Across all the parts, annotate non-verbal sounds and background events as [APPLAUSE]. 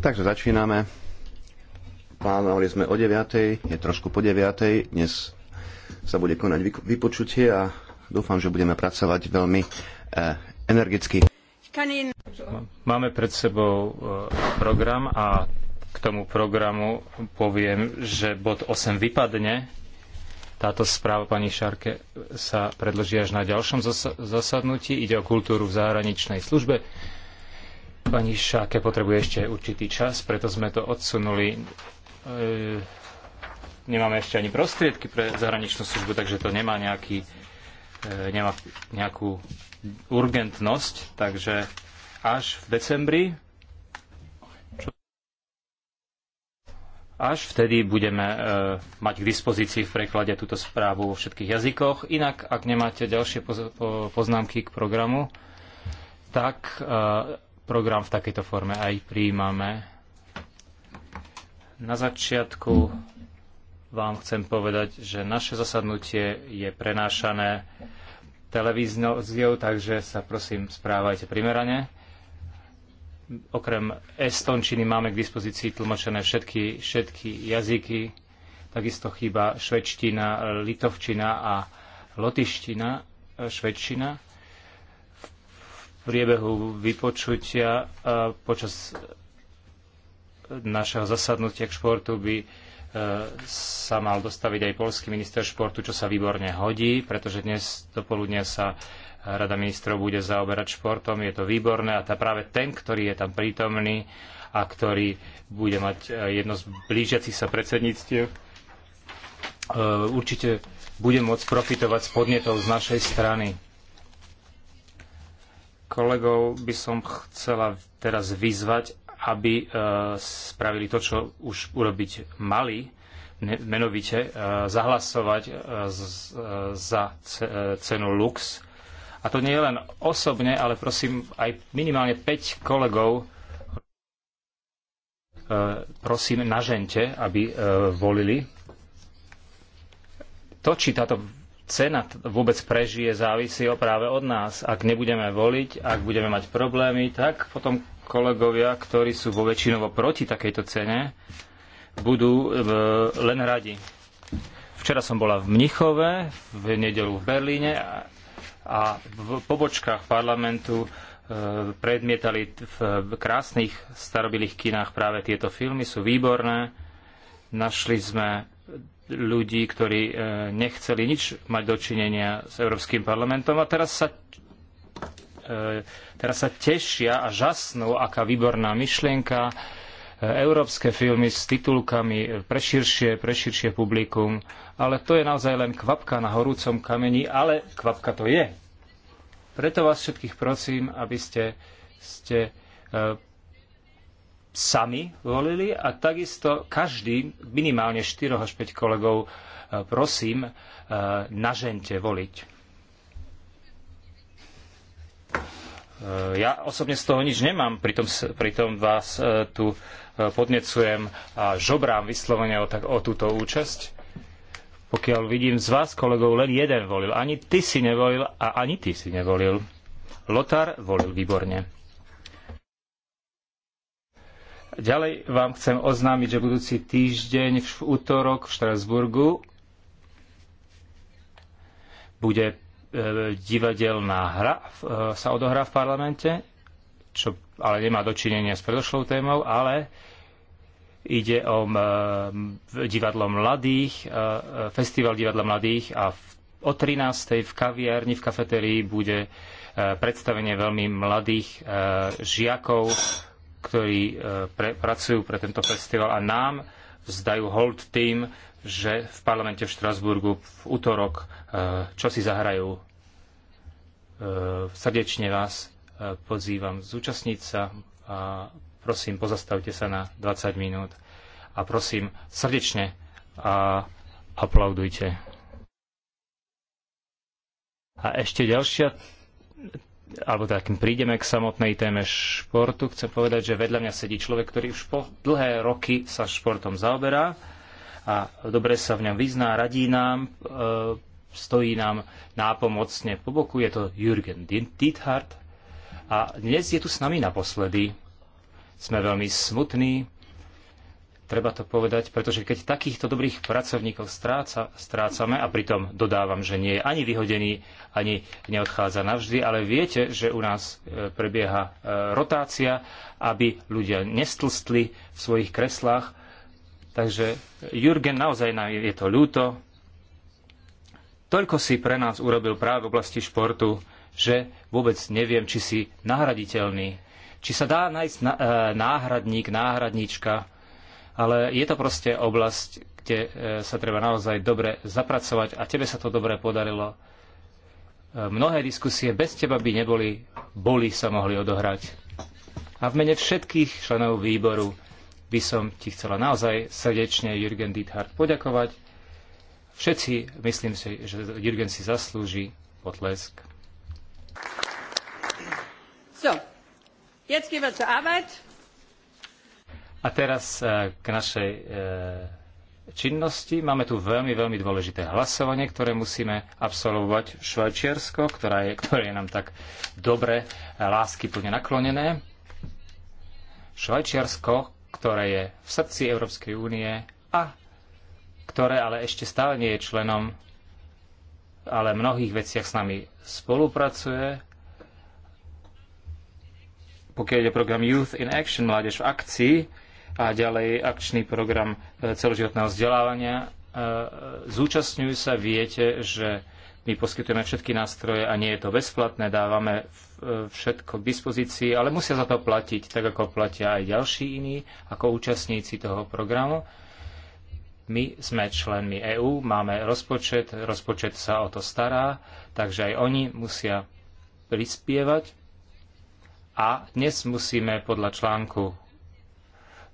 Takže začíname. Plánovali sme o 9. Je trošku po 9. Dnes sa bude konať vypočutie a dúfam, že budeme pracovať veľmi eh, energicky. Máme pred sebou eh, program a k tomu programu poviem, že bod 8 vypadne. Táto správa pani Šarke sa predloží až na ďalšom zasadnutí. Ide o kultúru v zahraničnej službe. Pani Šáke potrebuje ešte určitý čas, preto sme to odsunuli. E, nemáme ešte ani prostriedky pre zahraničnú službu, takže to nemá, nejaký, e, nemá nejakú urgentnosť, takže až v decembri Až vtedy budeme e, mať k dispozícii v preklade túto správu vo všetkých jazykoch. Inak, ak nemáte ďalšie poz, po, poznámky k programu, tak e, program v takejto forme aj príjmame. Na začiatku vám chcem povedať, že naše zasadnutie je prenášané televíziou, takže sa prosím správajte primerane. Okrem estončiny máme k dispozícii tlmočené všetky, všetky jazyky, takisto chýba švedština, litovčina a lotiština, švedčina priebehu vypočutia a počas našeho zasadnutia k športu by e, sa mal dostaviť aj polský minister športu, čo sa výborne hodí, pretože dnes dopoludne sa Rada ministrov bude zaoberať športom. Je to výborné a tá práve ten, ktorý je tam prítomný a ktorý bude mať e, jedno z blížiacich sa predsedníctiev, e, určite bude môcť profitovať z podnetov z našej strany Kolegov by som chcela teraz vyzvať, aby e, spravili to, čo už urobiť mali, menovite e, zahlasovať e, za cenu Lux. A to nie je len osobne, ale prosím aj minimálne 5 kolegov prosím na žente, aby volili. To, či táto cena vôbec prežije, závisí práve od nás. Ak nebudeme voliť, ak budeme mať problémy, tak potom kolegovia, ktorí sú vo väčšinovo proti takejto cene, budú len radi. Včera som bola v Mnichove, v nedelu v Berlíne a v pobočkách parlamentu e, predmietali v krásnych starobilých kinách práve tieto filmy, sú výborné. Našli sme ľudí, ktorí e, nechceli nič mať dočinenia s Európskym parlamentom a teraz sa, e, teraz sa tešia a žasnú, aká výborná myšlienka, e, európske filmy s titulkami pre širšie, pre širšie publikum, ale to je naozaj len kvapka na horúcom kameni, ale kvapka to je. Preto vás všetkých prosím, aby ste, ste sami volili a takisto každý, minimálne 4 až 5 kolegov, e, prosím, e, nažente voliť. E, ja osobne z toho nič nemám, pritom, pritom vás tu podnecujem a žobrám vyslovene o, tak, o túto účasť. Pokiaľ vidím z vás, kolegov, len jeden volil. Ani ty si nevolil a ani ty si nevolil. Lotar volil výborne. Ďalej vám chcem oznámiť, že budúci týždeň v útorok v Štrasburgu bude e, divadelná hra e, sa odohrá v parlamente, čo ale nemá dočinenia s predošlou témou, ale ide o e, divadlo mladých, festival divadla mladých a o 13. v kaviarni, v kafetérii bude predstavenie veľmi mladých žiakov ktorí e, pre, pracujú pre tento festival a nám vzdajú hold tým, že v parlamente v Štrasburgu v útorok e, čo si zahrajú. E, srdečne vás pozývam zúčastniť sa a prosím, pozastavte sa na 20 minút a prosím, srdečne a aplaudujte. A ešte ďalšia alebo tak teda prídeme k samotnej téme športu, chcem povedať, že vedľa mňa sedí človek, ktorý už po dlhé roky sa športom zaoberá a dobre sa v ňom vyzná, radí nám, e, stojí nám nápomocne po boku, je to Jürgen Diethardt A dnes je tu s nami naposledy. Sme veľmi smutní, Treba to povedať, pretože keď takýchto dobrých pracovníkov stráca, strácame a pritom dodávam, že nie je ani vyhodený, ani neodchádza navždy, ale viete, že u nás e, prebieha e, rotácia, aby ľudia nestlstli v svojich kreslách. Takže e, Jurgen, naozaj nám je to ľúto. Toľko si pre nás urobil práve v oblasti športu, že vôbec neviem, či si nahraditeľný, či sa dá nájsť náhradník, náhradníčka, ale je to proste oblasť, kde e, sa treba naozaj dobre zapracovať a tebe sa to dobre podarilo. E, mnohé diskusie bez teba by neboli, boli sa mohli odohrať. A v mene všetkých členov výboru by som ti chcela naozaj srdečne, Jürgen Diethard, poďakovať. Všetci, myslím si, že Jürgen si zaslúži potlesk. So, jetzt gehen wir zur Arbeit. A teraz e, k našej e, činnosti. Máme tu veľmi, veľmi dôležité hlasovanie, ktoré musíme absolvovať Švajčiarsko, ktorá je, ktoré je nám tak dobre e, lásky plne naklonené. Švajčiarsko, ktoré je v srdci Európskej únie a ktoré ale ešte stále nie je členom, ale v mnohých veciach s nami spolupracuje. Pokiaľ je program Youth in Action, Mládež v akcii, a ďalej akčný program e, celoživotného vzdelávania. E, zúčastňujú sa, viete, že my poskytujeme všetky nástroje a nie je to bezplatné, dávame e, všetko k dispozícii, ale musia za to platiť, tak ako platia aj ďalší iní, ako účastníci toho programu. My sme členmi EÚ, máme rozpočet, rozpočet sa o to stará, takže aj oni musia prispievať. A dnes musíme podľa článku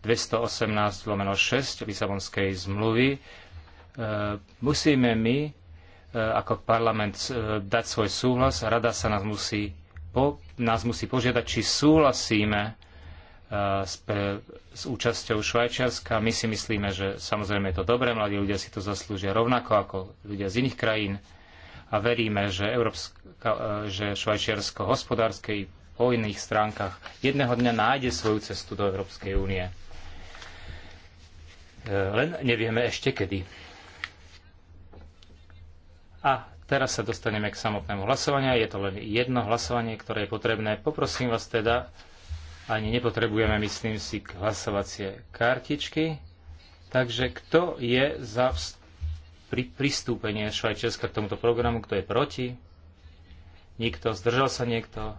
218 lomeno 6 Lisabonskej zmluvy, e, musíme my e, ako parlament e, dať svoj súhlas a rada sa nás musí, po, nás musí požiadať, či súhlasíme s, s účasťou Švajčiarska. My si myslíme, že samozrejme je to dobré, mladí ľudia si to zaslúžia rovnako ako ľudia z iných krajín a veríme, že, Európska, že Švajčiarsko hospodárskej po iných stránkach jedného dňa nájde svoju cestu do Európskej únie. E, len nevieme ešte kedy. A teraz sa dostaneme k samotnému hlasovania. Je to len jedno hlasovanie, ktoré je potrebné. Poprosím vás teda, ani nepotrebujeme, myslím si, hlasovacie kartičky. Takže kto je za pristúpenie Švajčiarska k tomuto programu, kto je proti? Nikto? Zdržal sa niekto?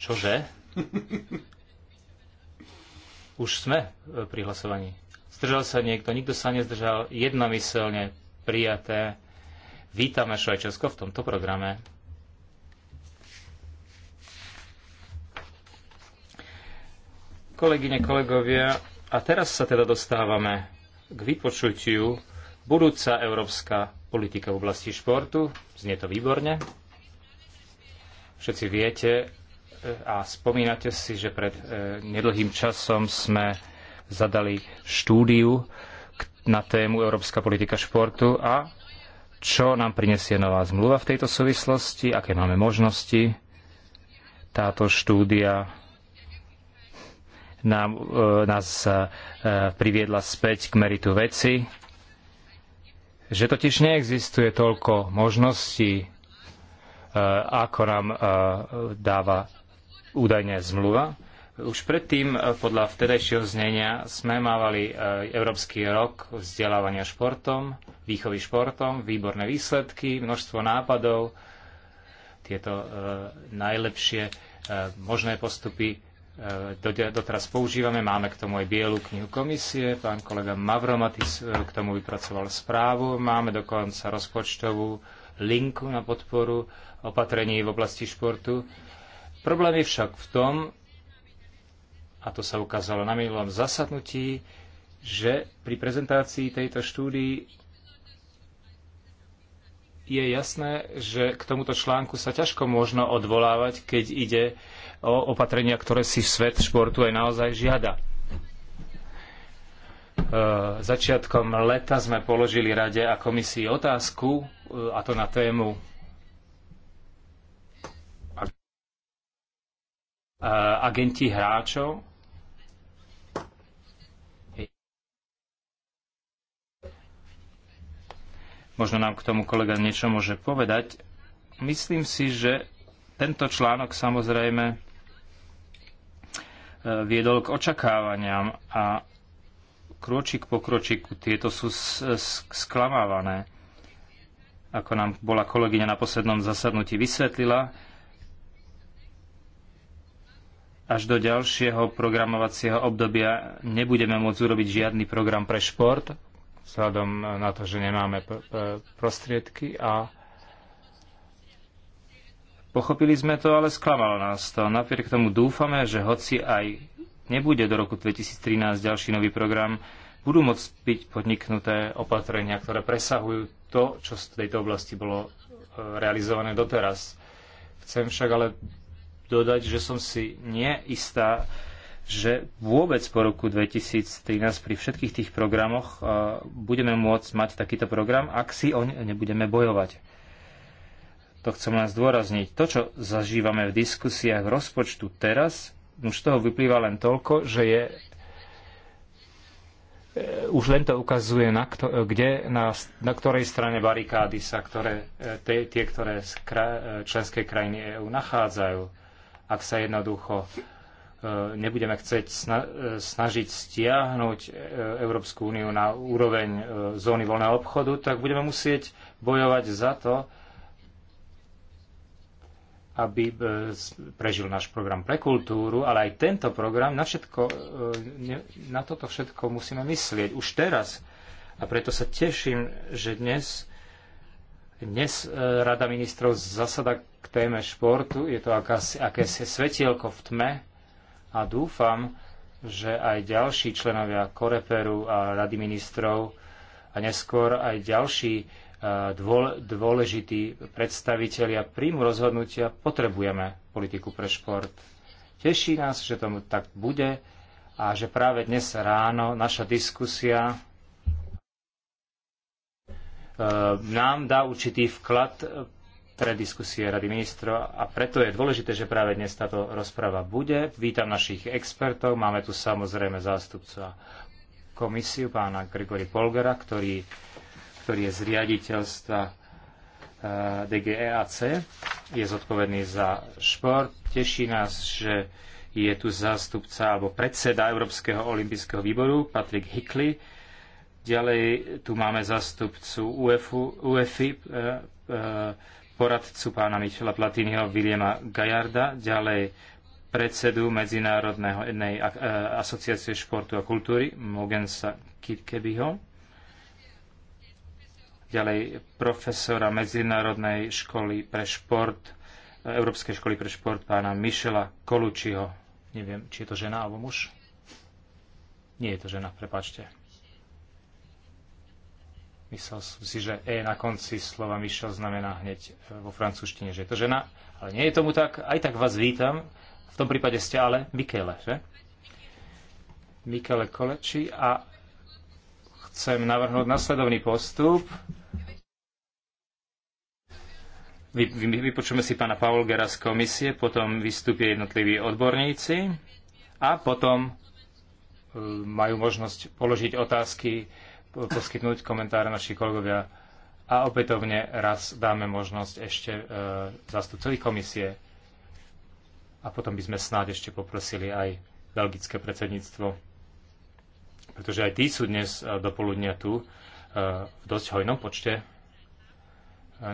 Čože? [LAUGHS] Už sme e, pri hlasovaní. Zdržal sa niekto, nikto sa nezdržal, jednomyselne prijaté. Vítame Švajčiarsko v tomto programe. Kolegyne, kolegovia, a teraz sa teda dostávame k vypočutiu budúca európska politika v oblasti športu. Znie to výborne. Všetci viete, a spomínate si, že pred e, nedlhým časom sme zadali štúdiu na tému Európska politika športu a čo nám prinesie nová zmluva v tejto súvislosti, aké máme možnosti. Táto štúdia nám, e, nás e, priviedla späť k meritu veci, že totiž neexistuje toľko možností, ako nám dáva údajne zmluva. Už predtým, eh, podľa vtedajšieho znenia, sme mávali eh, Európsky rok vzdelávania športom, výchovy športom, výborné výsledky, množstvo nápadov, tieto eh, najlepšie možné postupy doteraz používame. Máme k tomu aj bielu knihu komisie. Pán kolega Mavromatis k tomu vypracoval správu. Máme dokonca rozpočtovú linku na podporu opatrení v oblasti športu. Problém je však v tom, a to sa ukázalo na minulom zasadnutí, že pri prezentácii tejto štúdii je jasné, že k tomuto článku sa ťažko možno odvolávať, keď ide o opatrenia, ktoré si svet športu aj naozaj žiada. E, začiatkom leta sme položili Rade a komisii otázku, e, a to na tému Eh, agenti hráčov. Možno nám k tomu kolega niečo môže povedať. Myslím si, že tento článok samozrejme eh, viedol k očakávaniam a kročík po kročiku tieto sú sklamávané. Ako nám bola kolegyňa na poslednom zasadnutí vysvetlila, až do ďalšieho programovacieho obdobia nebudeme môcť urobiť žiadny program pre šport, vzhľadom na to, že nemáme pr- pr- prostriedky a pochopili sme to, ale sklamalo nás to. Napriek tomu dúfame, že hoci aj nebude do roku 2013 ďalší nový program, budú môcť byť podniknuté opatrenia, ktoré presahujú to, čo z tejto oblasti bolo e, realizované doteraz. Chcem však ale dodať, že som si neistá, že vôbec po roku 2013 pri všetkých tých programoch e, budeme môcť mať takýto program, ak si o ne nebudeme bojovať. To chcem len zdôrazniť. To, čo zažívame v diskusiách rozpočtu teraz, už toho vyplýva len toľko, že je e, už len to ukazuje, na, kto, kde, na, na ktorej strane barikády sa ktoré, tie, tie ktoré skra, e, členské krajiny EÚ nachádzajú ak sa jednoducho e, nebudeme chcieť e, snažiť stiahnuť e, Európsku úniu na úroveň zóny voľného obchodu, tak budeme musieť bojovať za to, aby prežil náš program pre kultúru, ale aj tento program, na, všetko, na toto všetko musíme myslieť už teraz. A preto sa teším, že dnes, dnes Rada ministrov zasada k téme športu. Je to akási, akési svetielko v tme a dúfam, že aj ďalší členovia Koreperu a Rady ministrov a neskôr aj ďalší e, dôležití predstavitelia príjmu rozhodnutia potrebujeme politiku pre šport. Teší nás, že tomu tak bude a že práve dnes ráno naša diskusia e, nám dá určitý vklad pre diskusie Rady ministrov a preto je dôležité, že práve dnes táto rozprava bude. Vítam našich expertov, máme tu samozrejme zástupca komisiu, pána Grigory Polgera, ktorý, ktorý je z riaditeľstva eh, DGEAC, je zodpovedný za šport. Teší nás, že je tu zástupca alebo predseda Európskeho olympijského výboru Patrick Hickley. Ďalej tu máme zástupcu UEFI, poradcu pána Michela Platinyho Viliema Gajarda, ďalej predsedu Medzinárodného jednej e, asociácie športu a kultúry Mogensa Kirkebyho, ďalej profesora Medzinárodnej školy pre šport, e, Európskej školy pre šport pána Michela Kolučiho. Neviem, či je to žena alebo muž. Nie je to žena, prepačte. Myslel som si, že E na konci slova Michel znamená hneď e, vo francúzštine, že je to žena. Ale nie je tomu tak. Aj tak vás vítam. V tom prípade ste ale Michele. že? Michele Koleči a chcem navrhnúť nasledovný postup. Vy, vy, vypočujeme si pána Paul Gera z komisie, potom vystúpia jednotliví odborníci a potom e, majú možnosť položiť otázky poskytnúť komentáre naši kolegovia a opätovne raz dáme možnosť ešte e, zastupcovi komisie a potom by sme snáď ešte poprosili aj belgické predsedníctvo, pretože aj tí sú dnes e, do poludnia tu e, v dosť hojnom počte. E,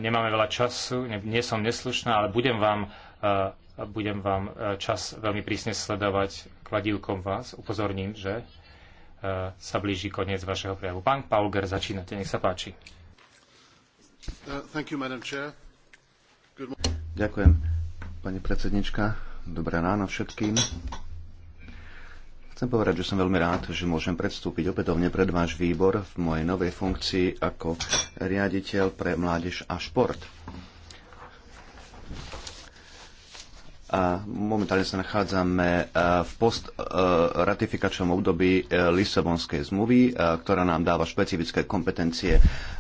nemáme veľa času, ne, nie som neslušná, ale budem vám, e, budem vám e, čas veľmi prísne sledovať kladívkom vás. Upozorním, že E, sa blíži koniec vašeho prejavu. Pán Pauger, začínate, nech sa páči. Uh, you, Ďakujem, pani predsednička. Dobré ráno všetkým. Chcem povedať, že som veľmi rád, že môžem predstúpiť opätovne pred váš výbor v mojej novej funkcii ako riaditeľ pre mládež a šport. momentálne sa nachádzame e, v postratifikačnom e, období e, Lisabonskej zmluvy, ktorá nám dáva špecifické kompetencie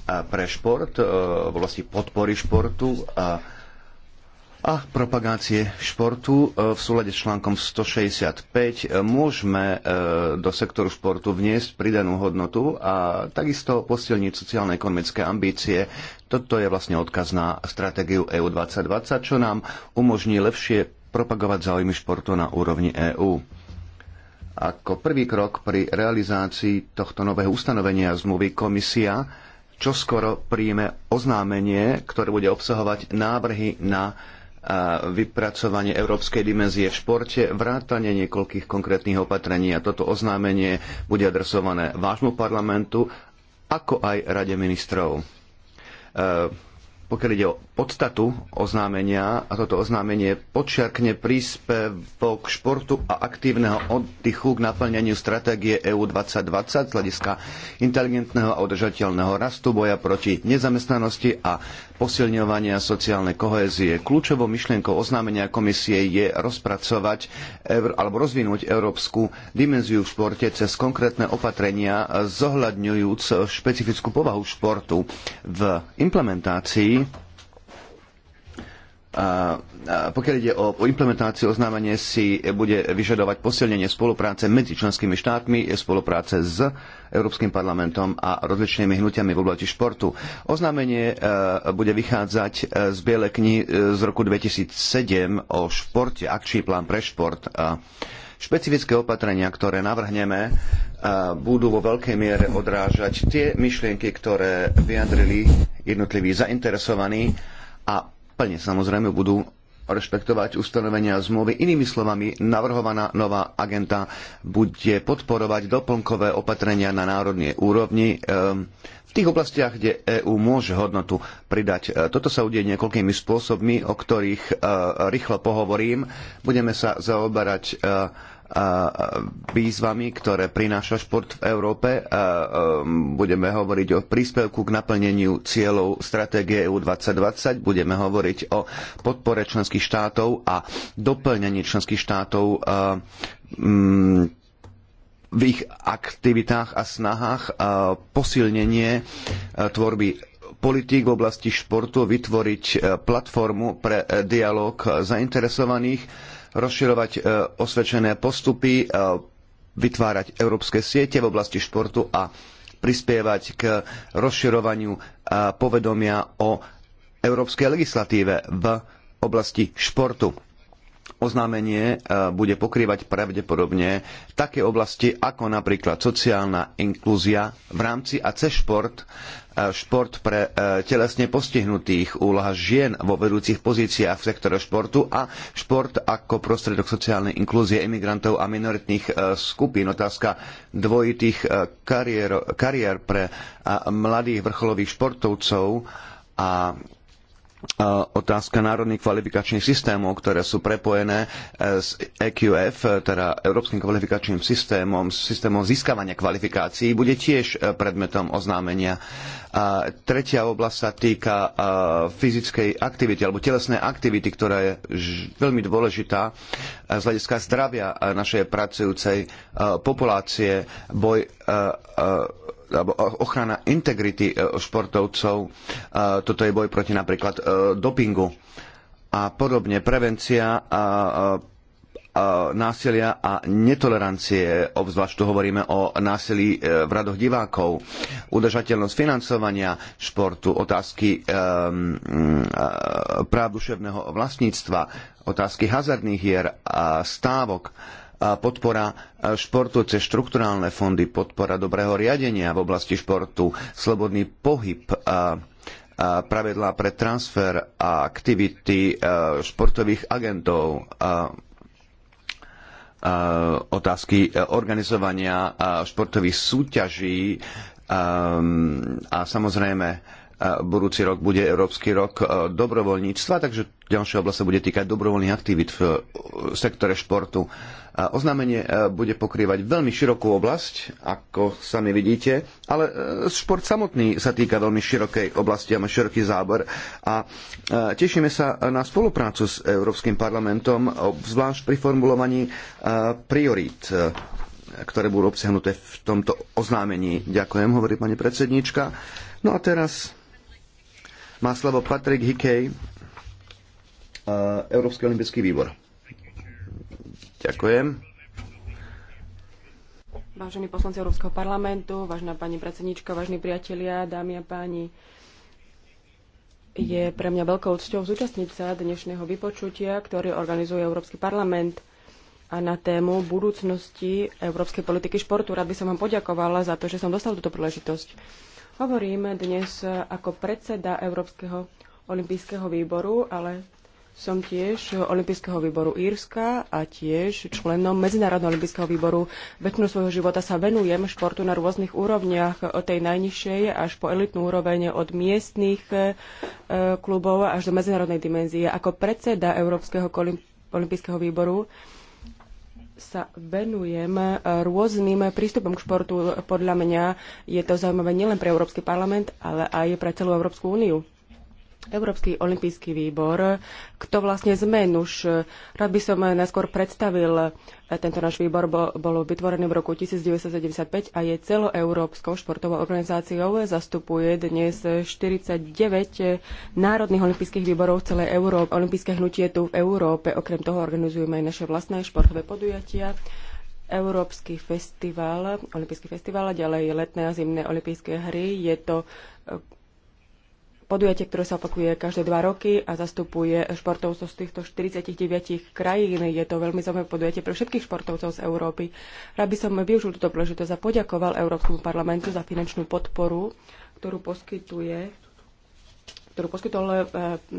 pre šport, vlastne podpory športu a, a propagácie športu. V súlade s článkom 165 môžeme do sektoru športu vniesť pridanú hodnotu a takisto posilniť sociálne ekonomické ambície. Toto je vlastne odkaz na stratégiu EU 2020, čo nám umožní lepšie propagovať záujmy športu na úrovni EÚ. Ako prvý krok pri realizácii tohto nového ustanovenia zmluvy komisia skoro príjme oznámenie, ktoré bude obsahovať návrhy na vypracovanie európskej dimenzie v športe, vrátanie niekoľkých konkrétnych opatrení a toto oznámenie bude adresované vášmu parlamentu, ako aj Rade ministrov e, pokiaľ ide o podstatu oznámenia, a toto oznámenie podčiarkne príspevok športu a aktívneho oddychu k naplňaniu stratégie EU 2020 z hľadiska inteligentného a udržateľného rastu, boja proti nezamestnanosti a posilňovania sociálnej kohézie. Kľúčovou myšlienkou oznámenia komisie je rozpracovať alebo rozvinúť európsku dimenziu v športe cez konkrétne opatrenia zohľadňujúc špecifickú povahu športu. V implementácii pokiaľ ide o, o implementáciu, oznámenie si bude vyžadovať posilnenie spolupráce medzi členskými štátmi, spolupráce s Európskym parlamentom a rozličnými hnutiami v oblasti športu. Oznámenie e, bude vychádzať e, z Bielej knihy e, z roku 2007 o športe, akčný plán pre šport. Špecifické opatrenia, ktoré navrhneme, budú vo veľkej miere odrážať tie myšlienky, ktoré vyjadrili jednotliví zainteresovaní a plne samozrejme budú rešpektovať ustanovenia zmluvy. Inými slovami, navrhovaná nová agenta bude podporovať doplnkové opatrenia na národnej úrovni ehm, v tých oblastiach, kde EÚ môže hodnotu pridať. E, toto sa udeje niekoľkými spôsobmi, o ktorých e, rýchlo pohovorím. Budeme sa zaoberať e, výzvami, ktoré prináša šport v Európe. Budeme hovoriť o príspevku k naplneniu cieľov stratégie EU 2020, budeme hovoriť o podpore členských štátov a doplnení členských štátov v ich aktivitách a snahách posilnenie tvorby politík v oblasti športu, vytvoriť e, platformu pre e, dialog e, zainteresovaných rozširovať e, osvedčené postupy, e, vytvárať európske siete v oblasti športu a prispievať k rozširovaniu e, povedomia o európskej legislatíve v oblasti športu oznámenie e, bude pokrývať pravdepodobne také oblasti ako napríklad sociálna inklúzia v rámci a cez šport, e, šport pre e, telesne postihnutých, úloha žien vo vedúcich pozíciách v sektore športu a šport ako prostriedok sociálnej inklúzie imigrantov a minoritných skupín. Otázka dvojitých kariér, kariér pre mladých vrcholových športovcov a otázka národných kvalifikačných systémov, ktoré sú prepojené e, s EQF, e, teda Európskym kvalifikačným systémom, systémom získavania kvalifikácií, bude tiež e, predmetom oznámenia. A tretia oblasť sa týka fyzickej aktivity alebo telesnej aktivity, ktorá je veľmi dôležitá z hľadiska zdravia našej pracujúcej populácie. Boj alebo ochrana integrity e, športovcov. E, toto je boj proti napríklad e, dopingu a podobne. Prevencia a násilia a netolerancie, obzvlášť tu hovoríme o násilí v radoch divákov, udržateľnosť financovania športu, otázky práv duševného vlastníctva, otázky hazardných hier a stávok podpora e, športu cez štrukturálne fondy, podpora dobrého riadenia v oblasti športu, slobodný pohyb pravidlá pre transfer a aktivity e, športových agentov, otázky e, organizovania športových súťaží a samozrejme budúci rok bude Európsky rok e, dobrovoľníctva, takže ďalšia oblasť sa bude týkať dobrovoľných aktivít v e, sektore športu. Oznámenie e, bude pokrývať veľmi širokú oblasť, ako sami vidíte, ale šport samotný sa týka veľmi širokej oblasti a má široký záber. A tešíme sa na spoluprácu s Európskym parlamentom, zvlášť pri formulovaní priorít ktoré budú obsiahnuté v tomto oznámení. Ďakujem, hovorí pani predsedníčka. No a teraz má slovo Patrick Hickey, uh, Európsky olimpijský výbor. Ďakujem. Vážení poslanci Európskeho parlamentu, vážená pani predsednička, vážení priatelia, dámy a páni, je pre mňa veľkou cťou zúčastniť sa dnešného vypočutia, ktorý organizuje Európsky parlament a na tému budúcnosti európskej politiky športu. Rád by som vám poďakovala za to, že som dostal túto príležitosť. Hovorím dnes ako predseda Európskeho olympijského výboru, ale som tiež Olympijského výboru Írska a tiež členom Medzinárodného olympijského výboru. Väčšinu svojho života sa venujem športu na rôznych úrovniach, od tej najnižšej až po elitnú úroveň, od miestných e, klubov až do medzinárodnej dimenzie. Ako predseda Európskeho olympijského výboru sa venujem rôznym prístupom k športu. Podľa mňa je to zaujímavé nielen pre Európsky parlament, ale aj pre celú Európsku úniu. Európsky olimpijský výbor. Kto vlastne sme? Už eh, rád by som eh, najskôr predstavil eh, tento náš výbor. Bol, bol vytvorený v roku 1975 a je celoeurópskou športovou organizáciou. Zastupuje dnes 49 národných olympijských výborov celé Európy. Olimpijské Olympijské hnutie tu v Európe. Okrem toho organizujeme aj naše vlastné športové podujatia. Európsky festival, olympijský festival ďalej letné a zimné olympijské hry. Je to podujatie, ktoré sa opakuje každé dva roky a zastupuje športovcov z týchto 49 krajín. Je to veľmi zaujímavé podujatie pre všetkých športovcov z Európy. Rád by som využil túto príležitosť a poďakoval Európskemu parlamentu za finančnú podporu, ktorú poskytuje ktorú poskytol eh,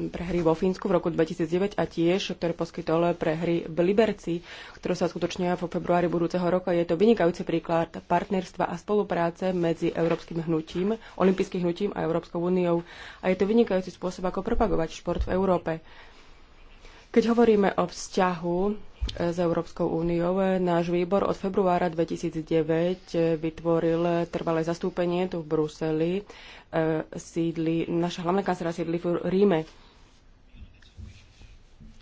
pre hry vo Fínsku v roku 2009 a tiež, ktoré poskytol eh, pre hry v Liberci, ktoré sa skutočňuje vo februári budúceho roka. Je to vynikajúci príklad partnerstva a spolupráce medzi Európskym hnutím, olympijským hnutím a Európskou úniou. A je to vynikajúci spôsob, ako propagovať šport v Európe. Keď hovoríme o vzťahu s Európskou úniou. Náš výbor od februára 2009 vytvoril trvalé zastúpenie tu v Bruseli. E, sídli, naša hlavná kancelária sídli v Ríme.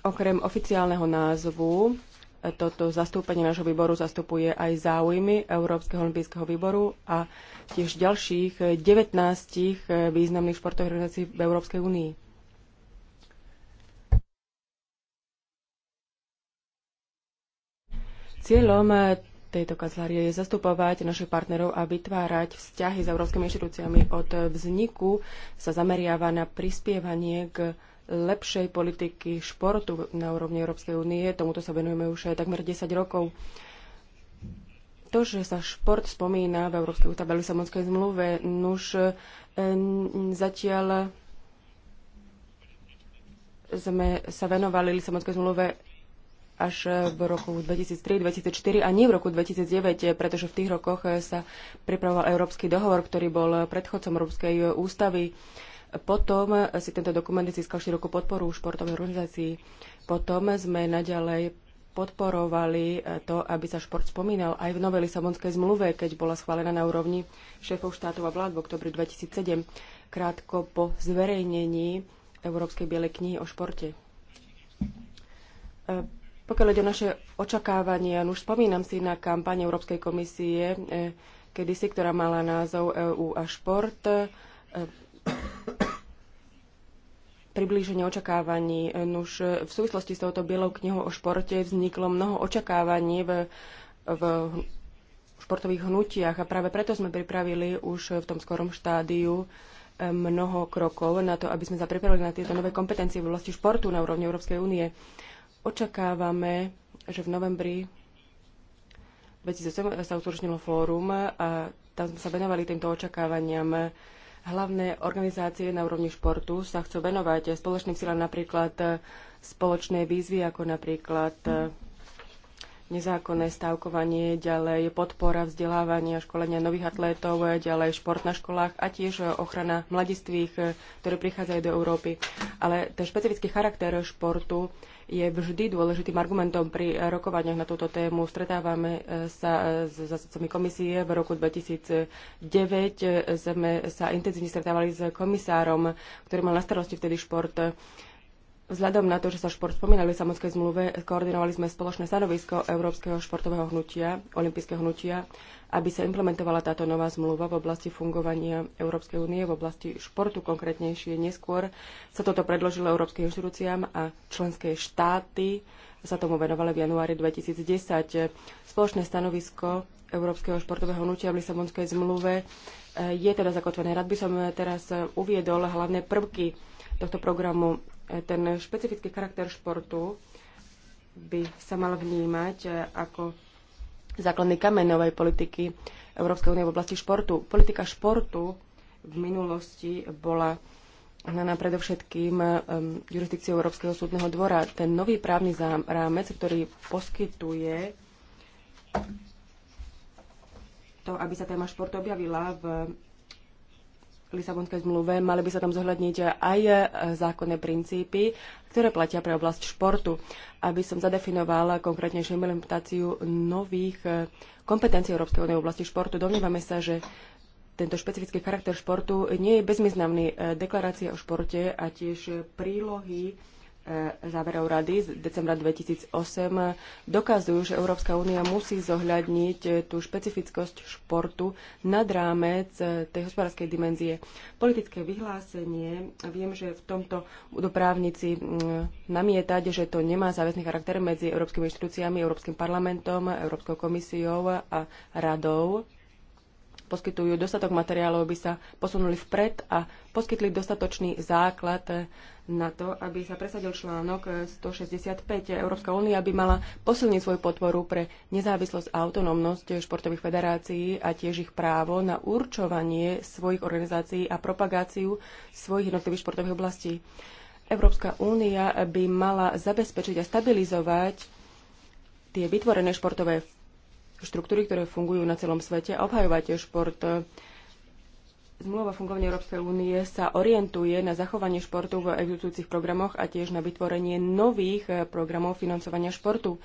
Okrem oficiálneho názvu e, toto zastúpenie nášho výboru zastupuje aj záujmy Európskeho olympijského výboru a tiež ďalších 19 e, významných športových organizácií v Európskej únii. Cieľom eh, tejto kancelárie je zastupovať našich partnerov a vytvárať vzťahy s európskymi inštitúciami. Od vzniku sa zameriava na prispievanie k lepšej politiky športu na úrovni Európskej únie. Tomuto sa venujeme už aj eh, takmer 10 rokov. To, že sa šport spomína v Európskej ústave Lisabonskej zmluve, nuž eh, zatiaľ sme sa venovali Lisabonskej zmluve až v roku 2003-2004 a nie v roku 2009, pretože v tých rokoch sa pripravoval Európsky dohovor, ktorý bol predchodcom Európskej ústavy. Potom si tento dokument získal širokú podporu športovej organizácií. Potom sme naďalej podporovali to, aby sa šport spomínal aj v novej Lisabonskej zmluve, keď bola schválená na úrovni šéfov štátov a vlád v oktobri 2007, krátko po zverejnení Európskej bielej knihy o športe pokiaľ ide o naše očakávania, už spomínam si na kampaň Európskej komisie, eh, kedysi, ktorá mala názov EU a šport. Eh, Priblíženie očakávaní. Eh, nuž, v súvislosti s touto bielou knihou o športe vzniklo mnoho očakávaní v, v športových hnutiach a práve preto sme pripravili už v tom skorom štádiu mnoho krokov na to, aby sme zapripravili na tieto nové kompetencie v oblasti športu na úrovni Európskej únie. Očakávame, že v novembri 2007 sa uskutočnilo fórum a tam sme sa venovali týmto očakávaniam. Hlavné organizácie na úrovni športu sa chcú venovať spoločným silám napríklad spoločné výzvy, ako napríklad nezákonné stavkovanie, ďalej podpora vzdelávania, školenia nových atlétov, ďalej šport na školách a tiež ochrana mladistvých, ktorí prichádzajú do Európy. Ale ten špecifický charakter športu je vždy dôležitým argumentom pri rokovaniach na túto tému. Stretávame e, sa e, s zásadcami komisie. V roku 2009 e, sme sa intenzívne stretávali s komisárom, ktorý mal na starosti vtedy šport. Vzhľadom na to, že sa šport spomínali v samotskej zmluve, koordinovali sme spoločné stanovisko Európskeho športového hnutia, olympijského hnutia aby sa implementovala táto nová zmluva v oblasti fungovania Európskej únie, v oblasti športu konkrétnejšie. Neskôr sa toto predložilo európskym inštitúciám a členské štáty sa tomu venovali v januári 2010. Spoločné stanovisko Európskeho športového hnutia v Lisabonskej zmluve e, je teda zakotvené. Rád by som e, teraz e, uviedol hlavné prvky tohto programu. Ten špecifický charakter športu by sa mal vnímať ako základný kameň novej politiky Európskej únie v oblasti športu. Politika športu v minulosti bola hnaná predovšetkým um, jurisdikciou Európskeho súdneho dvora. Ten nový právny rámec, ktorý poskytuje to, aby sa téma športu objavila v Lisabonskej zmluve, mali by sa tam zohľadniť aj e, zákonné princípy, ktoré platia pre oblasť športu, aby som zadefinovala konkrétnejšiu implementáciu nových e, kompetencií Európskej únie v oblasti športu. Domnievame sa, že tento špecifický charakter športu nie je bezmyznamný. E, Deklarácia o športe a tiež prílohy E, záverov rady z decembra 2008 dokazujú, že Európska únia musí zohľadniť e, tú špecifickosť športu nad rámec e, tej hospodárskej dimenzie. Politické vyhlásenie, viem, že v tomto budú právnici namietať, že to nemá záväzný charakter medzi európskymi inštitúciami, Európskym parlamentom, Európskou komisiou a radou poskytujú dostatok materiálov, aby sa posunuli vpred a poskytli dostatočný základ na to, aby sa presadil článok 165. Eh, Európska únia by mala posilniť svoju podporu pre nezávislosť a autonómnosť športových federácií a tiež ich právo na určovanie svojich organizácií a propagáciu svojich jednotlivých športových oblastí. Európska únia by mala zabezpečiť a stabilizovať tie vytvorené športové štruktúry, ktoré fungujú na celom svete a obhajovať šport Zmluva o fungovaní Európskej únie sa orientuje na zachovanie športu v existujúcich programoch a tiež na vytvorenie nových eh, programov financovania športu.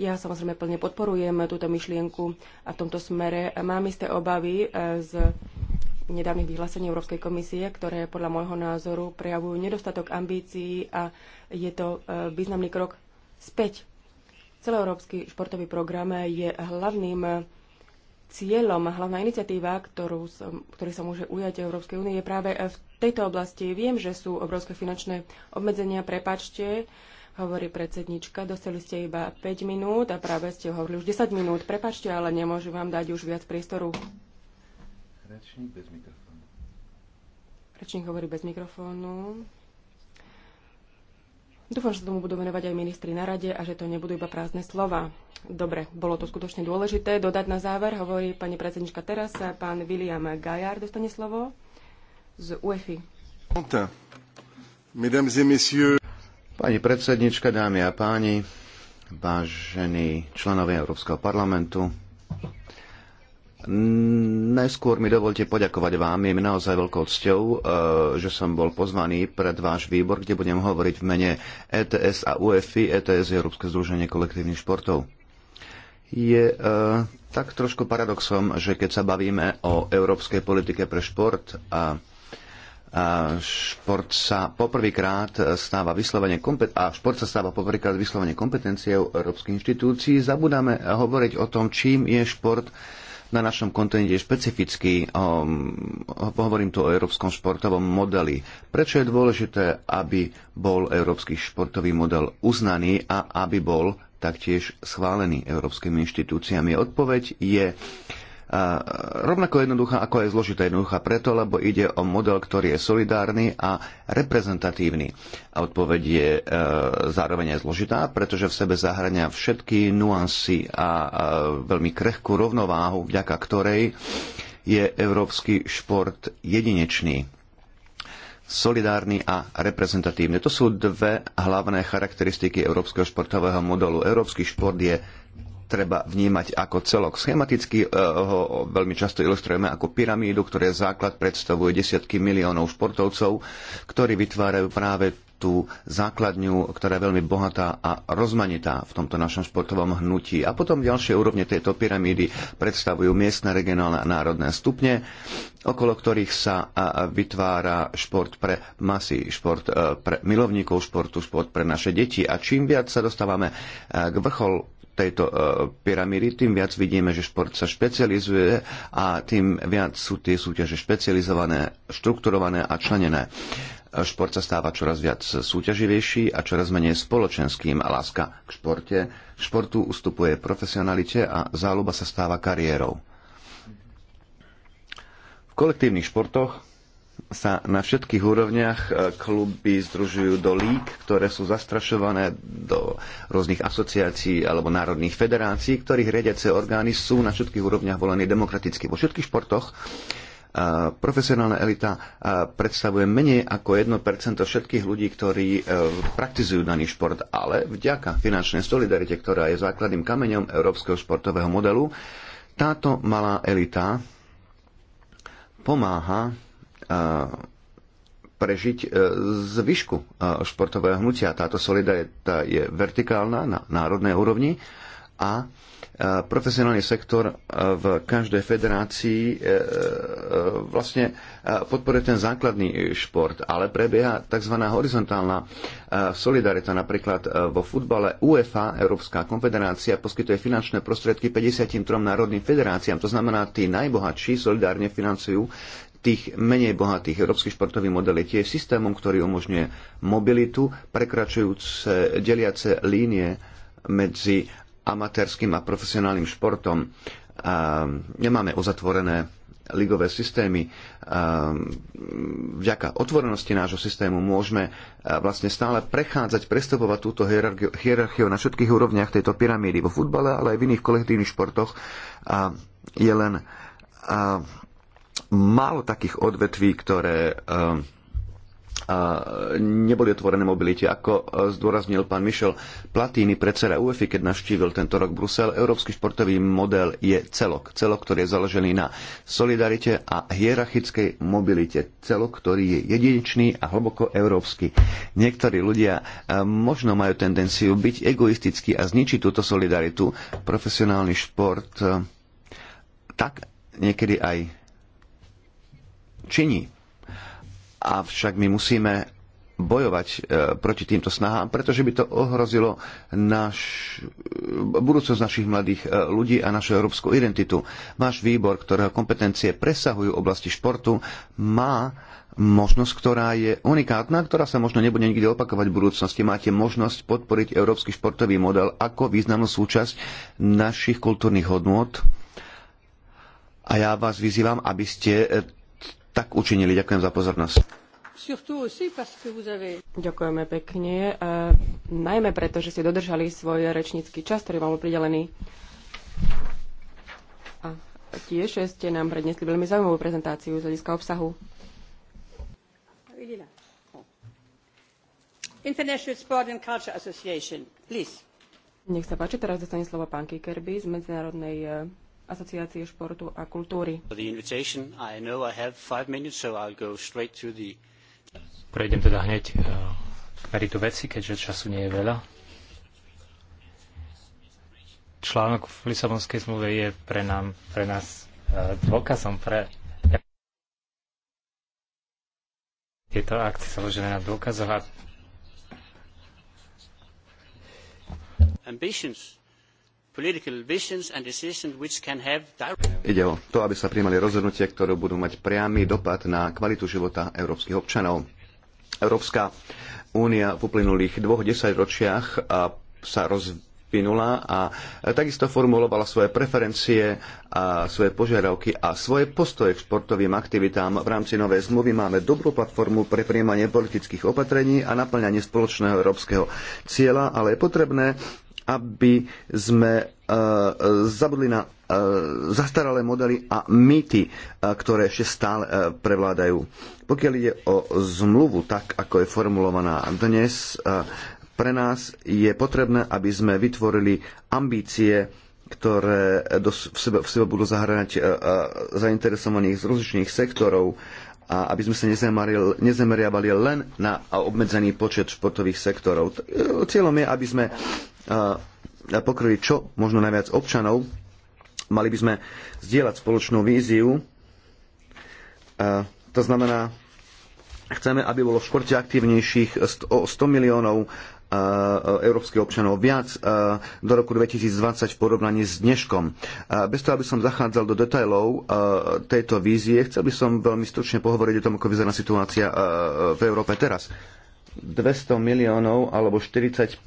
Ja samozrejme plne podporujem eh, túto myšlienku a v tomto smere mám isté obavy eh, z nedávnych vyhlásení Európskej komisie, ktoré podľa môjho názoru prejavujú nedostatok ambícií a je to významný krok späť. Celoeurópsky športový program je hlavným cieľom a hlavná iniciatíva, ktorú som, ktorý sa môže ujať Európskej únie, je práve v tejto oblasti. Viem, že sú obrovské finančné obmedzenia, prepačte, hovorí predsednička. Dostali ste iba 5 minút a práve ste hovorili už 10 minút. Prepačte, ale nemôžu vám dať už viac priestoru. Rečník bez mikrofónu. Rečník hovorí bez mikrofónu. Dúfam, že sa tomu budú venovať aj ministri na rade a že to nebudú iba prázdne slova. Dobre, bolo to skutočne dôležité. Dodať na záver, hovorí pani predsednička teraz, pán William Gajar dostane slovo z UEFI. Pani predsednička, dámy a páni, vážení členovia Európskeho parlamentu, Najskôr mi dovolte poďakovať vám. Je mi naozaj veľkou cťou, e, že som bol pozvaný pred váš výbor, kde budem hovoriť v mene ETS a UEFI. ETS je Európske združenie kolektívnych športov. Je e, tak trošku paradoxom, že keď sa bavíme o európskej politike pre šport a šport sa poprvýkrát stáva vyslovene kompet- a šport sa stáva poprvýkrát vyslovene kompetenciou európskych inštitúcií. Zabudáme hovoriť o tom, čím je šport na našom kontinente špecifický. Um, hovorím tu o európskom športovom modeli. Prečo je dôležité, aby bol európsky športový model uznaný a aby bol taktiež schválený európskymi inštitúciami? Odpoveď je rovnako jednoduchá, ako je zložitá jednoduchá preto, lebo ide o model, ktorý je solidárny a reprezentatívny. A odpoveď je e, zároveň aj zložitá, pretože v sebe zahrania všetky nuansy a e, veľmi krehkú rovnováhu, vďaka ktorej je európsky šport jedinečný solidárny a reprezentatívny. To sú dve hlavné charakteristiky európskeho športového modelu. Európsky šport je treba vnímať ako celok. Schematicky eh, ho veľmi často ilustrujeme ako pyramídu, ktoré základ predstavuje desiatky miliónov športovcov, ktorí vytvárajú práve tú základňu, ktorá je veľmi bohatá a rozmanitá v tomto našom športovom hnutí. A potom ďalšie úrovne tejto pyramídy predstavujú miestne, regionálne a národné stupne, okolo ktorých sa eh, vytvára šport pre masy, šport eh, pre milovníkov športu, šport pre naše deti. A čím viac sa dostávame k vrchol tejto e, pyramídy, tým viac vidíme, že šport sa špecializuje a tým viac sú tie súťaže špecializované, štrukturované a členené. E, šport sa stáva čoraz viac súťaživejší a čoraz menej spoločenským a láska k športe. Športu ustupuje profesionalite a záľuba sa stáva kariérou. V kolektívnych športoch sa na všetkých úrovniach e, kluby združujú do lík, ktoré sú zastrašované do rôznych asociácií alebo národných federácií, ktorých riadiace orgány sú na všetkých úrovniach volení demokraticky. Vo všetkých športoch e, profesionálna elita e, predstavuje menej ako 1% všetkých ľudí, ktorí praktizujú daný šport, ale vďaka finančnej solidarite, ktorá je základným kameňom európskeho športového modelu, táto malá elita pomáha prežiť e, zvyšku e, športového hnutia. Táto solidarita je vertikálna na národnej úrovni a e, profesionálny sektor v každej federácii vlastne podporuje ten základný šport, ale prebieha tzv. horizontálna solidarita. Napríklad vo futbale UEFA, Európska konfederácia, poskytuje finančné prostriedky 53 národným federáciám. To znamená, tí najbohatší solidárne financujú tých menej bohatých. Európsky športový model je tiež systémom, ktorý umožňuje mobilitu, prekračujúce deliace línie medzi amatérským a profesionálnym športom. A nemáme uzatvorené ligové systémy. A vďaka otvorenosti nášho systému môžeme vlastne stále prechádzať, prestupovať túto hierarchiu, hierarchiu na všetkých úrovniach tejto pyramídy vo futbale, ale aj v iných kolektívnych športoch. A je len a málo takých odvetví, ktoré ehm, neboli otvorené mobilite. Ako e, zdôraznil pán Michel Platini, predseda UEFI, keď navštívil tento rok Brusel, európsky športový model je celok. Celok, ktorý je založený na solidarite a hierarchickej mobilite. Celok, ktorý je jedinečný a hlboko európsky. Niektorí ľudia e, možno majú tendenciu byť egoistickí a zničiť túto solidaritu. Profesionálny šport e, tak niekedy aj činí. Avšak my musíme bojovať e, proti týmto snahám, pretože by to ohrozilo naš, e, budúcnosť našich mladých e, ľudí a našu európsku identitu. Váš výbor, ktorého kompetencie presahujú oblasti športu, má možnosť, ktorá je unikátna, ktorá sa možno nebude nikdy opakovať v budúcnosti. Máte možnosť podporiť európsky športový model ako významnú súčasť našich kultúrnych hodnôt. A ja vás vyzývam, aby ste tak učinili. Ďakujem za pozornosť. Ďakujeme pekne, E, najmä preto, že ste dodržali svoj rečnícky čas, ktorý vám bol pridelený. A tiež ste nám prednesli veľmi zaujímavú prezentáciu z hľadiska obsahu. Ah, International Sport and Culture Association, please. Nech sa páči, teraz dostane slovo pán Kikerby z Medzinárodnej e, Asociácie športu a kultúry. Prejdem teda hneď k eh, meritu veci, keďže času nie je veľa. Článok v Lisabonskej zmluve je pre, nám, pre nás eh, dôkazom pre tieto akcie založené na dôkazoch ambitions Ide o to, aby sa príjmali rozhodnutia, ktoré budú mať priamy dopad na kvalitu života európskych občanov. Európska únia v uplynulých dvoch desaťročiach sa rozvinula a e, takisto formulovala svoje preferencie a svoje požiadavky a svoje postoje k športovým aktivitám. V rámci novej zmluvy máme dobrú platformu pre prijímanie politických opatrení a naplňanie spoločného európskeho cieľa, ale je potrebné aby sme e, zabudli na e, zastaralé modely a mýty, e, ktoré ešte stále prevládajú. Pokiaľ ide o zmluvu, tak ako je formulovaná dnes, pre nás je potrebné, aby sme vytvorili ambície, ktoré v, sebe, v sebe budú zahrňať zainteresovaných z rozličných sektorov a aby sme sa nezameriavali len na obmedzený počet športových sektorov. Cieľom je, aby sme pokryli čo možno najviac občanov. Mali by sme zdieľať spoločnú víziu. To znamená, chceme, aby bolo v športe aktívnejších 100 miliónov európskych občanov viac do roku 2020 v porovnaní s dneškom. Bez toho, aby som zachádzal do detajlov tejto vízie, chcel by som veľmi stručne pohovoriť o tom, ako vyzerá situácia v Európe teraz. 200 miliónov alebo 40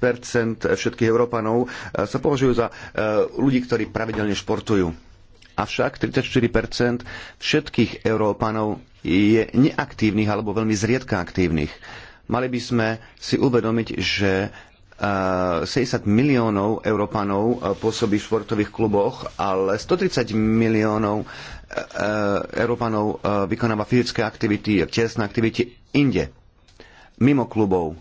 všetkých Európanov e, sa považujú za e, ľudí, ktorí pravidelne športujú. Avšak 34 všetkých Európanov je neaktívnych alebo veľmi zriedka aktívnych. Mali by sme si uvedomiť, že 60 e, miliónov Európanov pôsobí v športových kluboch, ale 130 miliónov Európanov vykonáva fyzické aktivity, telesné aktivity inde mimo klubov,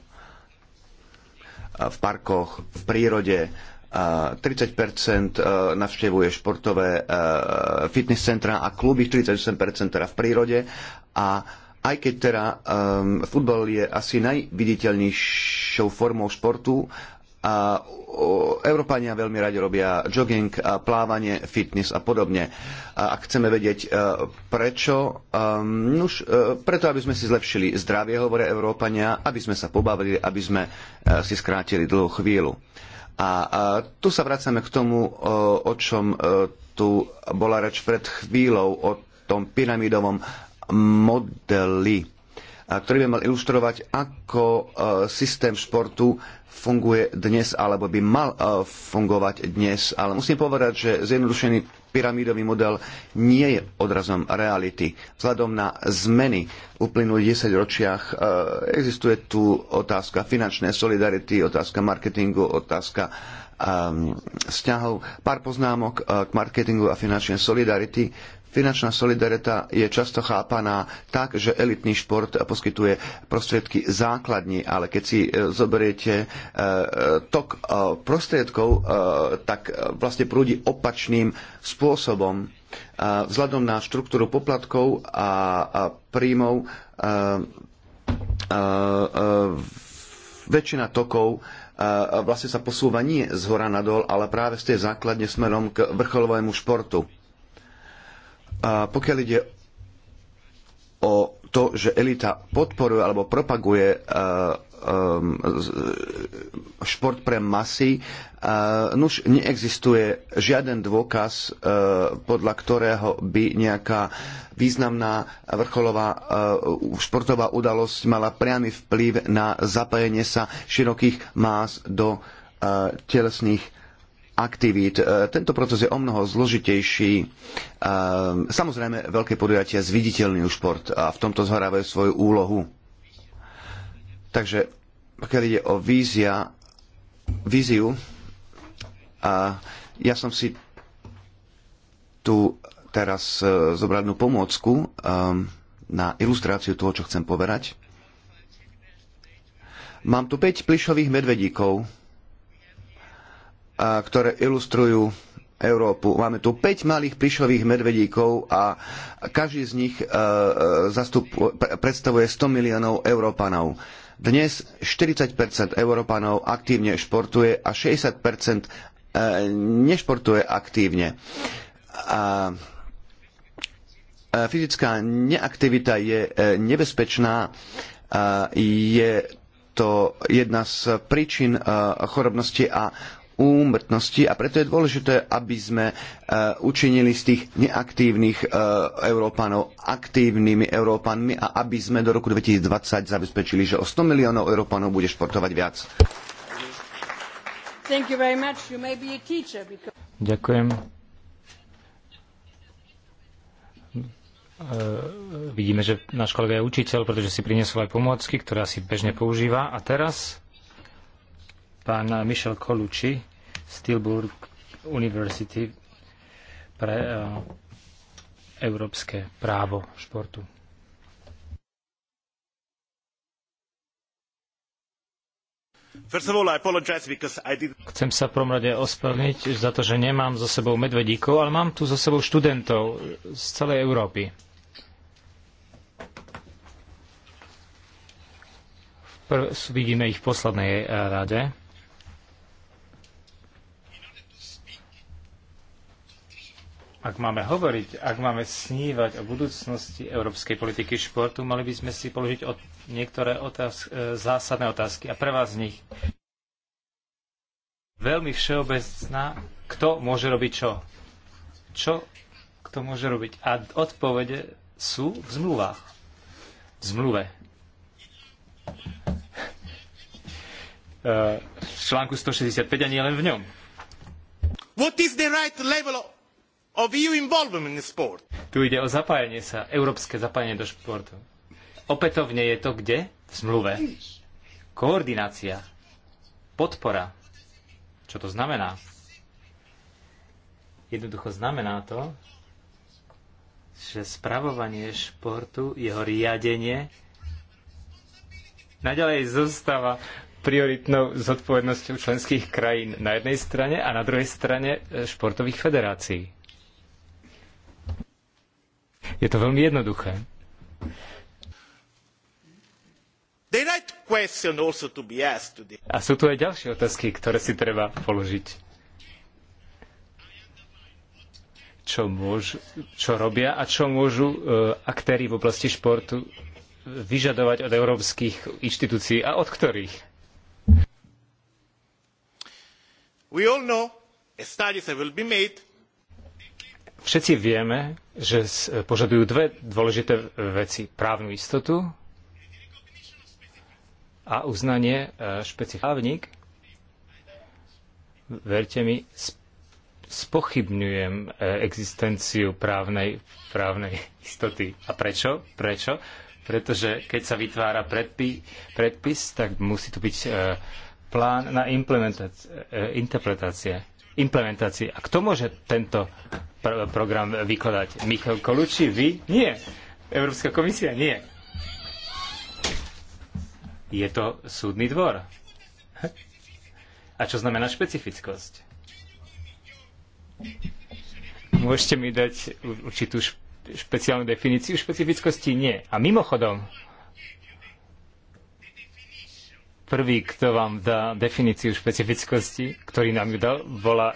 v parkoch, v prírode. 30 e, navštevuje športové e, fitness centra a kluby, 48 teda v prírode. A aj keď teda um, futbal je asi najviditeľnejšou formou športu, a Európania veľmi radi robia jogging, a plávanie, fitness a podobne. A ak chceme vedieť e, prečo, um, nuž, e, preto aby sme si zlepšili zdravie, hovoria Európania, aby sme sa pobavili, aby sme e, si skrátili dlhú chvíľu. A, a tu sa vracame k tomu, o čom tu bola reč pred chvíľou, o tom pyramidovom modeli ktorý by mal ilustrovať, ako e, systém športu funguje dnes, alebo by mal e, fungovať dnes. Ale musím povedať, že zjednodušený pyramídový model nie je odrazom reality. Vzhľadom na zmeny v uplynulých 10 ročiach e, existuje tu otázka finančnej solidarity, otázka marketingu, otázka vzťahov. Pár poznámok k marketingu a finančnej solidarity Finančná solidarita je často chápaná tak, že elitný šport poskytuje prostriedky základní, ale keď si e, zoberiete e, e, tok prostriedkov, tak vlastne prúdi opačným spôsobom. Vzhľadom na štruktúru poplatkov a príjmov väčšina tokov vlastne sa posúva nie z hora nadol, ale práve z tej základne smerom k vrcholovému športu a pokiaľ ide o to, že elita podporuje alebo propaguje e, e, šport pre masy. E, nuž neexistuje žiaden dôkaz, podľa ktorého by nejaká významná vrcholová športová udalosť mala priamy vplyv na zapájenie sa širokých más do telesných aktivít. E, tento proces je o mnoho zložitejší. E, samozrejme, veľké podujatia zviditeľňujú šport a v tomto zhorávajú svoju úlohu. Takže pokiaľ ide o vízia, víziu, a ja som si tu teraz e, zobral jednu pomôcku na ilustráciu toho, čo chcem poverať. Mám tu 5 plišových medvedíkov, ktoré ilustrujú Európu. Máme tu 5 malých plišových medvedíkov a každý z nich e, e, predstavuje 100 miliónov Európanov. Dnes 40 Európanov aktívne športuje a 60 e, nešportuje aktívne. A fyzická neaktivita je nebezpečná, je to jedna z príčin chorobnosti a úmrtnosti a preto je dôležité, aby sme e, učinili z tých neaktívnych e, Európanov aktívnymi Európanmi a aby sme do roku 2020 zabezpečili, že o 100 miliónov Európanov bude športovať viac. Teacher, because... Ďakujem. E, vidíme, že náš kolega je učiteľ, pretože si priniesol aj pomôcky, ktoré si bežne používa. A teraz pán Michel Colucci z Tilburg University pre uh, európske právo športu. All, Chcem sa v prvom rade ospravedlniť za to, že nemám so sebou medvedíkov, ale mám tu so sebou študentov z celej Európy. Prv, vidíme ich v poslednej eh, rade. ak máme hovoriť, ak máme snívať o budúcnosti európskej politiky športu, mali by sme si položiť od niektoré otázky, e, zásadné otázky. A pre vás z nich veľmi všeobecná, kto môže robiť čo. Čo kto môže robiť. A odpovede sú v zmluvách. V zmluve. E, v článku 165 a nie len v ňom. What is the right level of of EU involvement in sport. Tu ide o zapájanie sa, európske zapájanie do športu. Opätovne je to kde? V zmluve. Koordinácia. Podpora. Čo to znamená? Jednoducho znamená to, že spravovanie športu, jeho riadenie naďalej zostáva prioritnou zodpovednosťou členských krajín na jednej strane a na druhej strane športových federácií. Je to veľmi jednoduché. A sú tu aj ďalšie otázky, ktoré si treba položiť. Čo, môžu, čo robia a čo môžu uh, aktéry v oblasti športu vyžadovať od európskych inštitúcií a od ktorých? We all know, a studies will be made Všetci vieme, že e, požadujú dve dôležité veci. Právnu istotu a uznanie e, špeciálnik. Verte mi, spochybňujem e, existenciu právnej, právnej istoty. A prečo? Prečo? Pretože keď sa vytvára predpis, predpis tak musí tu byť plán na implementácie, implementácie. A kto môže tento pr- program vykladať. Michal Kolúči, vy? Nie. Európska komisia? Nie. Je to súdny dvor. A čo znamená špecifickosť? Môžete mi dať určitú špeciálnu definíciu špecifickosti? Nie. A mimochodom, prvý, kto vám dá definíciu špecifickosti, ktorý nám ju dal, bola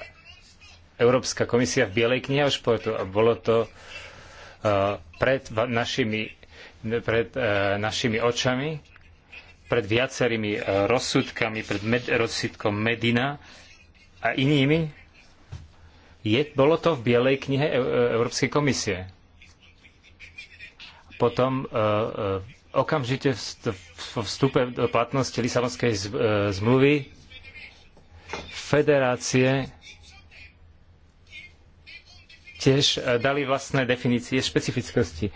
Európska komisia v Bielej knihe o športu a bolo to uh, pred našimi, pred uh, našimi očami, pred viacerými uh, rozsudkami, pred med, rozsudkom Medina a inými. Je, bolo to v Bielej knihe e- Európskej komisie. Potom okamžite po vstupe do platnosti Lisabonskej e- zmluvy federácie tiež e, dali vlastné definície špecifickosti.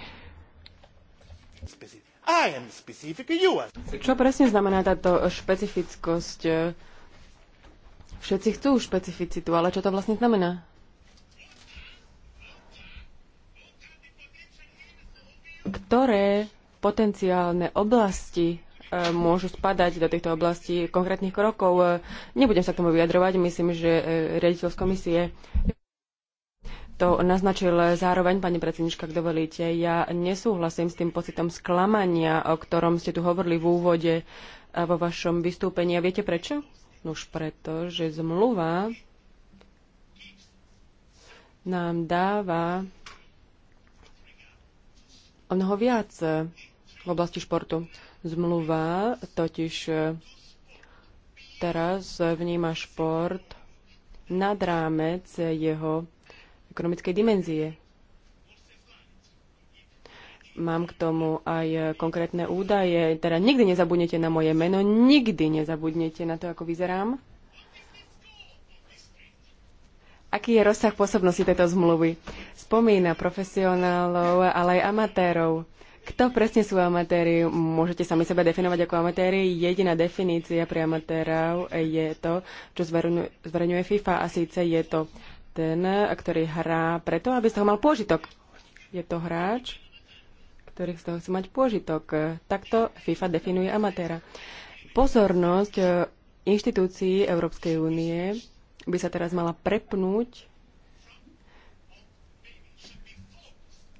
Čo presne znamená táto špecifickosť? Všetci chcú špecificitu, ale čo to vlastne znamená? Ktoré potenciálne oblasti e, môžu spadať do týchto oblastí konkrétnych krokov. E, nebudem sa k tomu vyjadrovať, myslím, že riaditeľ z komisie to naznačil zároveň, pani predsednička, ak dovolíte. Ja nesúhlasím s tým pocitom sklamania, o ktorom ste tu hovorili v úvode vo vašom vystúpení. A viete prečo? Už preto, že zmluva nám dáva o mnoho viac v oblasti športu. Zmluva totiž teraz vníma šport nad rámec jeho ekonomickej dimenzie. Mám k tomu aj konkrétne údaje. Teda nikdy nezabudnete na moje meno, nikdy nezabudnete na to, ako vyzerám. Aký je rozsah pôsobnosti tejto zmluvy? Spomína profesionálov, ale aj amatérov. Kto presne sú amatéri? Môžete sami seba definovať ako amatéri. Jediná definícia pre amatérov je to, čo zverejňuje FIFA a síce je to ten, ktorý hrá preto, aby z toho mal pôžitok. Je to hráč, ktorý z toho chce mať pôžitok. Takto FIFA definuje amatéra. Pozornosť eh, inštitúcií Európskej únie by sa teraz mala prepnúť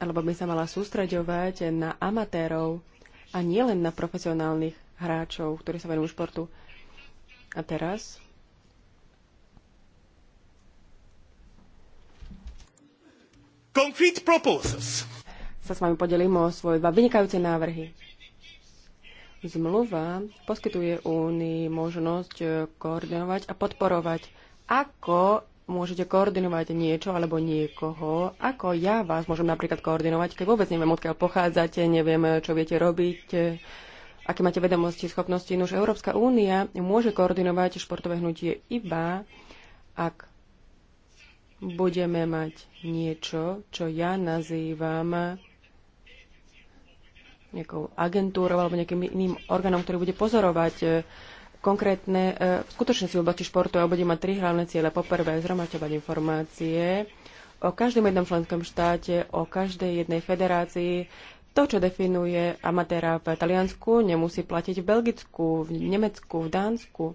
alebo by sa mala sústreďovať na amatérov a nielen na profesionálnych hráčov, ktorí sa venujú športu. A teraz concrete proposals. Sa s vami podelím o svoje dva vynikajúce návrhy. Zmluva poskytuje Únii možnosť eh, koordinovať a podporovať. Ako môžete koordinovať niečo alebo niekoho? Ako ja vás môžem napríklad koordinovať, keď vôbec neviem, odkiaľ pochádzate, neviem, eh, čo viete robiť, eh, aké máte vedomosti, schopnosti. Nož Európska únia môže koordinovať športové hnutie iba, ak budeme mať niečo, čo ja nazývam nejakou agentúrou alebo nejakým iným orgánom, ktorý bude pozorovať e, konkrétne e, skutočnosti v oblasti športu a bude mať tri hlavné ciele. Poprvé, zhromaťovať informácie o každom jednom členskom štáte, o každej jednej federácii. To, čo definuje amatéra v Taliansku, nemusí platiť v Belgicku, v Nemecku, v Dánsku.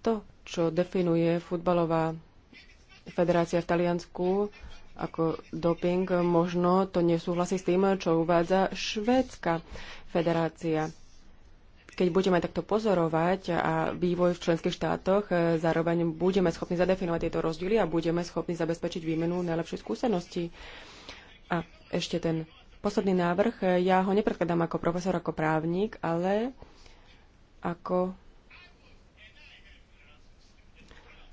To, čo definuje futbalová federácia v Taliansku ako doping, možno to nesúhlasí s tým, čo uvádza švédska federácia. Keď budeme takto pozorovať a vývoj v členských štátoch, zároveň budeme schopní zadefinovať tieto rozdiely a budeme schopní zabezpečiť výmenu najlepších skúseností. A ešte ten posledný návrh. Ja ho nepredkladám ako profesor, ako právnik, ale ako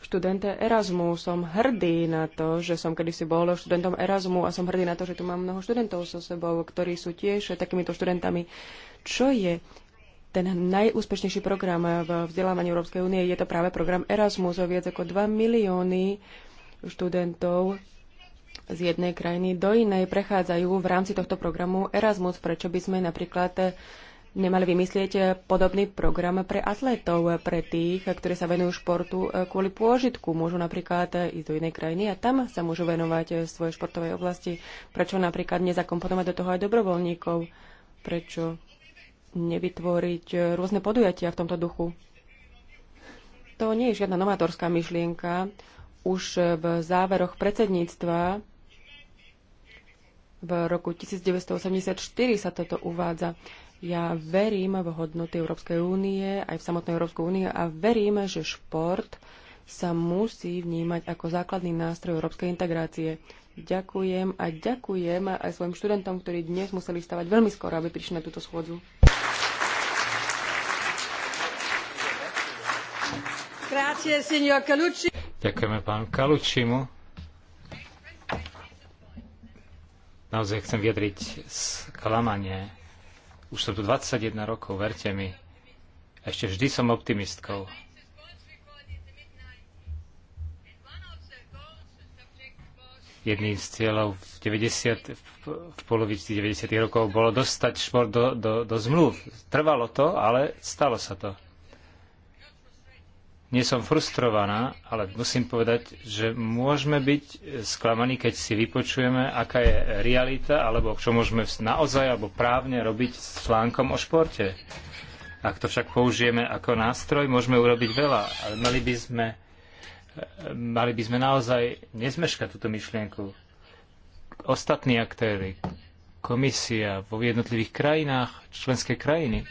študente Erasmu. Som hrdý na to, že som kedysi bol študentom Erasmu a som hrdý na to, že tu mám mnoho študentov so sebou, ktorí sú tiež takýmito študentami. Čo je ten najúspešnejší program v vzdelávaní Európskej únie? Je to práve program Erasmus. O viac ako 2 milióny študentov z jednej krajiny do inej prechádzajú v rámci tohto programu Erasmus. Prečo by sme napríklad nemali vymyslieť eh, podobný program pre atletov, eh, pre tých, eh, ktorí sa venujú športu kvôli pôžitku. Môžu napríklad ísť do inej krajiny a tam sa môžu venovať svojej športovej oblasti. Prečo napríklad nezakomponovať do toho aj dobrovoľníkov? Prečo nevytvoriť rôzne podujatia v tomto duchu? To nie je žiadna novátorská myšlienka. Už v záveroch predsedníctva v roku 1984 sa toto uvádza. Ja verím v hodnoty Európskej únie, aj v samotnej Európskej únie a verím, že šport sa musí vnímať ako základný nástroj európskej integrácie. Ďakujem a ďakujem aj svojim študentom, ktorí dnes museli stavať veľmi skoro, aby prišli na túto schôdzu. Grazie, signor Calucci. Ďakujeme pán Kalučimu. Naozaj chcem vyjadriť sklamanie už som tu 21 rokov, verte mi. Ešte vždy som optimistkou. Jedným z cieľov v, 90, v polovici 90. rokov bolo dostať šport do, do, do zmluv. Trvalo to, ale stalo sa to nie som frustrovaná, ale musím povedať, že môžeme byť sklamaní, keď si vypočujeme, aká je realita, alebo čo môžeme naozaj alebo právne robiť s článkom o športe. Ak to však použijeme ako nástroj, môžeme urobiť veľa, ale mali by sme, mali by sme naozaj nezmeškať túto myšlienku. Ostatní aktéry, komisia vo jednotlivých krajinách, členské krajiny.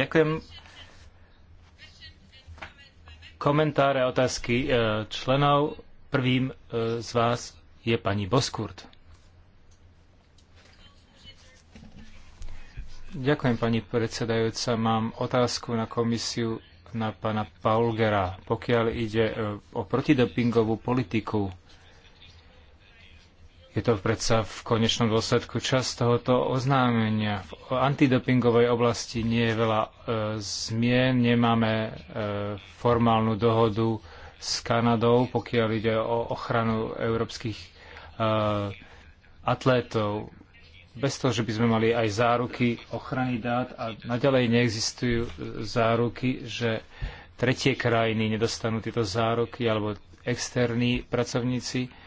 Ďakujem komentáre a otázky e, členov. Prvým e, z vás je pani Boskurt. Ďakujem, pani predsedajúca. Mám otázku na komisiu na pána Paulgera. Pokiaľ ide e, o protidopingovú politiku, je to predsa v konečnom dôsledku čas tohoto oznámenia. V antidopingovej oblasti nie je veľa e, zmien, nemáme e, formálnu dohodu s Kanadou, pokiaľ ide o ochranu európskych e, atlétov. Bez toho, že by sme mali aj záruky ochrany dát a naďalej neexistujú e, záruky, že tretie krajiny nedostanú tieto záruky alebo externí pracovníci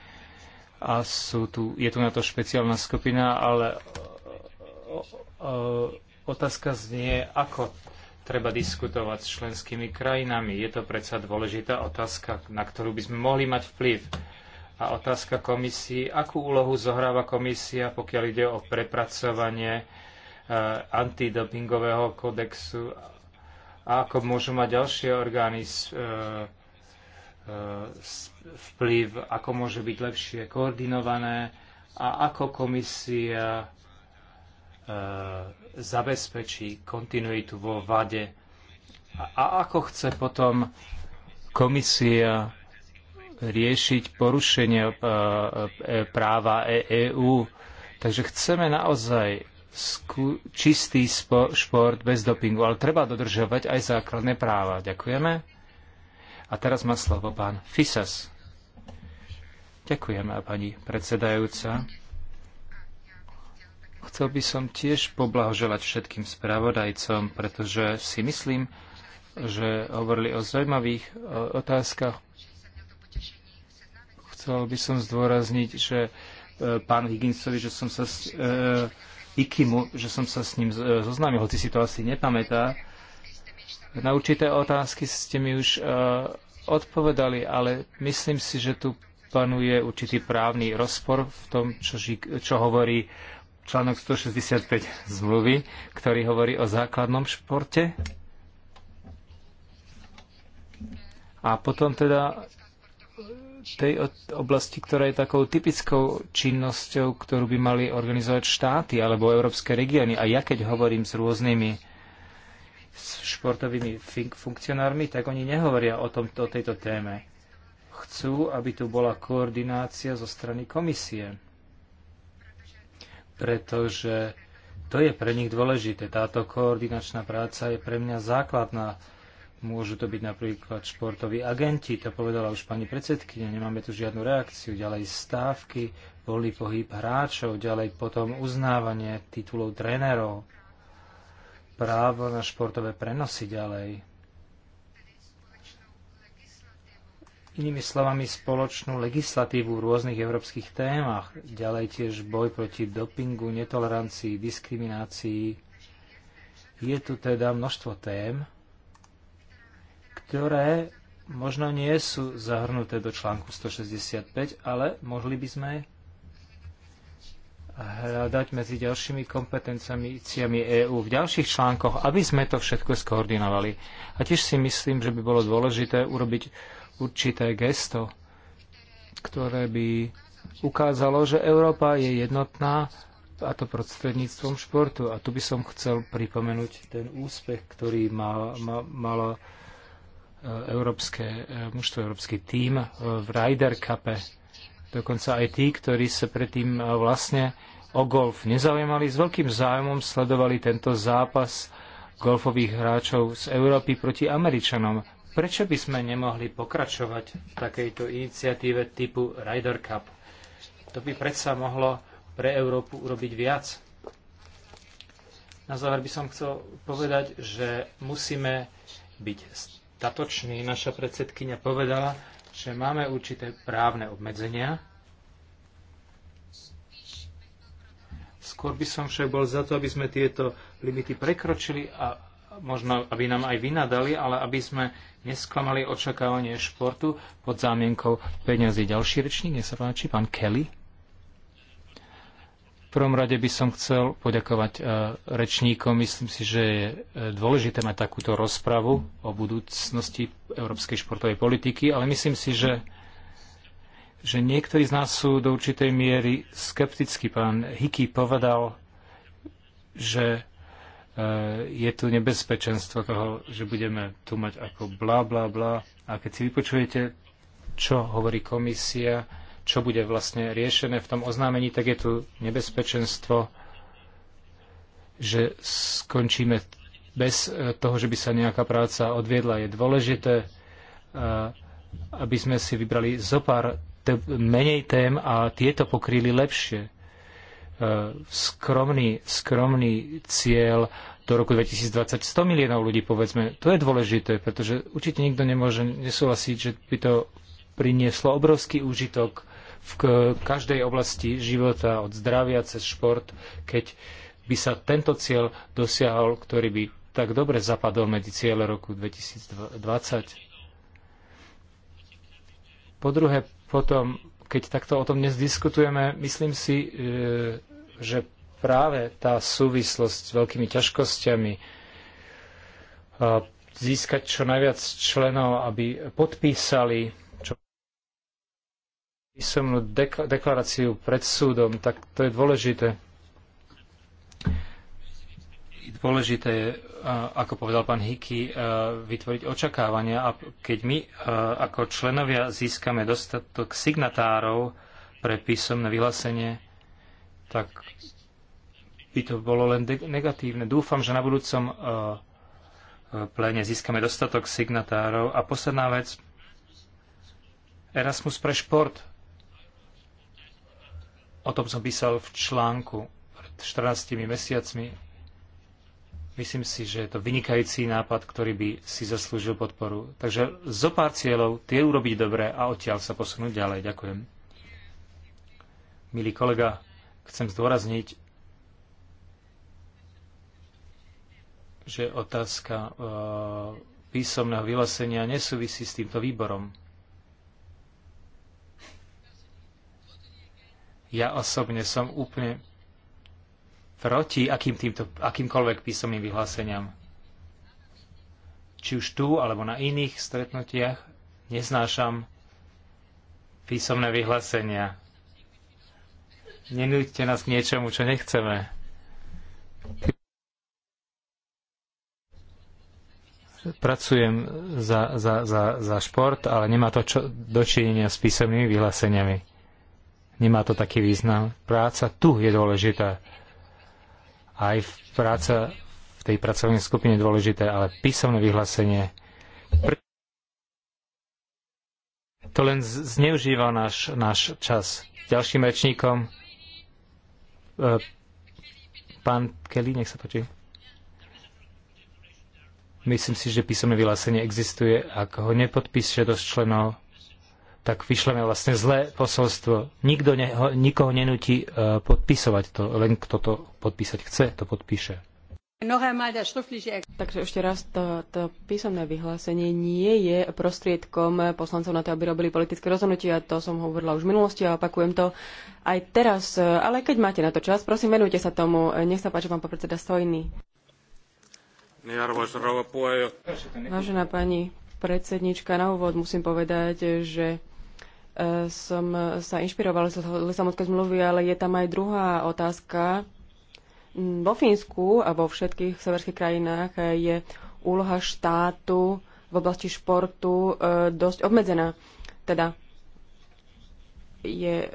a sú tu, je tu na to špeciálna skupina, ale o, o, otázka znie, ako treba diskutovať s členskými krajinami. Je to predsa dôležitá otázka, na ktorú by sme mohli mať vplyv. A otázka komisii, akú úlohu zohráva komisia, pokiaľ ide o prepracovanie e, antidopingového kodexu a ako môžu mať ďalšie orgány e, E, vplyv, ako môže byť lepšie koordinované a ako komisia e, zabezpečí kontinuitu vo vade a ako chce potom komisia riešiť porušenie e, práva EÚ. Takže chceme naozaj čistý šport bez dopingu, ale treba dodržiavať aj základné práva. Ďakujeme. A teraz má slovo pán Fisas. Ďakujem, pani predsedajúca. Chcel by som tiež poblahoželať všetkým spravodajcom, pretože si myslím, že hovorili o zaujímavých e, otázkach. Chcel by som zdôrazniť, že e, pán Higginsovi, že som sa s, e, Ikimu, že som sa s ním e, zoznámil, hoci si to asi nepamätá, na určité otázky ste mi už e, odpovedali, ale myslím si, že tu panuje určitý právny rozpor v tom, čo, čo hovorí článok 165 zmluvy, ktorý hovorí o základnom športe. A potom teda tej oblasti, ktorá je takou typickou činnosťou, ktorú by mali organizovať štáty alebo európske regióny. A ja keď hovorím s rôznymi s športovými funkcionármi, tak oni nehovoria o, tom, o tejto téme. Chcú, aby tu bola koordinácia zo strany komisie. Pretože to je pre nich dôležité. Táto koordinačná práca je pre mňa základná. Môžu to byť napríklad športoví agenti, to povedala už pani predsedkynia, nemáme tu žiadnu reakciu. Ďalej stávky, voľný pohyb hráčov, ďalej potom uznávanie titulov trénerov právo na športové prenosy ďalej. Inými slovami, spoločnú legislatívu v rôznych európskych témach, ďalej tiež boj proti dopingu, netolerancii, diskriminácii. Je tu teda množstvo tém, ktoré možno nie sú zahrnuté do článku 165, ale mohli by sme hľadať medzi ďalšími kompetenciami EÚ v ďalších článkoch, aby sme to všetko skoordinovali. A tiež si myslím, že by bolo dôležité urobiť určité gesto, ktoré by ukázalo, že Európa je jednotná a to prostredníctvom športu. A tu by som chcel pripomenúť ten úspech, ktorý mal, mal, malo e, európske, e, mužstvo európsky tím e, v Ryder Cupe dokonca aj tí, ktorí sa predtým eh, vlastne o golf nezaujímali, s veľkým záujmom sledovali tento zápas golfových hráčov z Európy proti Američanom. Prečo by sme nemohli pokračovať v takejto iniciatíve typu Ryder Cup? To by predsa mohlo pre Európu urobiť viac. Na záver by som chcel povedať, že musíme byť statoční. Naša predsedkynia povedala, že máme určité právne obmedzenia. Skôr by som však bol za to, aby sme tieto limity prekročili a možno, aby nám aj vynadali, ale aby sme nesklamali očakávanie športu pod zámienkou peňazí. Ďalší rečník, nech sa páči, pán Kelly prvom rade by som chcel poďakovať e, rečníkom. Myslím si, že je e, dôležité mať takúto rozpravu o budúcnosti európskej športovej politiky, ale myslím si, že, že niektorí z nás sú do určitej miery skeptickí. Pán Hiky povedal, že e, je tu nebezpečenstvo toho, že budeme tu mať ako bla bla bla. A keď si vypočujete, čo hovorí komisia, čo bude vlastne riešené v tom oznámení, tak je tu nebezpečenstvo, že skončíme bez e, toho, že by sa nejaká práca odviedla. Je dôležité, e, aby sme si vybrali zo pár menej tém a tieto pokryli lepšie. E, skromný, skromný cieľ do roku 2020 100 miliónov ľudí, povedzme. To je dôležité, pretože určite nikto nemôže nesúhlasiť, že by to prinieslo obrovský úžitok v každej oblasti života, od zdravia cez šport, keď by sa tento cieľ dosiahol, ktorý by tak dobre zapadol medzi cieľe roku 2020. Po druhé, potom, keď takto o tom dnes diskutujeme, myslím si, e, že práve tá súvislosť s veľkými ťažkosťami e, získať čo najviac členov, aby podpísali písomnú deklaráciu pred súdom, tak to je dôležité. Dôležité je, ako povedal pán Hiky, vytvoriť očakávania a keď my ako členovia získame dostatok signatárov pre písomné vyhlásenie, tak by to bolo len negatívne. Dúfam, že na budúcom pléne získame dostatok signatárov. A posledná vec, Erasmus pre šport O tom som písal v článku pred 14 mesiacmi. Myslím si, že je to vynikajúci nápad, ktorý by si zaslúžil podporu. Takže zo pár cieľov, tie urobiť dobre a odtiaľ sa posunúť ďalej. Ďakujem. Milý kolega, chcem zdôrazniť, že otázka e, písomného vyhlásenia nesúvisí s týmto výborom. Ja osobne som úplne proti akým týmto, akýmkoľvek písomným vyhláseniam. Či už tu, alebo na iných stretnutiach neznášam písomné vyhlásenia. Nenúďte nás k niečomu, čo nechceme. Pracujem za, za, za, za šport, ale nemá to čo, dočinenia s písomnými vyhláseniami Nemá to taký význam. Práca tu je dôležitá. Aj v práca v tej pracovnej skupine je dôležité, ale písomné vyhlásenie. To len zneužíva náš, náš čas. Ďalším rečníkom e, pán Kelly, nech sa páči. Myslím si, že písomné vyhlásenie existuje. Ak ho nepodpíše dosť členov, tak vyšleme vlastne zlé posolstvo. Nikto ne, ho, nikoho nenúti uh, podpisovať to, len kto to podpísať chce, to podpíše. Takže ešte raz, to, to písomné vyhlásenie nie je prostriedkom poslancov na to, aby robili politické rozhodnutia. To som hovorila už v minulosti a opakujem to aj teraz. Ale keď máte na to čas, prosím, venujte sa tomu. Nech sa páči, pán popredseda Stojný. Vážená pani predsednička, na úvod musím povedať, že e, som sa inšpirovala z Lisabonskej zmluvy, ale je tam aj druhá otázka. Mm, vo Fínsku a vo všetkých severských krajinách je úloha štátu v oblasti športu e, dosť obmedzená. Teda je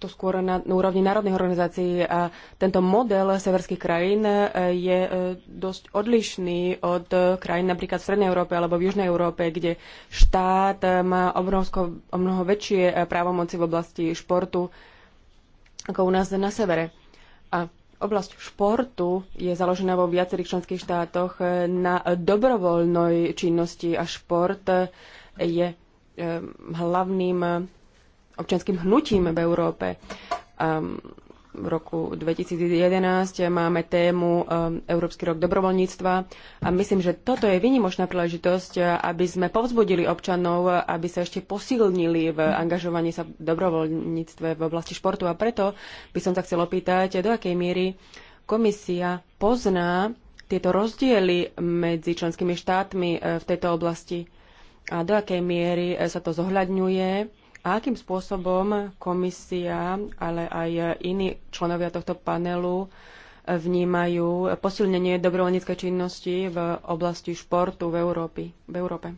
to skôr na, na úrovni národných organizácií a tento model severských krajín e, je e, dosť odlišný od e, krajín napríklad v Strednej Európe alebo v Južnej Európe, kde štát má obrovsko, o mnoho väčšie právomoci v oblasti športu ako u nás na severe. A oblasť športu je založená vo viacerých členských štátoch na dobrovoľnej činnosti a šport je hlavným občanským hnutím v Európe. Um, v roku 2011 máme tému ehm, Európsky rok dobrovoľníctva a myslím, že toto je vynimočná príležitosť, eh, aby sme povzbudili občanov, eh, aby sa ešte posilnili v angažovaní sa v dobrovoľníctve v oblasti športu a preto by som sa chcel opýtať, do akej miery komisia pozná tieto rozdiely medzi členskými štátmi eh, v tejto oblasti a do akej miery sa to zohľadňuje a akým spôsobom komisia, ale aj iní členovia tohto panelu vnímajú posilnenie dobrovoľníckej činnosti v oblasti športu v, Európy, v Európe?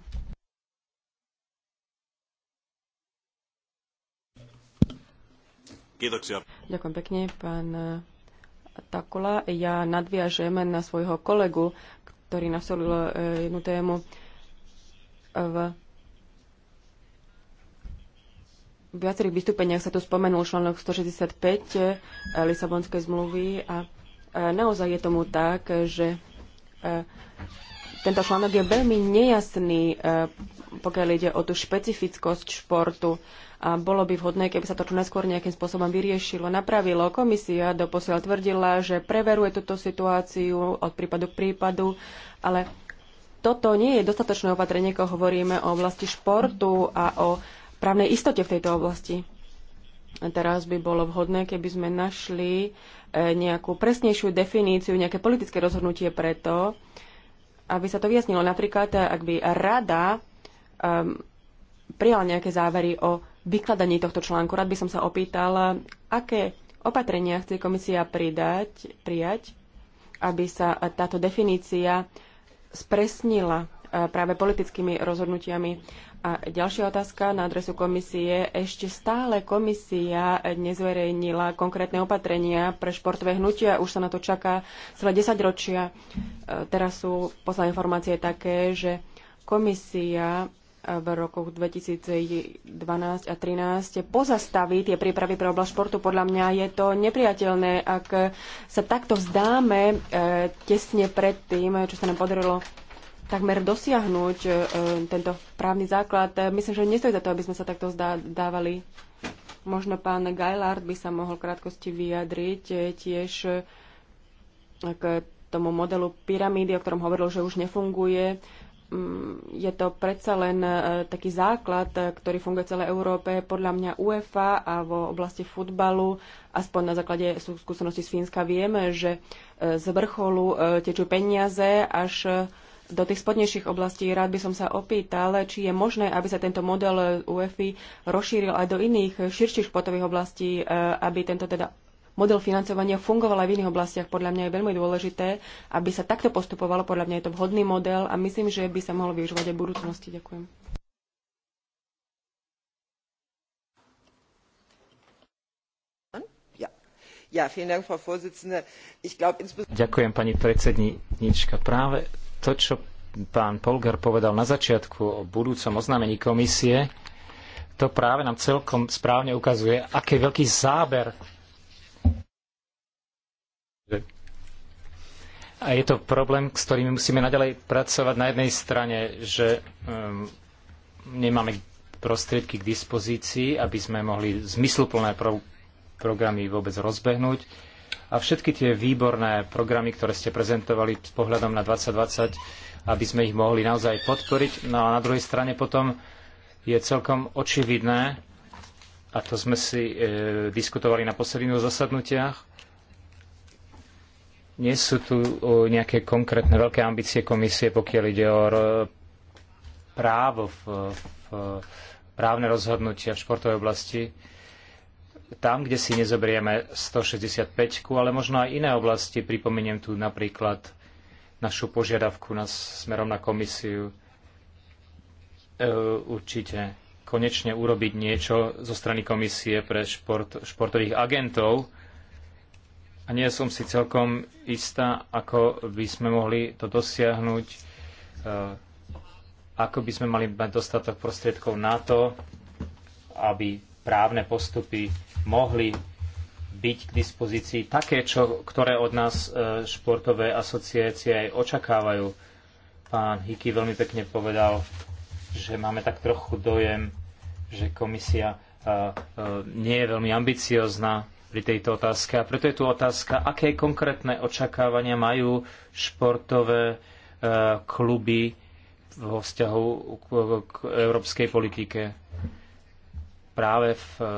Kiitoksia. Ďakujem pekne, pán Takula. Ja nadviažem na svojho kolegu, ktorý nasolil eh, jednu tému v V viacerých vystúpeniach sa tu spomenul článok 165 eh, Lisabonskej zmluvy a eh, naozaj je tomu tak, že eh, tento článok je veľmi nejasný, pokiaľ ide o tú špecifickosť športu a bolo by vhodné, keby sa to čo najskôr nejakým spôsobom vyriešilo, napravilo. Komisia doposiaľ tvrdila, že preveruje túto situáciu od prípadu k prípadu, ale toto nie je dostatočné opatrenie, keď hovoríme o oblasti športu a o právnej istote v tejto oblasti. Teraz by bolo vhodné, keby sme našli e, nejakú presnejšiu definíciu, nejaké politické rozhodnutie preto, aby sa to vyjasnilo. Napríklad, ak by rada um, prijala nejaké závery o vykladaní tohto článku, rád by som sa opýtala, aké opatrenia chce komisia pridať, prijať, aby sa táto definícia spresnila e, práve politickými rozhodnutiami. A ďalšia otázka na adresu komisie. Ešte stále komisia nezverejnila konkrétne opatrenia pre športové hnutia. Už sa na to čaká celé 10 ročia. E, teraz sú posledné informácie také, že komisia e, v rokoch 2012 a 2013 pozastaví tie prípravy pre oblasť športu. Podľa mňa je to nepriateľné, ak sa takto vzdáme e, tesne pred tým, čo sa nám podarilo takmer dosiahnuť e, tento právny základ. E, myslím, že nestojí za to, aby sme sa takto zdávali. Možno pán Gajlard by sa mohol krátkosti vyjadriť e, tiež k tomu modelu pyramídy, o ktorom hovoril, že už nefunguje. Mm, je to predsa len taký základ, ktorý funguje v celej Európe. Podľa mňa UEFA a vo oblasti futbalu, aspoň na základe skúsenosti z Fínska, vieme, že z vrcholu tečú peniaze až do tých spodnejších oblastí. Rád by som sa opýtal, či je možné, aby sa tento model UEFI rozšíril aj do iných širších športových oblastí, e, aby tento teda model financovania fungoval aj v iných oblastiach. Podľa mňa je veľmi dôležité, aby sa takto postupovalo. Podľa mňa je to vhodný model a myslím, že by sa mohol využívať aj v budúcnosti. Ďakujem. Ďakujem pani predsedníčka. Práve to, čo pán Polgar povedal na začiatku o budúcom oznámení komisie, to práve nám celkom správne ukazuje, aký veľký záber A je to problém, s ktorým musíme naďalej pracovať na jednej strane, že um, nemáme prostriedky k dispozícii, aby sme mohli zmysluplné pro programy vôbec rozbehnúť a všetky tie výborné programy, ktoré ste prezentovali s pohľadom na 2020, aby sme ich mohli naozaj podporiť. No a na druhej strane potom je celkom očividné, a to sme si e, diskutovali na posledných zasadnutiach, nie sú tu e, nejaké konkrétne veľké ambície komisie, pokiaľ ide o právo v, v právne rozhodnutia v športovej oblasti tam, kde si nezobrieme 165, ale možno aj iné oblasti. Pripomeniem tu napríklad našu požiadavku na, smerom na komisiu e, určite konečne urobiť niečo zo strany komisie pre šport, športových agentov. A nie som si celkom istá, ako by sme mohli to dosiahnuť, e, ako by sme mali mať dostatok prostriedkov na to, aby právne postupy mohli byť k dispozícii také, čo, ktoré od nás e, športové asociácie aj očakávajú. Pán Hiky veľmi pekne povedal, že máme tak trochu dojem, že komisia e, e, nie je veľmi ambiciozná pri tejto otázke. A preto je tu otázka, aké konkrétne očakávania majú športové kluby vo vzťahu k európskej politike práve v eh,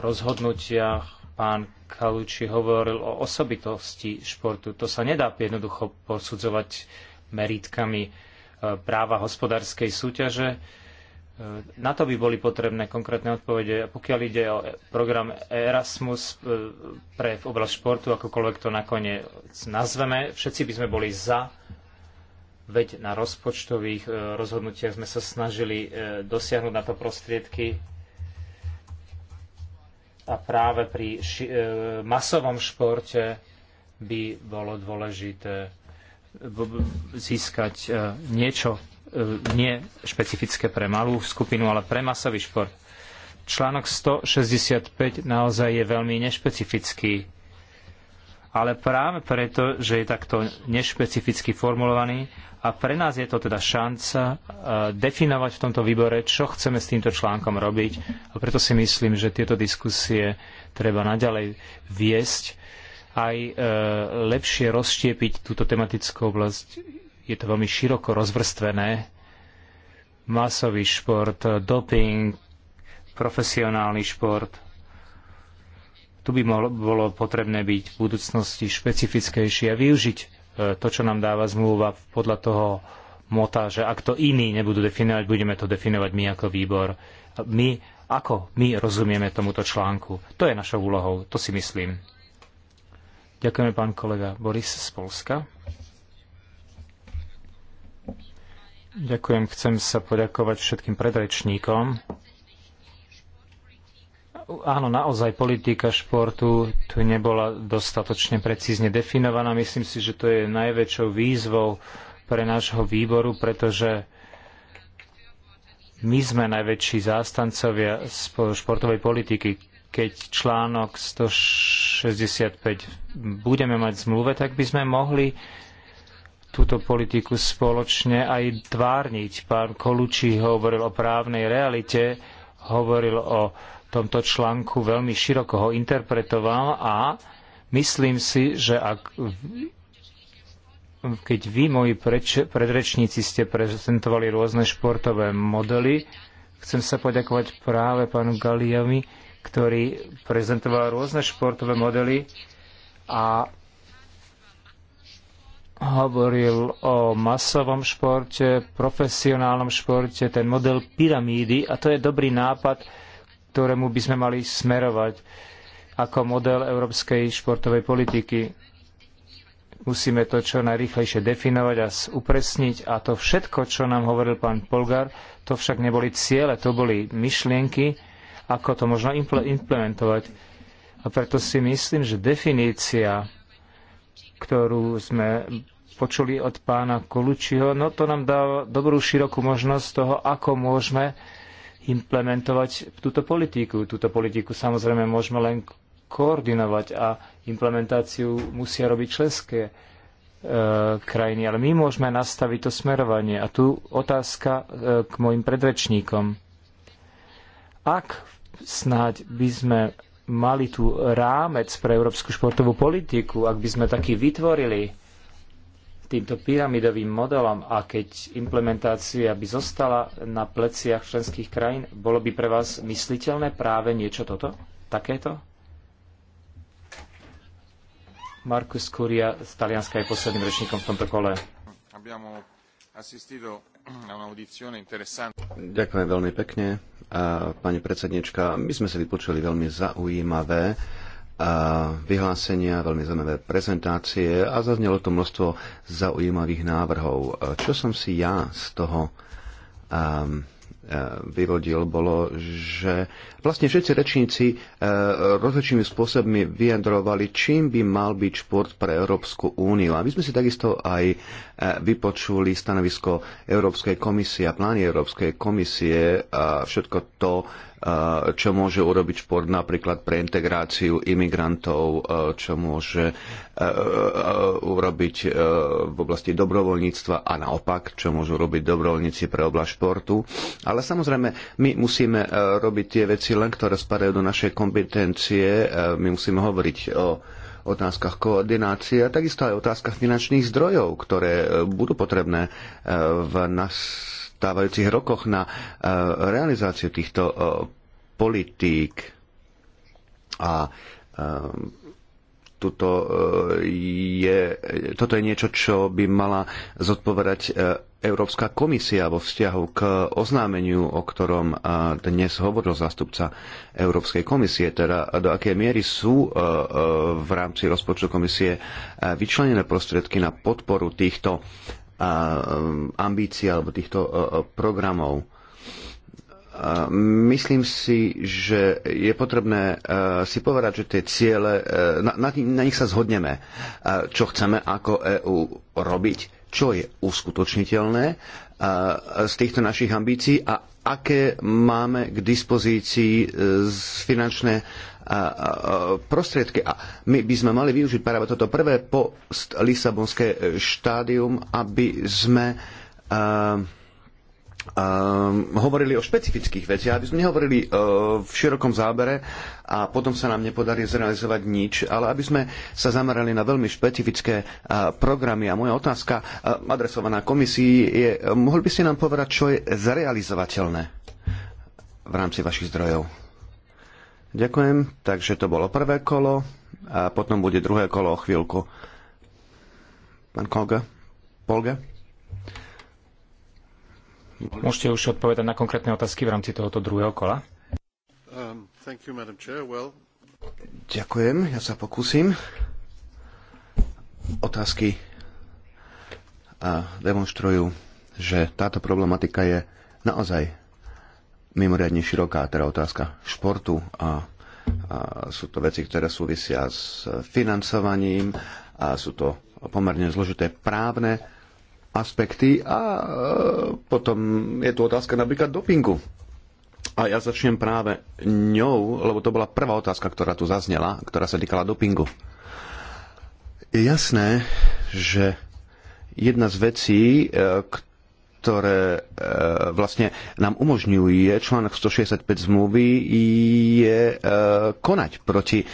rozhodnutiach pán Kaluči hovoril o osobitosti športu. To sa nedá jednoducho posudzovať meritkami eh, práva hospodárskej súťaže. Eh, na to by boli potrebné konkrétne odpovede. Pokiaľ ide o program Erasmus pre oblasť športu, akokoľvek to nakoniec nazveme, všetci by sme boli za, veď na rozpočtových rozhodnutiach sme sa snažili dosiahnuť na to prostriedky a práve pri ši- e, masovom športe by bolo dôležité získať e, niečo e, nie špecifické pre malú skupinu, ale pre masový šport. Článok 165 naozaj je veľmi nešpecifický ale práve preto, že je takto nešpecificky formulovaný a pre nás je to teda šanca e, definovať v tomto výbore, čo chceme s týmto článkom robiť a preto si myslím, že tieto diskusie treba naďalej viesť aj e, lepšie rozštiepiť túto tematickú oblasť. Je to veľmi široko rozvrstvené. Masový šport, doping, profesionálny šport, tu by mohlo, bolo potrebné byť v budúcnosti špecifickejšie a využiť e, to, čo nám dáva zmluva podľa toho mota, že ak to iní nebudú definovať, budeme to definovať my ako výbor. My, ako my rozumieme tomuto článku. To je našou úlohou, to si myslím. Ďakujeme pán kolega Boris z Polska. Ďakujem, chcem sa poďakovať všetkým predrečníkom áno, naozaj politika športu tu nebola dostatočne precízne definovaná. Myslím si, že to je najväčšou výzvou pre nášho výboru, pretože my sme najväčší zástancovia športovej politiky. Keď článok 165 budeme mať v zmluve, tak by sme mohli túto politiku spoločne aj tvárniť. Pán Kolučí hovoril o právnej realite, hovoril o tomto článku veľmi široko ho interpretoval a myslím si, že ak keď vy, moji preč, predrečníci, ste prezentovali rôzne športové modely, chcem sa poďakovať práve pánu Galiami, ktorý prezentoval rôzne športové modely a hovoril o masovom športe, profesionálnom športe, ten model pyramídy a to je dobrý nápad, ktorému by sme mali smerovať ako model európskej športovej politiky. Musíme to čo najrýchlejšie definovať a upresniť a to všetko, čo nám hovoril pán Polgar, to však neboli ciele, to boli myšlienky, ako to možno implementovať. A preto si myslím, že definícia, ktorú sme počuli od pána Kolučiho, no to nám dá dobrú širokú možnosť toho, ako môžeme implementovať túto politiku. Túto politiku samozrejme môžeme len koordinovať a implementáciu musia robiť členské e, krajiny, ale my môžeme nastaviť to smerovanie. A tu otázka e, k môjim predrečníkom. Ak snáď by sme mali tu rámec pre európsku športovú politiku, ak by sme taký vytvorili, týmto pyramidovým modelom a keď implementácia by zostala na pleciach členských krajín, bolo by pre vás mysliteľné práve niečo toto? Takéto? Markus Curia z Talianska je posledným rečníkom v tomto kole. Ďakujem veľmi pekne. Pani predsednička, my sme si vypočuli veľmi zaujímavé vyhlásenia, veľmi zaujímavé prezentácie a zaznelo to množstvo zaujímavých návrhov. Čo som si ja z toho um, e, vyvodil, bolo, že vlastne všetci rečníci e, rozličnými spôsobmi vyjadrovali, čím by mal byť šport pre Európsku úniu. A my sme si takisto aj e, vypočuli stanovisko Európskej komisie a plány Európskej komisie a všetko to čo môže urobiť šport napríklad pre integráciu imigrantov, čo môže urobiť v oblasti dobrovoľníctva a naopak, čo môžu robiť dobrovoľníci pre oblasť športu. Ale samozrejme, my musíme robiť tie veci len, ktoré spadajú do našej kompetencie. My musíme hovoriť o otázkach koordinácie a takisto aj otázkach finančných zdrojov, ktoré e, budú potrebné e, v nás nastávajúcich rokoch na e, realizáciu týchto e, politík. A e, tuto je, toto je niečo, čo by mala zodpovedať Európska komisia vo vzťahu k oznámeniu, o ktorom dnes hovoril zástupca Európskej komisie, teda do akej miery sú v rámci rozpočtu komisie vyčlenené prostriedky na podporu týchto Um, ambícií alebo týchto programov. Myslím si, že je potrebné e, si povedať, že tie ciele, e, na, na, na nich sa zhodneme, e, čo chceme ako EÚ robiť, čo je uskutočniteľné z týchto našich ambícií a aké máme k dispozícii e, finančné prostriedky. A my by sme mali využiť práve toto prvé post-Lisabonské e, štádium, aby sme uh, um, hovorili o špecifických veciach, aby sme nehovorili uh, v širokom zábere a potom sa nám nepodarí zrealizovať nič, ale aby sme sa zamerali na veľmi špecifické uh, programy. A moja otázka uh, adresovaná komisii je, uh, mohli by ste nám povedať, čo je zrealizovateľné v rámci vašich zdrojov? Ďakujem. Takže to bolo prvé kolo a potom bude druhé kolo o chvíľku. Pán Kolga? Polga? Môžete už odpovedať na konkrétne otázky v rámci tohoto druhého kola. Um, you, well... Ďakujem, ja sa pokúsim. Otázky a demonstrujú, že táto problematika je naozaj mimoriadne široká, teda otázka športu a, a sú to veci, ktoré súvisia s financovaním a sú to pomerne zložité právne aspekty a e, potom je tu otázka napríklad dopingu. A ja začnem práve ňou, lebo to bola prvá otázka, ktorá tu zaznela, ktorá sa týkala dopingu. Je jasné, že jedna z vecí, e, ktoré e, vlastne nám umožňuje článok 165 zmluvy je e, konať proti e,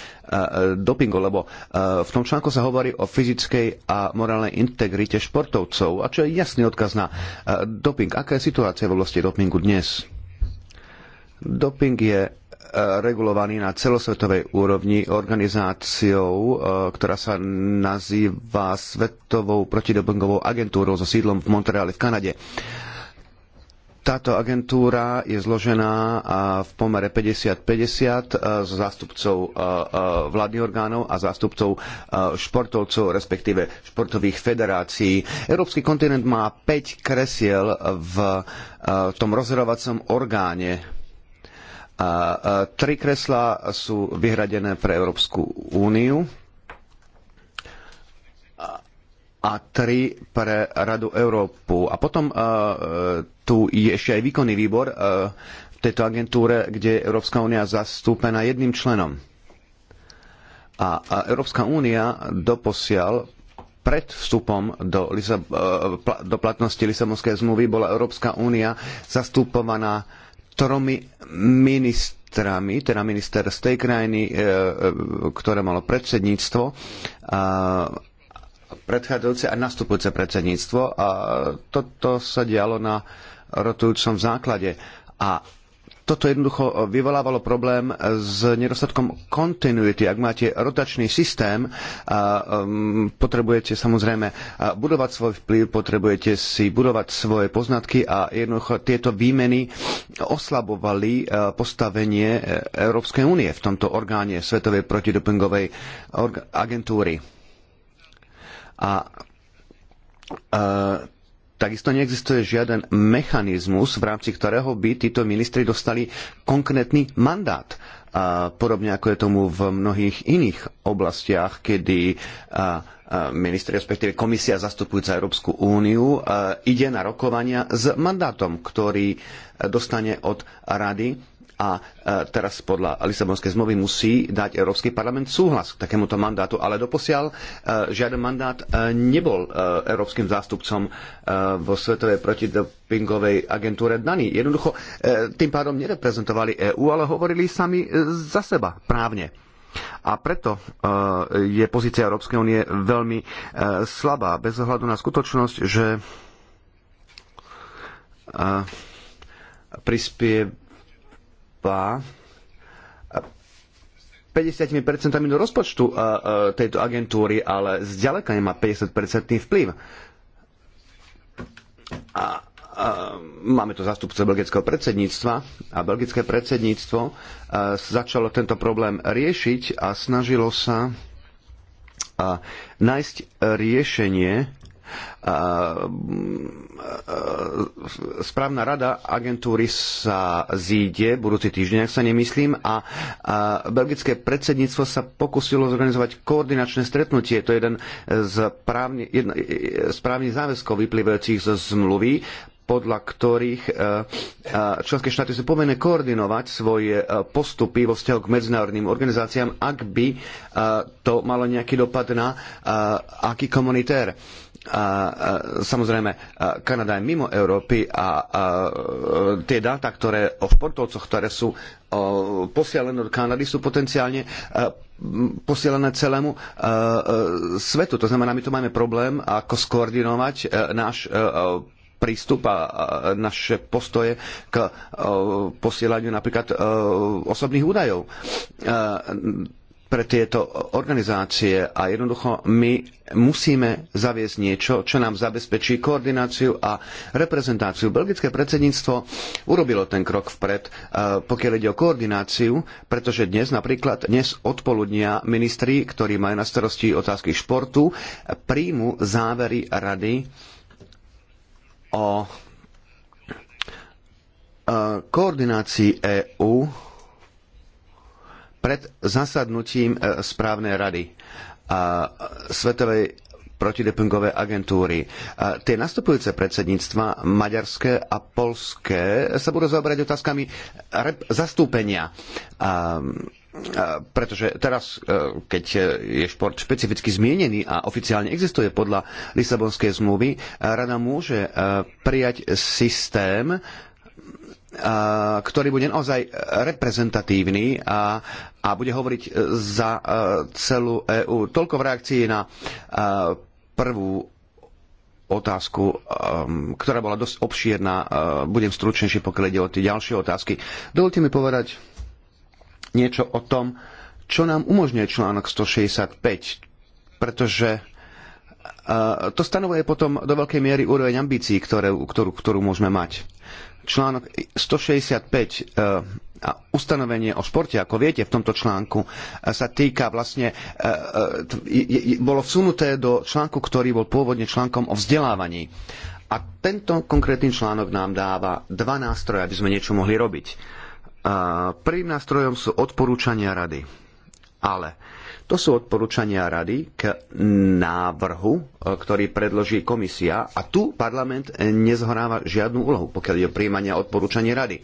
dopingu, lebo e, v tom článku sa hovorí o fyzickej a morálnej integrite športovcov, a čo je jasný odkaz na e, doping. Aká je situácia v oblasti dopingu dnes? Doping je Eh, regulovaný na celosvetovej úrovni organizáciou, eh, ktorá sa nazýva Svetovou protidopingovou agentúrou so sídlom v Montreale v Kanade. Táto agentúra je zložená eh, v pomere 50-50 s zástupcov vládnych orgánov a zástupcov športovcov, respektíve športových federácií. Európsky kontinent má 5 kresiel v tom rozhodovacom orgáne a tri kreslá sú vyhradené pre Európsku úniu a tri pre Radu Európu. A potom uh, tu je ešte aj výkonný výbor uh, v tejto agentúre, kde je Európska únia zastúpená jedným členom. A, a Európska únia doposiaľ pred vstupom do, Lisab- e, do platnosti Lisabonskej zmluvy bola Európska únia zastupovaná tromi ministrami, teda minister z tej krajiny, e, e, ktoré malo predsedníctvo, predchádzajúce a nastupujúce predsedníctvo. A toto sa dialo na rotujúcom základe. A toto jednoducho eh, vyvolávalo problém eh, s nedostatkom kontinuity. Ak máte rotačný systém, a eh, mm, potrebujete samozrejme budovať svoj vplyv, potrebujete si budovať svoje poznatky a jednoducho tieto výmeny oslabovali postavenie Európskej únie v tomto orgáne Svetovej protidopingovej agentúry. A Takisto neexistuje žiaden mechanizmus, v rámci ktorého by títo ministri dostali konkrétny mandát. A podobne ako je tomu v mnohých iných oblastiach, kedy minister, respektíve komisia zastupujúca Európsku úniu, ide na rokovania s mandátom, ktorý dostane od rady a e, teraz podľa Lisabonskej zmluvy musí dať Európsky parlament súhlas k takémuto mandátu, ale doposiaľ e, žiaden mandát e, nebol európskym zástupcom vo Svetovej protidopingovej agentúre daný. Jednoducho tým pádom nereprezentovali EÚ, ale hovorili sami za seba právne. A preto je pozícia Európskej únie veľmi slabá, bez ohľadu na skutočnosť, že prispie, Európa 50% do rozpočtu tejto agentúry, ale zďaleka nemá 50% vplyv. A, uh, máme tu zastupce belgického predsedníctva a belgické predsedníctvo začalo tento problém riešiť a snažilo sa nájsť riešenie správna rada agentúry sa zíde budúci týždeň, ak sa nemyslím, a, belgické predsedníctvo sa pokusilo zorganizovať koordinačné stretnutie. To je jeden z právnych, záväzkov vyplývajúcich zo zmluvy podľa ktorých e, e, členské štáty sú povinné koordinovať svoje e, postupy vo vzťahu k medzinárodným organizáciám, ak by to malo nejaký dopad na aký komunitér a, samozrejme Kanada je mimo Európy a, a e, tie dáta, ktoré o športovcoch, ktoré sú posielené posielané do Kanady, sú potenciálne a, e, posielané celému e, svetu. To znamená, my tu máme problém, ako skoordinovať náš prístup a naše postoje k posielaniu napríklad osobných údajov pre tieto organizácie a jednoducho my musíme zaviesť niečo, čo nám zabezpečí koordináciu a reprezentáciu. Belgické predsedníctvo urobilo ten krok vpred, eh, pokiaľ ide o koordináciu, pretože dnes napríklad, dnes odpoludnia ministri, ktorí majú na starosti otázky športu, príjmu závery rady o eh, koordinácii EÚ pred zasadnutím e, správnej rady a e, Svetovej protidepingové agentúry. A e, tie nastupujúce predsedníctva, maďarské a polské, sa budú zaoberať otázkami zastúpenia. A, a, pretože teraz, keď je šport špecificky zmienený a oficiálne existuje podľa Lisabonskej zmluvy, rada môže prijať systém, ktorý bude naozaj reprezentatívny a, a bude hovoriť za celú EÚ. Toľko v reakcii na prvú otázku, ktorá bola dosť obšírna. Budem stručnejšie, pokiaľ ide o tie ďalšie otázky. Dovolte mi povedať niečo o tom, čo nám umožňuje článok 165, pretože to stanovuje potom do veľkej miery úroveň ambícií, ktorú, ktorú, ktorú môžeme mať článok 165 eh, a ustanovenie o športe, ako viete, v tomto článku eh, sa týka vlastne, eh, bolo vsunuté do článku, ktorý bol pôvodne článkom o vzdelávaní. A tento konkrétny článok nám dáva dva nástroje, aby sme niečo mohli robiť. Prvým nástrojom sú odporúčania rady. Ale to sú odporúčania rady k návrhu, e, ktorý predloží komisia a tu parlament nezhoráva žiadnu úlohu, pokiaľ je príjmania odporúčania rady.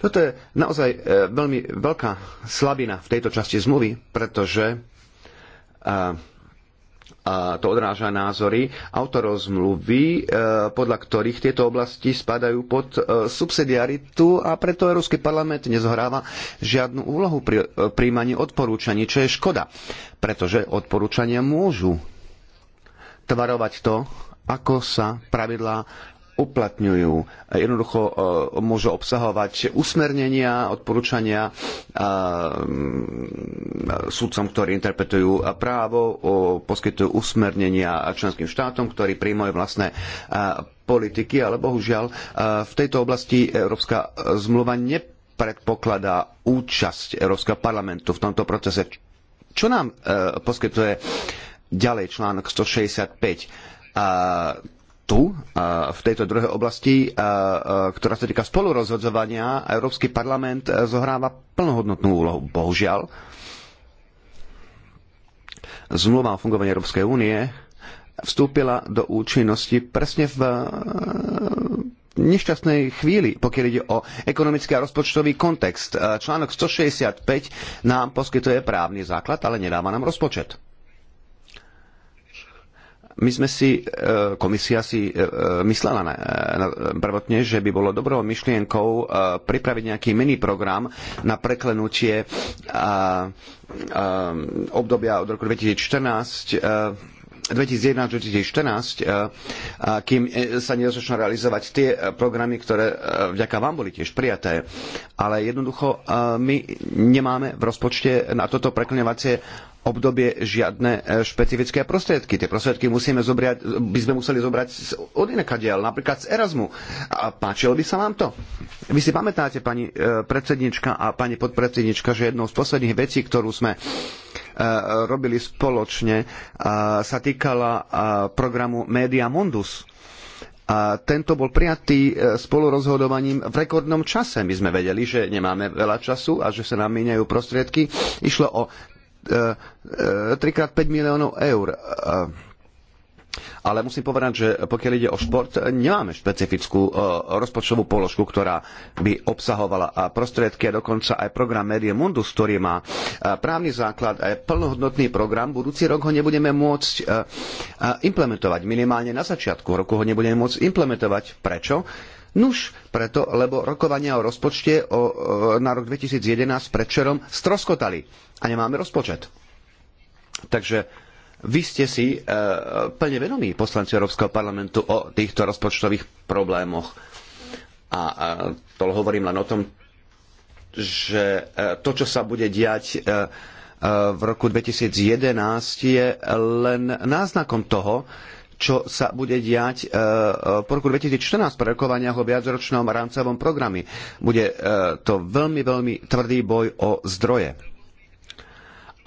Toto je naozaj e, veľmi veľká slabina v tejto časti zmluvy, pretože e, a to odráža názory autorov zmluvy, e, podľa ktorých tieto oblasti spadajú pod e, subsidiaritu a preto Európsky parlament nezohráva žiadnu úlohu pri e, príjmaní odporúčaní, čo je škoda, pretože odporúčania môžu tvarovať to, ako sa pravidlá uplatňujú. Jednoducho e, môžu obsahovať usmernenia, odporúčania e, e, súdcom, ktorí interpretujú právo, poskytujú usmernenia členským štátom, ktorí príjmajú vlastné politiky, ale bohužiaľ v tejto oblasti Európska zmluva nepredpokladá účasť Európskeho parlamentu v tomto procese. Čo nám poskytuje ďalej článok 165? tu, v tejto druhej oblasti, ktorá sa týka spolurozhodzovania, Európsky parlament e, zohráva plnohodnotnú úlohu. Bohužiaľ, zmluva o fungovaní Európskej únie vstúpila do účinnosti presne v e, nešťastnej chvíli, pokiaľ ide o ekonomický a rozpočtový kontext. E, článok 165 nám poskytuje právny základ, ale nedáva nám rozpočet. My sme si, e, komisia si e, e, myslela na, prvotne, že by bolo dobrou myšlienkou pripraviť nejaký mini program na preklenutie obdobia od roku 2014 2011-2014, eh, kým eh, sa nedostačno realizovať tie eh, programy, ktoré vďaka vám boli tiež prijaté. Ale jednoducho my nemáme v rozpočte na toto preklňovacie obdobie žiadne špecifické prostriedky. Tie prostriedky musíme zobrať, by sme museli zobrať od inekadiaľ, napríklad z Erasmu. A páčilo by sa vám to? Vy si pamätáte, pani predsednička a pani podpredsednička, že jednou z posledných vecí, ktorú sme Eh, robili spoločne, sa týkala eh, programu Media Mundus. A tento bol prijatý eh, spolurozhodovaním v rekordnom čase. My sme vedeli, že nemáme veľa času a že sa nám míňajú prostriedky. Išlo o 3x5 miliónov eur ale musím povedať, že pokiaľ ide o šport, nemáme špecifickú e, rozpočtovú položku, ktorá by obsahovala e, prostriedky a dokonca aj program Medie Mundus, ktorý má e, právny základ a je plnohodnotný program. Budúci rok ho nebudeme môcť implementovať. Minimálne na začiatku roku ho nebudeme môcť implementovať. Prečo? Nuž, preto, lebo rokovania o rozpočte o, na rok 2011 predčerom stroskotali a nemáme rozpočet. Takže vy ste si e, plne vedomí poslanci Európskeho parlamentu o týchto rozpočtových problémoch. A to hovorím len o tom, že e, to, čo sa bude diať e, v roku 2011, je len náznakom toho, čo sa bude diať po roku 2014 pri rokovaniach o viacročnom rámcovom programe. Bude to veľmi, veľmi tvrdý boj o zdroje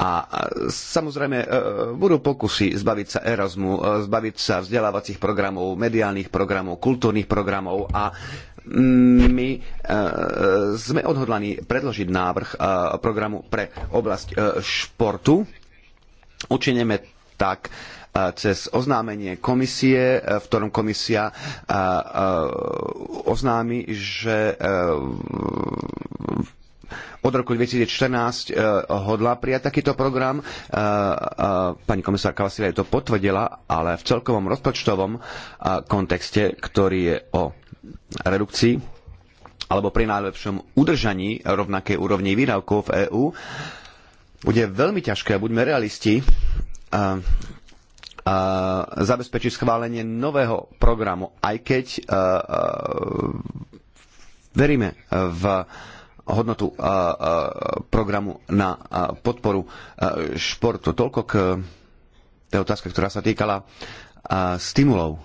a samozrejme e, e, budú pokusy zbaviť sa Erasmu, e, zbaviť sa vzdelávacích programov, mediálnych programov, kultúrnych programov a mm, my sme odhodlaní predložiť návrh programu pre oblasť športu. Učineme tak, cez oznámenie komisie, v ktorom komisia oznámi, že od roku 2014 e, hodla prijať takýto program. E, e, pani komisárka Vasilia to potvrdila, ale v celkovom rozpočtovom kontexte, ktorý je o redukcii alebo pri najlepšom udržaní rovnakej úrovni výdavkov v EÚ, bude veľmi ťažké, buďme realisti, a zabezpečiť schválenie nového programu, aj keď veríme v hodnotu programu na podporu športu. Toľko k tej otázke, ktorá sa týkala stimulov.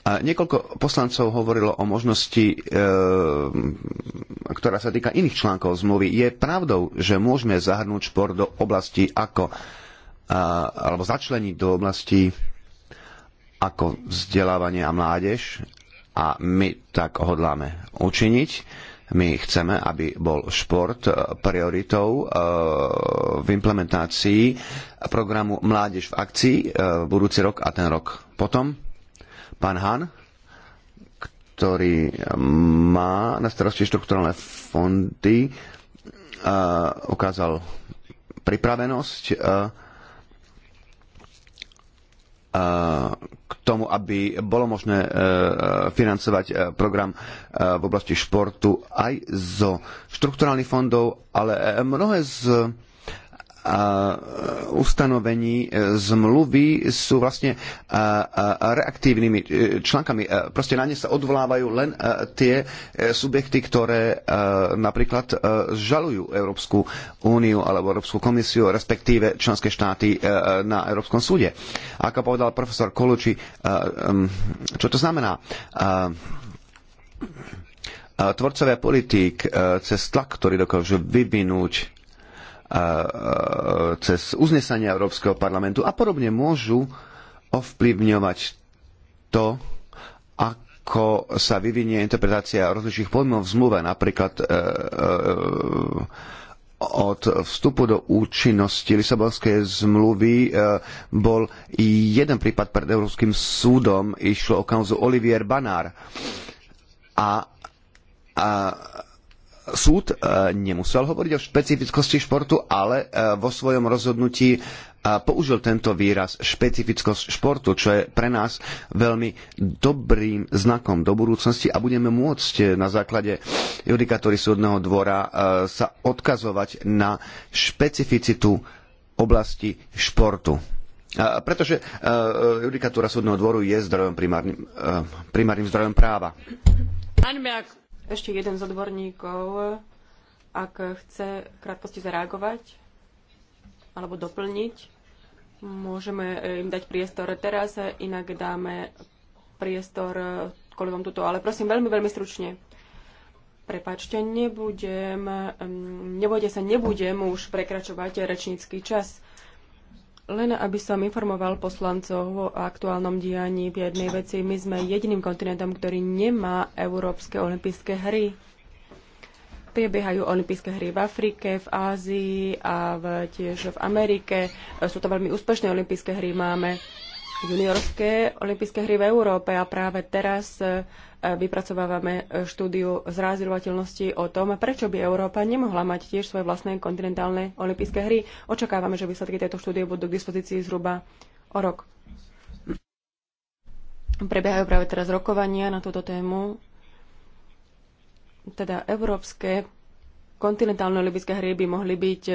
A niekoľko poslancov hovorilo o možnosti, e, ktorá sa týka iných článkov zmluvy. Je pravdou, že môžeme zahrnúť šport do oblasti ako, a, alebo začleniť do oblasti ako vzdelávanie a mládež a my tak hodláme učiniť. My chceme, aby bol šport e, prioritou e, v implementácii programu Mládež v akcii v e, budúci rok a ten rok potom. Pán Han, ktorý má na starosti štrukturálne fondy, ukázal pripravenosť k tomu, aby bolo možné e, financovať e, program e, v oblasti športu aj zo štrukturálnych fondov, ale mnohé z ustanovení e, zmluvy sú vlastne reaktívnymi e, článkami. E, proste na ne sa odvolávajú len tie subjekty, ktoré napríklad žalujú Európsku úniu alebo Európsku komisiu, respektíve členské štáty na Európskom súde. Ako povedal profesor Koluči, čo to znamená? Tvorcovia politík cez tlak, ktorý dokážu vyvinúť cez uznesania Európskeho parlamentu a podobne môžu ovplyvňovať to, ako sa vyvinie interpretácia rozličných pojmov v zmluve, napríklad e, e, od vstupu do účinnosti Lisabonskej zmluvy e, bol jeden prípad pred Európskym súdom, išlo o kauzu Olivier Banár. A, a súd e, nemusel hovoriť o špecifickosti športu, ale e, vo svojom rozhodnutí e, použil tento výraz špecifickosť športu, čo je pre nás veľmi dobrým znakom do budúcnosti a budeme môcť na základe judikatúry súdneho dvora sa odkazovať na špecificitu oblasti športu. Pretože judikatúra súdneho dvoru je zdrojom primárnym, primárnym zdrojom práva. Anmerk ešte jeden z odborníkov, ak chce krátkosti zareagovať alebo doplniť, môžeme eh, im dať priestor teraz, eh, inak dáme priestor eh, kolegom tuto. Ale prosím, veľmi, veľmi stručne. Prepačte, nebudem, mm, nebojte sa, nebudem už prekračovať rečnícky čas. Len aby som informoval poslancov o aktuálnom dianí v jednej veci, my sme jediným kontinentom, ktorý nemá európske olympijské hry. Priebiehajú olympijské hry v Afrike, v Ázii a v, tiež v Amerike. Sú to veľmi úspešné olympijské hry. Máme juniorské olympijské hry v Európe a práve teraz e, vypracovávame e, štúdiu zrázirovateľnosti o tom, prečo by Európa nemohla mať tiež svoje vlastné kontinentálne olympijské hry. Očakávame, že výsledky tejto štúdie budú k dispozícii zhruba o rok. Prebiehajú práve teraz rokovania na túto tému. Teda európske kontinentálne olympijské hry by mohli byť e,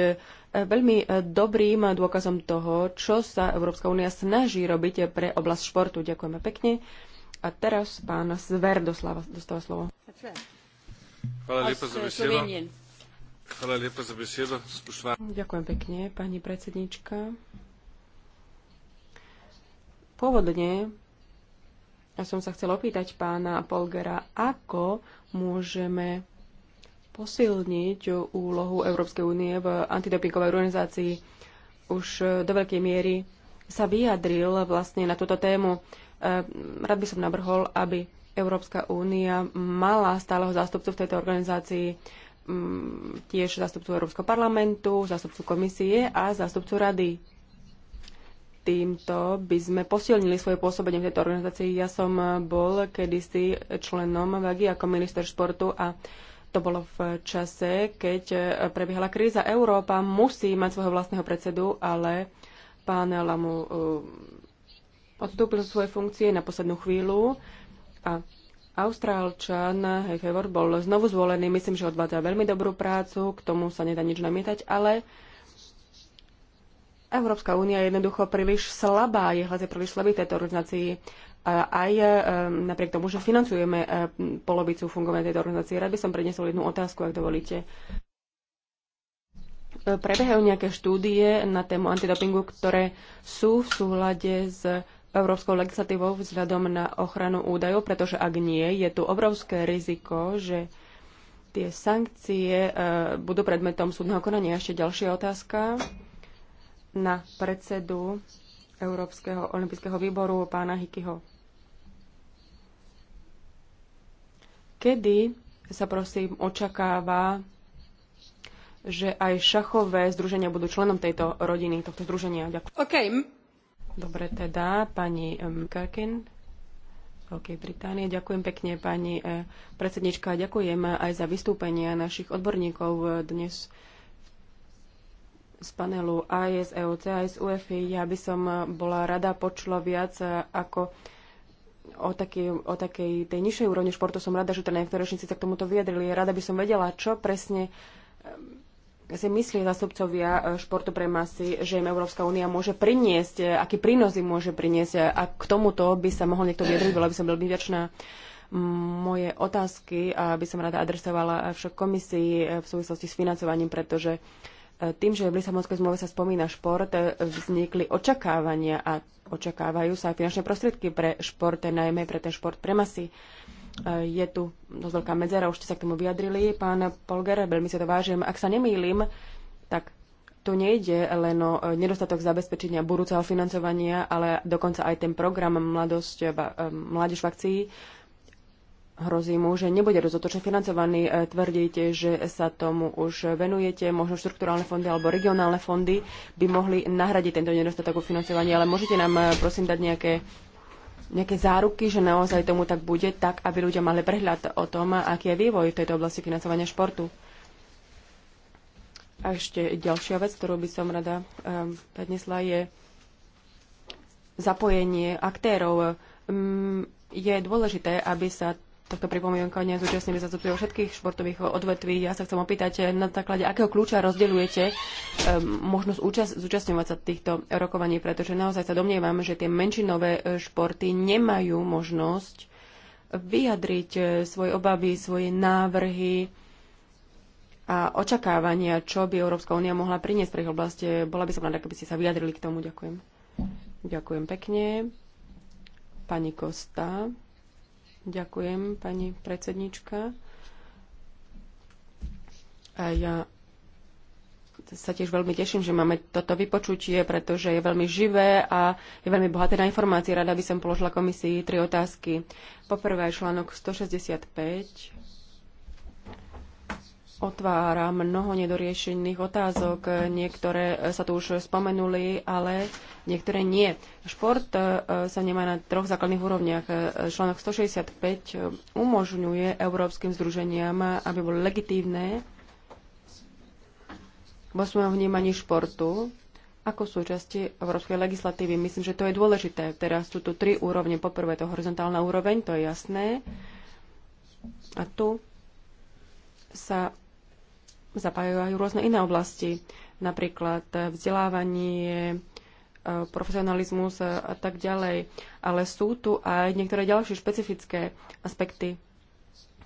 veľmi e, dobrým dôkazom toho, čo sa Európska únia snaží robiť pre oblasť športu. Ďakujeme pekne. A teraz pán Zver dostáva slovo. Hvala lepa e, za besedo. Hvala lepa za besedo, Ďakujem pekne, pani predsednička. Pôvodne ja som sa chcela opýtať pána Polgera, ako môžeme posilniť úlohu Európskej únie v antidopingovej organizácii. Už do veľkej miery sa vyjadril vlastne na túto tému. E, rád by som navrhol, aby Európska únia mala stáleho zástupcu v tejto organizácii, mm, tiež zástupcu Európskeho parlamentu, zástupcu komisie a zástupcu rady. Týmto by sme posilnili svoje pôsobenie v tejto organizácii. Ja som bol kedysi členom VEGI ako minister športu a to bolo v čase, keď e, prebiehala kríza. Európa musí mať svojho vlastného predsedu, ale pán Lamu e, odstúpil zo svojej funkcie na poslednú chvíľu a Austrálčan Hefevor bol znovu zvolený. Myslím, že odvádza veľmi dobrú prácu, k tomu sa nedá nič namietať, ale Európska únia je jednoducho príliš slabá, je hlas je príliš slabý tejto organizácii aj e, napriek tomu, že financujeme e, polovicu fungovania tejto organizácie. Rád by som prednesol jednu otázku, ak dovolíte. E, Prebehajú nejaké štúdie na tému antidopingu, ktoré sú v súhľade s európskou legislatívou vzhľadom na ochranu údajov, pretože ak nie, je tu obrovské riziko, že tie sankcie budú predmetom súdneho konania. Ešte ďalšia otázka na predsedu Európskeho olympijského výboru pána Hikyho. Kedy sa prosím očakáva, že aj šachové združenia budú členom tejto rodiny, tohto združenia? Ďakujem. OK. Dobre teda, pani Karkin. Veľkej Británie. Ďakujem pekne, pani e, predsednička. Ďakujem aj za vystúpenia našich odborníkov e, dnes z panelu AIS, EOC, AIS, UEFI. Ja by som e, bola rada počula viac, ako o, takej, o takej tej nižšej úrovni športu som rada, že teda niektoré ročníci sa k tomuto vyjadrili. Rada by som vedela, čo presne ehm, si myslí zastupcovia e, športu pre masy, že im Európska únia môže priniesť, e, aký prínos im môže priniesť a k tomuto by sa mohol niekto vyjadriť, bola by som veľmi vďačná moje otázky by som rada adresovala e, však komisii v súvislosti s financovaním, pretože uh, tým, že v Lisabonskej zmluve sa spomína šport, e, vznikli očakávania a očakávajú sa aj finančné prostriedky pre šport, najmä pre ten šport pre masy. E, je tu dosť veľká medzera, už ste sa k tomu vyjadrili. Pán Polger, veľmi si to vážim. Ak sa nemýlim, tak tu nejde len o e, nedostatok zabezpečenia budúceho financovania, ale dokonca aj ten program Mladosť, Mládež v akcii hrozí mu, že nebude dostatočne financovaný. E, tvrdíte, že sa tomu už venujete, možno štrukturálne fondy alebo regionálne fondy by mohli nahradiť tento nedostatok financovania, ale môžete nám e, prosím dať nejaké nejaké záruky, že naozaj tomu tak bude, tak aby ľudia mali prehľad o tom, aký je vývoj v tejto oblasti financovania športu. A ešte ďalšia vec, ktorú by som rada um, prednesla, je zapojenie aktérov. Um, je dôležité, aby sa tohto pripomienkovania zúčastnili zastupcovia všetkých športových odvetví. Ja sa chcem opýtať, eh, na základe akého kľúča rozdeľujete eh, možnosť účast, zúčastňovať sa týchto rokovaní, pretože naozaj sa domnievam, že tie menšinové eh, športy nemajú možnosť vyjadriť svoje obavy, svoje návrhy a očakávania, čo by Európska únia mohla priniesť pre ich oblasti. Bola by som rada, keby ste sa vyjadrili k tomu. Ďakujem. Ďakujem pekne. Pani Kosta. Ďakujem, pani predsednička. A ja sa tiež veľmi teším, že máme toto vypočutie, pretože je veľmi živé a je veľmi bohaté na informácie. Rada by som položila komisii tri otázky. Poprvé, článok 165 otvára mnoho nedoriešených otázok. Niektoré sa tu už spomenuli, ale niektoré nie. Šport e, sa nemá na troch základných úrovniach. Článok 165 umožňuje európskym združeniam, aby boli legitívne vo svojom vnímaní športu ako súčasti európskej legislatívy. Myslím, že to je dôležité. Teraz sú tu tri úrovne. Poprvé to horizontálna úroveň, to je jasné. A tu sa zapájajú aj rôzne iné oblasti, napríklad vzdelávanie, e, profesionalizmus a tak ďalej. Ale sú tu aj niektoré ďalšie špecifické aspekty.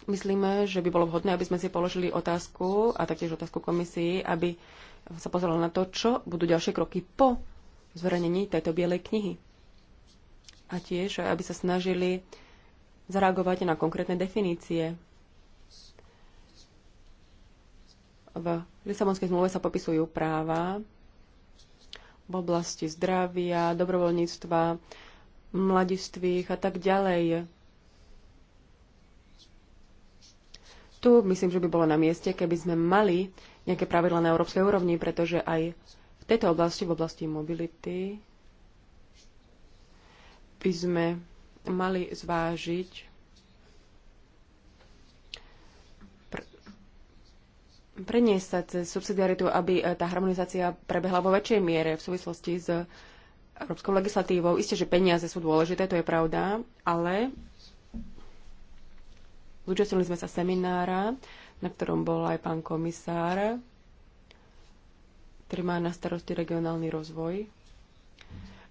Myslíme, že by bolo vhodné, aby sme si položili otázku a taktiež otázku komisii, aby sa pozrela na to, čo budú ďalšie kroky po zverejnení tejto bielej knihy. A tiež, aby sa snažili zareagovať na konkrétne definície V Lisabonskej zmluve sa popisujú práva v oblasti zdravia, dobrovoľníctva, mladistvých a tak ďalej. Tu myslím, že by bolo na mieste, keby sme mali nejaké pravidla na európskej úrovni, pretože aj v tejto oblasti, v oblasti mobility, by sme mali zvážiť preniesť sa cez subsidiaritu, aby e, tá harmonizácia prebehla vo väčšej miere v súvislosti s európskou legislatívou. Isté, že peniaze sú dôležité, to je pravda, ale zúčastnili sme sa seminára, na ktorom bol aj pán komisár, ktorý má na starosti regionálny rozvoj.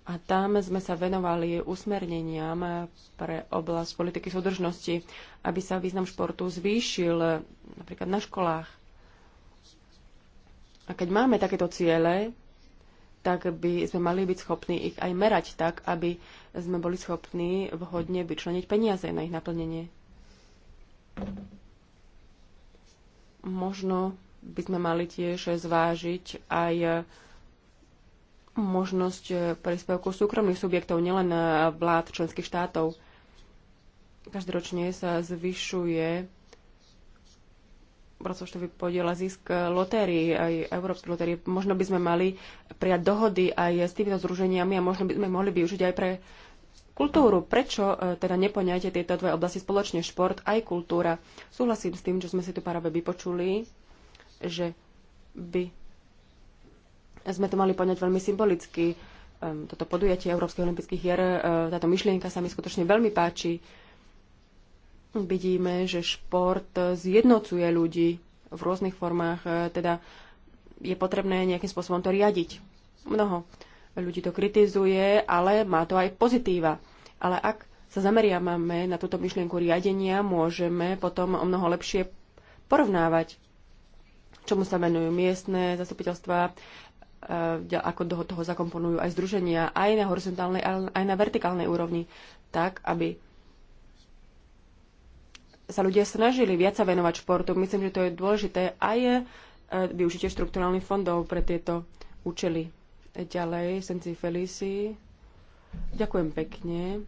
A tam sme sa venovali usmerneniam pre oblasť politiky súdržnosti, aby sa význam športu zvýšil napríklad na školách, a keď máme takéto ciele, tak by sme mali byť schopní ich aj merať tak, aby sme boli schopní vhodne vyčleniť peniaze na ich naplnenie. Možno by sme mali tiež zvážiť aj možnosť príspevku súkromných subjektov, nielen vlád členských štátov. Každoročne sa zvyšuje rozpočtový podiel a zisk eh, lotérii, aj Európskej lotérie. Možno by sme mali prijať dohody aj s týmito združeniami a možno by sme mohli využiť aj pre kultúru. Prečo eh, teda nepoňajte tieto dve oblasti spoločne, šport aj kultúra? Súhlasím s tým, čo sme si tu práve vypočuli, že by sme to mali poňať veľmi symbolicky. Ehm, toto podujatie Európskych olympijských hier, eh, táto myšlienka sa mi skutočne veľmi páči vidíme, že šport zjednocuje ľudí v rôznych formách, e, teda je potrebné nejakým spôsobom to riadiť. Mnoho ľudí to kritizuje, ale má to aj pozitíva. Ale ak sa zameriavame na túto myšlienku riadenia, môžeme potom o mnoho lepšie porovnávať, čomu sa venujú miestne zastupiteľstva, e, ako do toho zakomponujú aj združenia, aj na horizontálnej, aj na vertikálnej úrovni, tak, aby sa ľudia snažili viac sa venovať športu. Myslím, že to je dôležité a je e, využitie štrukturálnych fondov pre tieto účely. Ďalej, Senci Felici. Ďakujem pekne.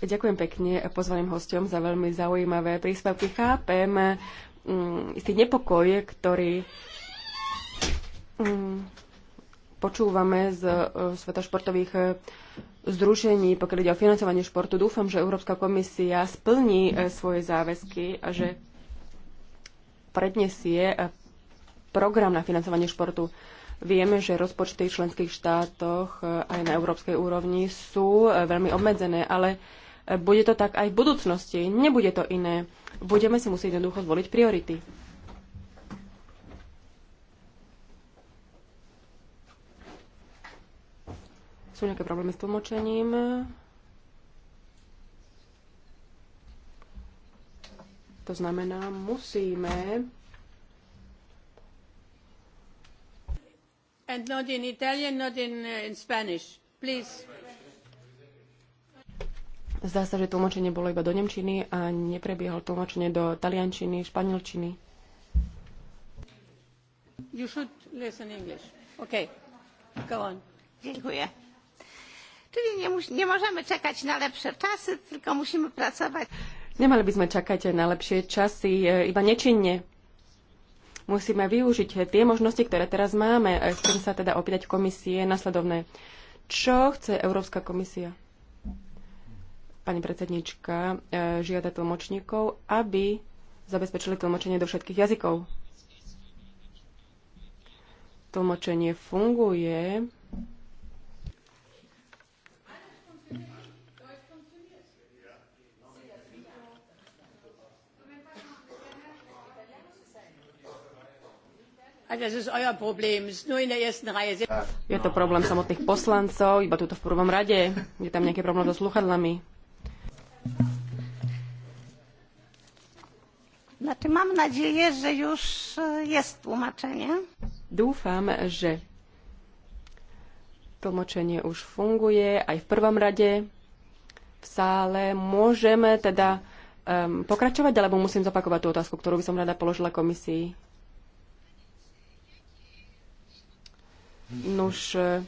Ďakujem pekne pozvaným hostom za veľmi zaujímavé príspevky. Chápem mm, istý nepokoj, ktorý mm, počúvame z e, sveta športových e, združení, pokiaľ ide o financovanie športu. Dúfam, že Európska komisia splní e, svoje záväzky a že prednesie program na financovanie športu. Vieme, že rozpočty v členských štátoch aj na európskej úrovni sú veľmi obmedzené, ale bude to tak aj v budúcnosti. Nebude to iné. Budeme si musieť jednoducho zvoliť priority. Sú nejaké problémy s tlmočením? To znamená, musíme And not in Italian, not in, uh, in Spanish. Please. Zdá sa, že tlmočenie bolo iba do Nemčiny a neprebiehal tlmočenie do Taliančiny, Španielčiny. You should listen English. Okay. Go on. Ďakujem. Czyli nie, nie możemy czekać na lepsze czasy, tylko musimy pracować. Nemali by sme čakať na lepšie časy, e, iba nečinne. Musíme využiť tie možnosti, ktoré teraz máme. E, chcem sa teda opýtať komisie nasledovné. Čo chce Európska komisia? Pani predsednička e, žiada tlmočníkov, aby zabezpečili tlmočenie do všetkých jazykov. Tlmočenie funguje Je to problém samotných poslancov, iba tuto v prvom rade. Je tam nejaký problém so sluchadlami. Znaczy mam nadzieję, że już e, jest tłumaczenie. Dúfam, že tlmočenie už funguje aj v prvom rade v sále. Môžeme teda um, pokračovať, alebo musím zopakovať tú otázku, ktorú by som rada položila komisii? Nuž, e,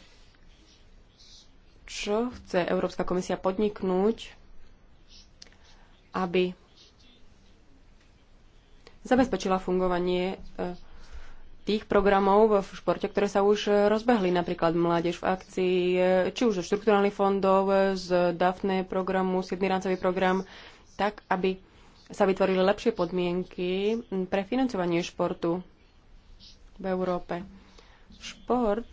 čo chce Európska komisia podniknúť, aby zabezpečila fungovanie e, tých programov v športe, ktoré sa už rozbehli, napríklad Mládež v akcii, e, či už zo štrukturálnych fondov, z DAFNE programu, 7. rámcový program, tak, aby sa vytvorili lepšie podmienky pre financovanie športu v Európe. Šport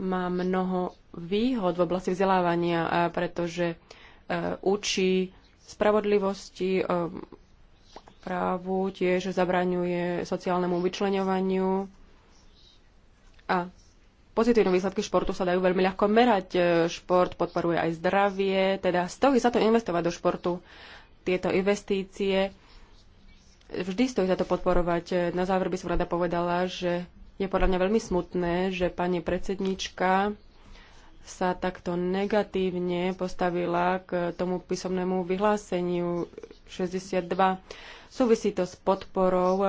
má mnoho výhod v oblasti vzdelávania, pretože e, učí spravodlivosti, e, právu, tiež zabraňuje sociálnemu vyčleňovaniu a pozitívne výsledky športu sa dajú veľmi ľahko merať. E, šport podporuje aj zdravie, teda stojí sa to investovať do športu. Tieto investície vždy stojí za to podporovať. Na záver by som rada povedala, že je podľa mňa veľmi smutné, že pani predsednička sa takto negatívne postavila k tomu písomnému vyhláseniu 62. Súvisí to s podporou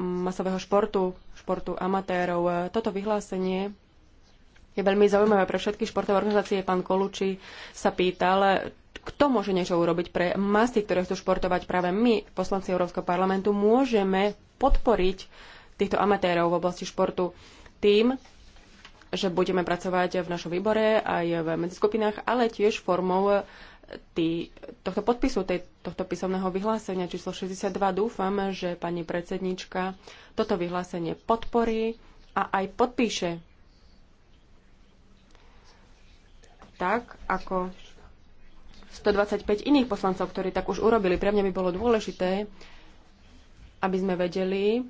masového športu, športu amatérov. Toto vyhlásenie je veľmi zaujímavé pre všetky športové organizácie. Pán Koluči sa pýtal, kto môže niečo urobiť pre masy, ktoré chcú športovať práve my, poslanci Európskeho parlamentu, môžeme podporiť týchto amatérov v oblasti športu tým, že budeme pracovať v našom výbore aj v medziskupinách, ale tiež formou eh, tý, tohto podpisu, tej, tohto písomného vyhlásenia číslo 62. Dúfam, že pani predsednička toto vyhlásenie podporí a aj podpíše tak, ako 125 iných poslancov, ktorí tak už urobili. Pre mňa by bolo dôležité, aby sme vedeli,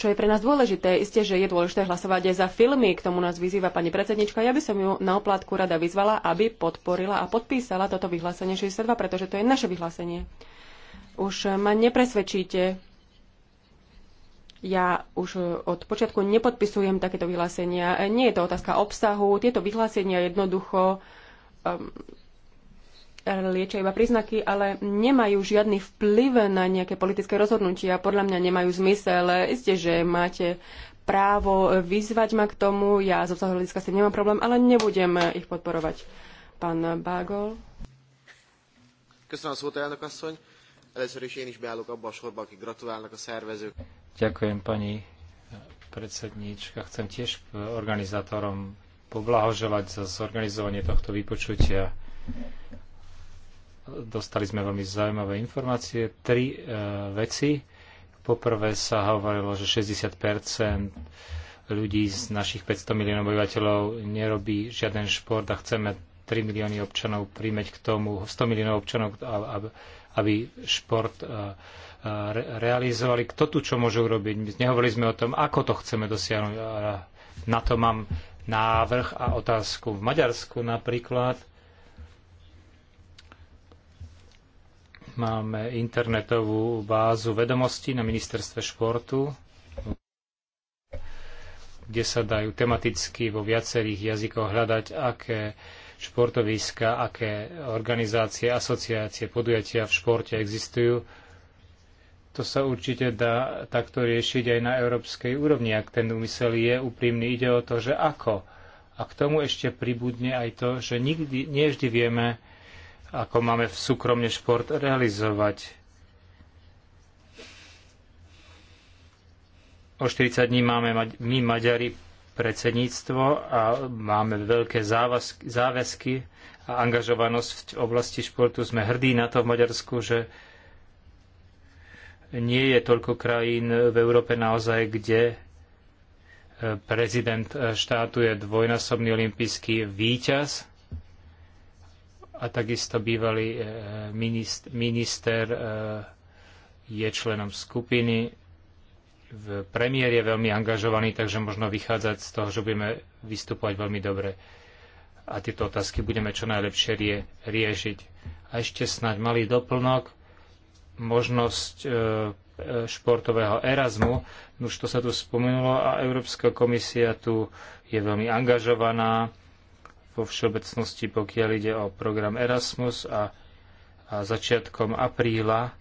čo je pre nás dôležité. Isté, že je dôležité hlasovať aj za filmy, k tomu nás vyzýva pani predsednička. Ja by som ju na oplátku rada vyzvala, aby podporila a podpísala toto vyhlásenie 62, pretože to je naše vyhlásenie. Už ma nepresvedčíte. Ja už od počiatku nepodpisujem takéto vyhlásenia. Nie je to otázka obsahu. Tieto vyhlásenia jednoducho um, liečia iba príznaky, ale nemajú žiadny vplyv na nejaké politické rozhodnutia. Podľa mňa nemajú zmysel. Isté, že máte právo vyzvať ma k tomu. Ja z obsahu hľadiska s tým nemám problém, ale nebudem ich podporovať. Pán Bágol. Ďakujem, pani predsedníčka. Chcem tiež organizátorom poblahoželať za zorganizovanie tohto vypočutia. Dostali sme veľmi zaujímavé informácie. Tri e, veci. Poprvé sa hovorilo, že 60 ľudí z našich 500 miliónov obyvateľov nerobí žiaden šport a chceme 3 milióny občanov príjmeť k tomu, 100 miliónov občanov, aby šport e, e, realizovali. Kto tu čo môže urobiť? Nehovorili sme o tom, ako to chceme dosiahnuť. Na to mám návrh a otázku. V Maďarsku napríklad máme internetovú bázu vedomostí na ministerstve športu, kde sa dajú tematicky vo viacerých jazykoch hľadať, aké športoviska, aké organizácie, asociácie, podujatia v športe existujú to sa určite dá takto riešiť aj na európskej úrovni. Ak ten úmysel je úprimný, ide o to, že ako. A k tomu ešte pribudne aj to, že nikdy, nie vždy vieme, ako máme v súkromne šport realizovať. O 40 dní máme my Maďari predsedníctvo a máme veľké záväzky, a angažovanosť v oblasti športu. Sme hrdí na to v Maďarsku, že nie je toľko krajín v Európe naozaj, kde e, prezident e, štátu je dvojnásobný olimpijský víťaz a takisto bývalý e, minister je členom skupiny. Premiér je veľmi angažovaný, takže možno vychádzať z toho, že budeme vystupovať veľmi dobre a tieto otázky budeme čo najlepšie rie- riešiť. A ešte snáď malý doplnok možnosť e, e, športového Erasmu. Už to sa tu spomenulo a Európska komisia tu je veľmi angažovaná vo všeobecnosti, pokiaľ ide o program Erasmus a, a začiatkom apríla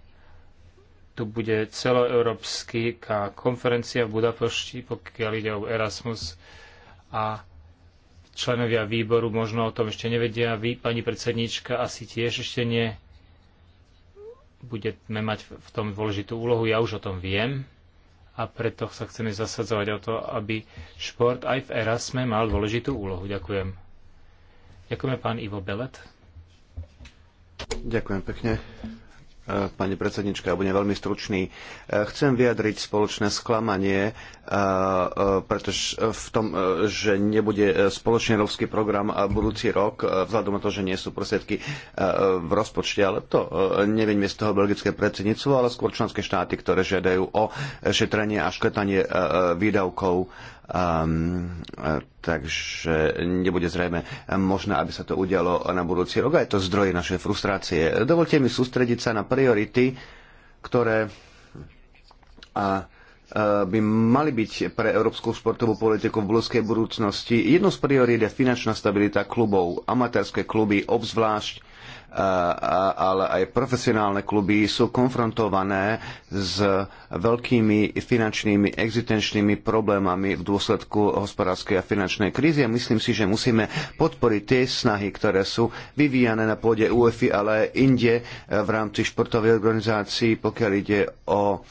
tu bude celoeurópska konferencia v Budapešti, pokiaľ ide o Erasmus a členovia výboru možno o tom ešte nevedia. Vy, pani predsedníčka, asi tiež ešte nie budeme mať v tom dôležitú úlohu, ja už o tom viem a preto sa chceme zasadzovať o to, aby šport aj v Erasme mal dôležitú úlohu. Ďakujem. Ďakujeme pán Ivo Belet. Ďakujem pekne. Eh, pani predsednička, budem veľmi stručný. Eh, chcem vyjadriť spoločné sklamanie eh, pretože v tom, že nebude spoločný európsky program budúci rok, vzhľadom na to, že nie sú prostriedky v rozpočte, ale to neveďme z toho belgické predsedníctvo, ale skôr členské štáty, ktoré žiadajú o šetrenie a škrtanie výdavkov Um, takže nebude zrejme možné, aby sa to udialo na budúci rok a je to zdroj našej frustrácie. Dovolte mi sústrediť sa na priority, ktoré a, e, by mali byť pre európsku športovú politiku v blízkej budúcnosti. Jednou z priorít je finančná stabilita klubov. Amatérske kluby obzvlášť ale aj profesionálne kluby sú konfrontované s veľkými finančnými existenčnými problémami v dôsledku hospodárskej a finančnej krízy a myslím si, že musíme podporiť tie snahy, ktoré sú vyvíjane na pôde UEFI, ale aj inde eh, v rámci športovej organizácií, pokiaľ ide o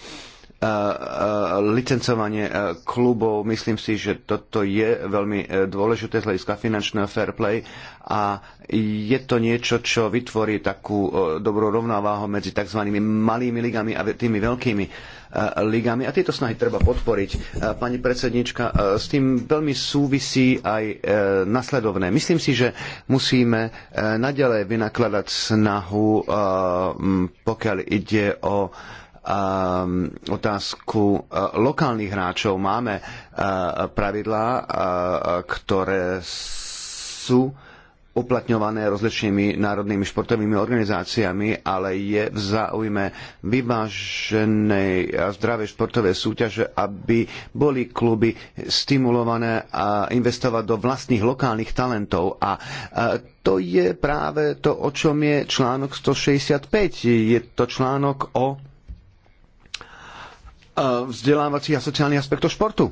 licencovanie klubov. Myslím si, že toto je veľmi e, dôležité z hľadiska finančného fair play a je to niečo, čo vytvorí takú e, dobrú rovnováhu medzi tzv. malými ligami a tými veľkými e, ligami a tieto snahy treba podporiť. Pani predsednička, s tým veľmi súvisí aj nasledovné. Myslím si, že musíme naďalej vynakladať snahu, pokiaľ ide o Ehm, otázku eh, lokálnych hráčov. Máme eh, pravidlá, eh, ktoré sú uplatňované rozličnými národnými športovými organizáciami, ale je v záujme vyváženej a zdravej športovej súťaže, aby boli kluby stimulované a investovať do vlastných lokálnych talentov. A to je práve to, o čom je článok 165. Je to článok o vzdelávací a sociálny aspektov športu.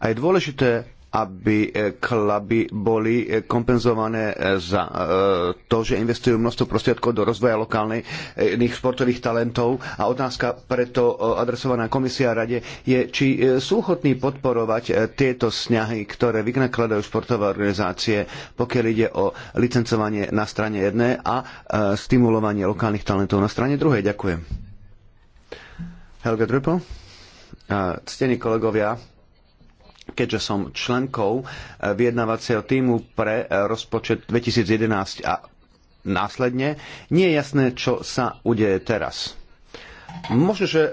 A je dôležité, aby klaby eh, boli eh, kompenzované eh, za to, že investujú množstvo prostriedkov do rozvoja lokálnych športových talentov a otázka preto adresovaná komisia a rade je, či sú ochotní podporovať tieto sňahy, ktoré vynakladajú športové organizácie, pokiaľ ide o licencovanie na strane jednej a stimulovanie lokálnych talentov na strane druhej. Ďakujem. Helga Drupel. Ctení kolegovia, keďže som členkou e, vyjednávacieho týmu pre e, rozpočet 2011 a následne, nie je jasné, čo sa udeje teraz. Možno, že e,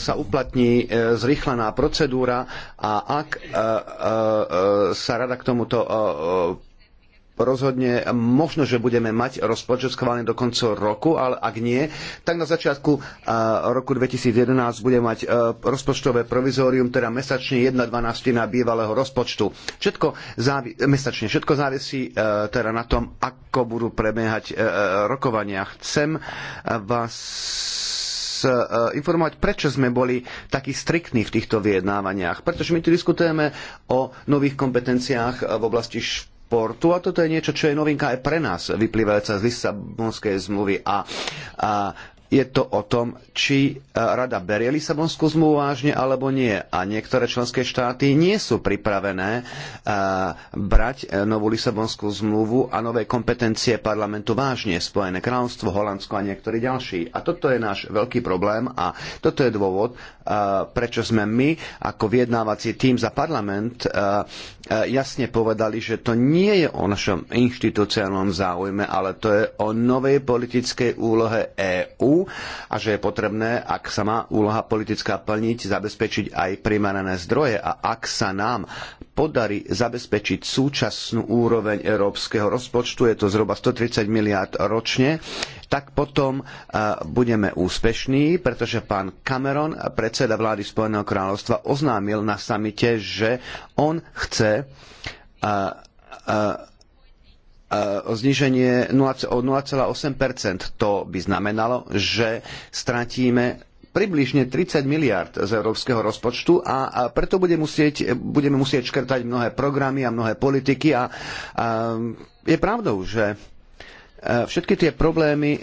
sa uplatní zrýchlená procedúra a ak sa rada k tomuto rozhodne možno, že budeme mať rozpočet schválený do konca roku, ale ak nie, tak na začiatku eh, roku 2011 bude mať eh, rozpočtové provizórium, teda mesačne 1,12 bývalého rozpočtu. Všetko závi- mesačne, všetko závisí eh, teda na tom, ako budú prebiehať rokovania. Chcem vás informovať, prečo sme boli takí striktní v týchto vyjednávaniach. Pretože my tu diskutujeme o nových kompetenciách v oblasti šport športu a toto je niečo, čo je novinka aj pre nás, vyplývajúca z Lisabonskej zmluvy a, a je to o tom, či e, rada berie Lisabonskú zmluvu vážne alebo nie. A niektoré členské štáty nie sú pripravené e, brať e, novú Lisabonskú zmluvu a nové kompetencie parlamentu vážne. Spojené kráľovstvo, Holandsko a niektorí ďalší. A toto je náš veľký problém a toto je dôvod, prečo sme my ako vyjednávací tým za parlament jasne povedali, že to nie je o našom inštitucionálnom záujme, ale to je o novej politickej úlohe EÚ a že je potrebné, ak sa má úloha politická plniť, zabezpečiť aj primerané zdroje a ak sa nám podarí zabezpečiť súčasnú úroveň európskeho rozpočtu, je to zhruba 130 miliárd ročne, tak potom e, budeme úspešní, pretože pán Cameron, predseda vlády Spojeného kráľovstva, oznámil na samite, že on chce e, e, zníženie o 0,8 To by znamenalo, že stratíme približne 30 miliard z európskeho rozpočtu a, preto bude musieť, budeme musieť škrtať mnohé programy a mnohé politiky a, a je pravdou, že Eh, všetky tie problémy eh, eh,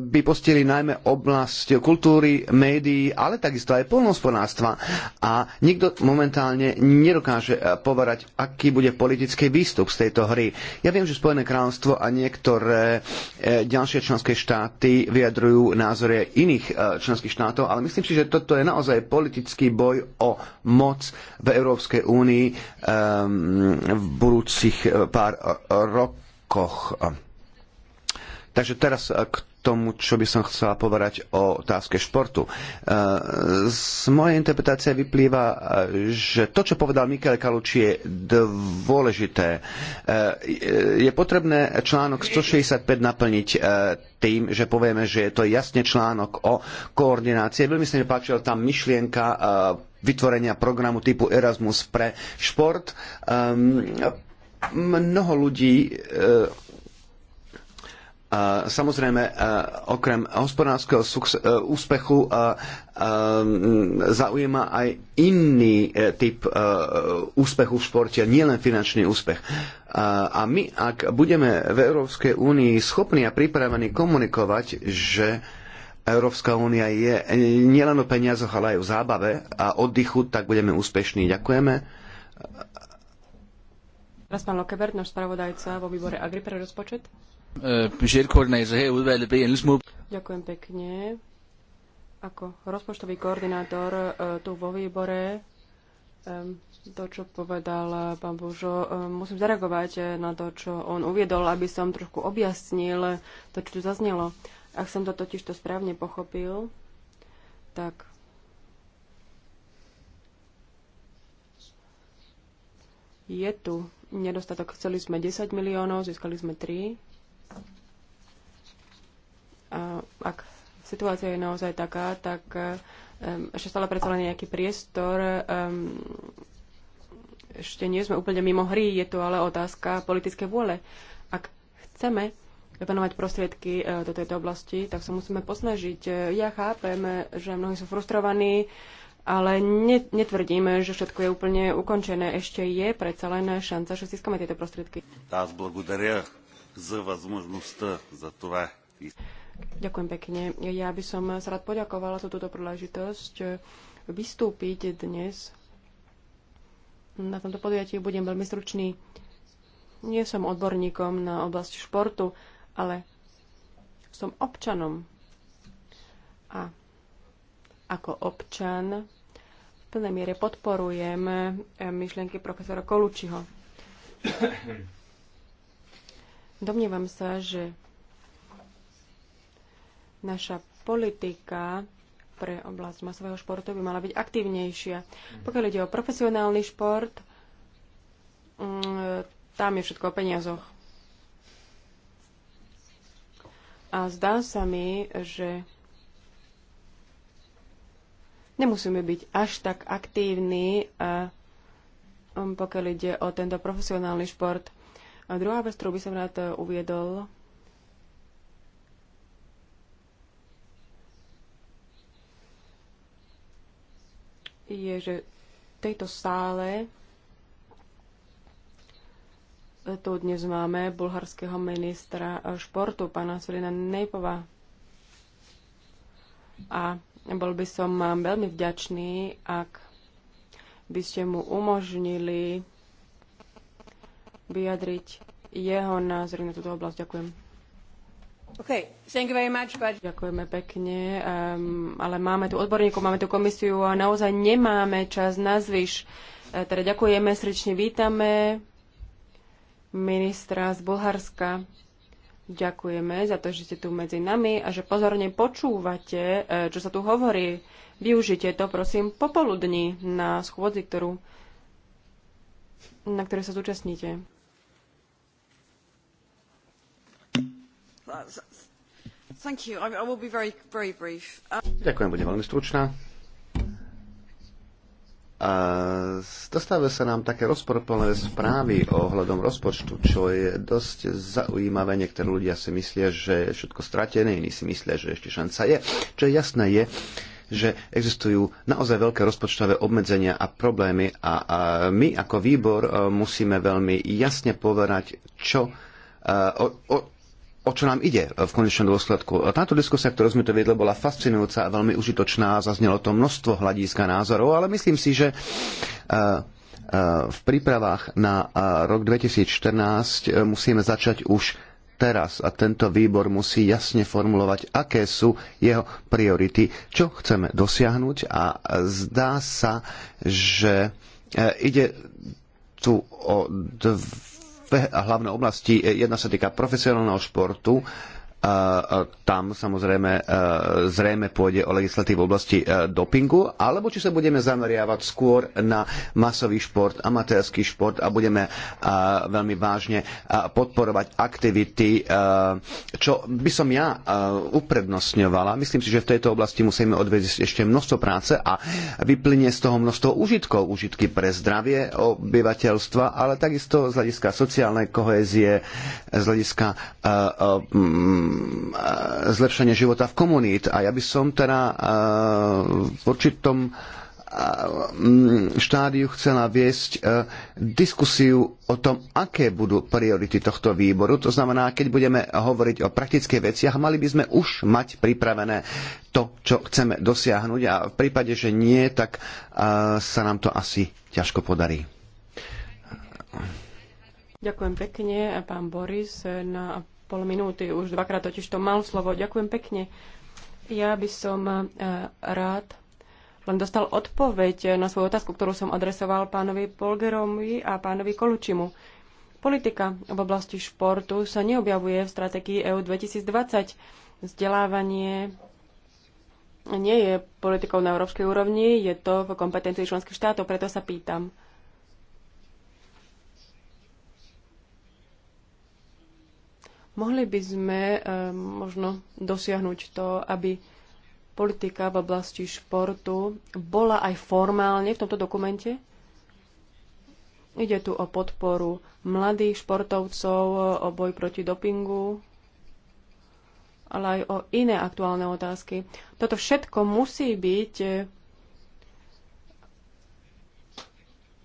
by postihli najmä oblasť kultúry, médií, ale takisto aj polnospodárstva. A nikto momentálne nedokáže povedať, aký bude politický výstup z tejto hry. Ja viem, že Spojené kráľovstvo a niektoré ďalšie členské štáty vyjadrujú názory iných členských štátov, ale myslím si, že toto je naozaj politický boj o moc v Európskej únii ehm, v budúcich pár rokoch. Takže teraz eh, k tomu, čo by som chcela povedať o otázke športu. Eh, z mojej interpretácie vyplýva, eh, že to, čo povedal Mikel Kaluči, je dôležité. Je potrebné článok 165 naplniť tým, že povieme, že je to jasne článok o koordinácii. Veľmi sa mi páčila tá myšlienka vytvorenia programu typu Erasmus pre šport. Ehm, mnoho ľudí Samozrejme, e, okrem hospodárskeho e, úspechu e, zaujíma aj iný typ úspechu v športe, nielen finančný úspech. A my, ak budeme v Európskej únii schopní a pripravení komunikovať, že Európska únia je nielen o peniazoch, ale aj o zábave a oddychu, tak budeme úspešní. Ďakujeme. Teraz pán Lokebert, náš spravodajca vo výbore Agri pre rozpočet. Øh, Ďakujem pekne. Ako rozpočtový koordinátor e, tu vo výbore e, to, čo povedal pán Božo, e, musím zareagovať na to, čo on uviedol, aby som trošku objasnil to, čo tu zaznelo. Ak som to totiž to správne pochopil, tak je tu nedostatok. Chceli sme 10 miliónov, získali sme 3 ak situácia je naozaj taká, tak ešte stále predsa len nejaký priestor. Ešte nie sme úplne mimo hry, je to ale otázka politické vôle. Ak chceme venovať prostriedky e, do tejto oblasti, tak sa musíme posnažiť. E, ja chápem, že mnohí sú frustrovaní, ale netvrdíme, že všetko je úplne ukončené. Ešte je predsa len šanca, že získame tieto prostriedky. Аз благодаря за възможността за това. Ďakujem pekne. Ja by som sa rád poďakovala za túto príležitosť vystúpiť dnes. Na tomto podujatí budem veľmi stručný. Nie som odborníkom na oblasť športu, ale som občanom. A ako občan v plnej miere podporujem myšlienky profesora Kolučiho. [COUGHS] Domnievam sa, že Naša politika pre oblasť masového športu by mala byť aktívnejšia. Pokiaľ ide o profesionálny šport, mm, tam je všetko o peniazoch. A zdá sa mi, že nemusíme byť až tak aktívni, mm, pokiaľ ide o tento profesionálny šport. A druhá vec, ktorú by som rád e, uviedol, je, že v tejto sále tu dnes máme bulharského ministra športu, pána Sulina Nejpova. A bol by som vám veľmi vďačný, ak by ste mu umožnili vyjadriť jeho názory na túto oblasť. Ďakujem. Ďakujeme pekne, um, ale máme tu odborníkov, máme tu komisiu a naozaj nemáme čas na zvyš. E, teda ďakujeme, srdečne vítame ministra z Bulharska. Ďakujeme za to, že ste tu medzi nami a že pozorne počúvate, e, čo sa tu hovorí. Využite to, prosím, popoludní na schôdzi, ktorú, na ktorej sa zúčastníte. Um, Ďakujem, budem veľmi stručná. A dostávajú sa nám také rozporplné správy o hľadom rozpočtu, čo je dosť zaujímavé. Niektorí ľudia si myslia, že je všetko stratené, iní si myslia, že ešte šanca je. Čo je jasné je, že existujú naozaj veľké rozpočtové obmedzenia a problémy a, a my ako výbor e, musíme veľmi jasne povedať, čo, e, o, o, o čo nám ide e, v konečnom dôsledku. E, Táto diskusia, ktorú sme to viedli, bola fascinujúca a veľmi užitočná. Zaznelo to množstvo hľadíska názorov, ale myslím si, že e, v prípravách na rok 2014 musíme začať už teraz a tento výbor musí jasne formulovať, aké sú jeho priority, čo chceme dosiahnuť a zdá sa, že ide tu o dv- a hlavné oblasti. Jedna sa týka profesionálneho športu tam samozrejme e, zrejme pôjde o legislatívu v oblasti e, dopingu, alebo či sa budeme zameriavať skôr na masový šport, amatérsky šport a budeme e, veľmi vážne podporovať aktivity, čo by som ja uprednostňovala. Myslím si, že v tejto oblasti musíme odvedieť ešte množstvo práce a vyplynie z toho množstvo užitkov. Užitky pre zdravie obyvateľstva, ale takisto z hľadiska sociálnej kohézie, z hľadiska zlepšenie života v komunít. A ja by som teda v určitom štádiu chcela viesť e, diskusiu o tom, aké budú priority tohto výboru. To znamená, keď budeme hovoriť o praktických veciach, mali by sme už mať pripravené to, čo chceme dosiahnuť a v prípade, že nie, tak e, sa nám to asi ťažko podarí. Ďakujem pekne, pán Boris, na pol minúty. Už dvakrát totiž to mal slovo. Ďakujem pekne. Ja by som e, rád len dostal odpoveď na svoju otázku, ktorú som adresoval pánovi Polgeromu a pánovi Kolučimu. Politika v oblasti športu sa neobjavuje v stratégii EU 2020. Vzdelávanie nie je politikou na európskej úrovni, je to v kompetencii členských štátov, preto sa pýtam. Mohli by sme eh, možno dosiahnuť to, aby politika v oblasti športu bola aj formálne v tomto dokumente? Ide tu o podporu mladých športovcov, o boj proti dopingu, ale aj o iné aktuálne otázky. Toto všetko musí byť eh,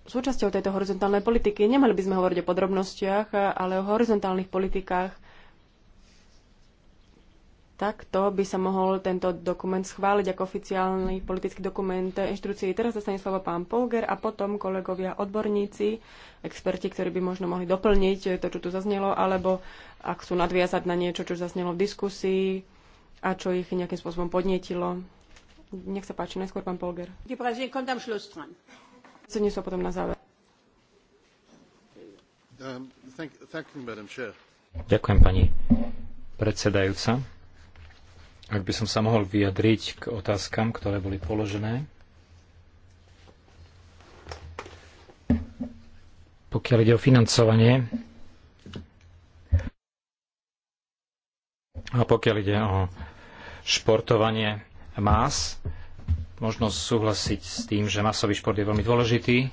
súčasťou tejto horizontálnej politiky. Nemali by sme hovoriť o podrobnostiach, ale o horizontálnych politikách tak to by sa mohol tento dokument schváliť ako oficiálny politický dokument inštitúcií. Teraz dostane slovo pán Polger a potom kolegovia odborníci, experti, ktorí by možno mohli doplniť to, čo tu zaznelo, alebo ak sú nadviazať na niečo, čo zaznelo v diskusii a čo ich nejakým spôsobom podnietilo. Nech sa páči, najskôr pán Polger. Sedneslo potom na záver. Um, Ďakujem, pani predsedajúca. Ak by som sa mohol vyjadriť k otázkam, ktoré boli položené. Pokiaľ ide o financovanie a pokiaľ ide o športovanie mas, možno súhlasiť s tým, že masový šport je veľmi dôležitý.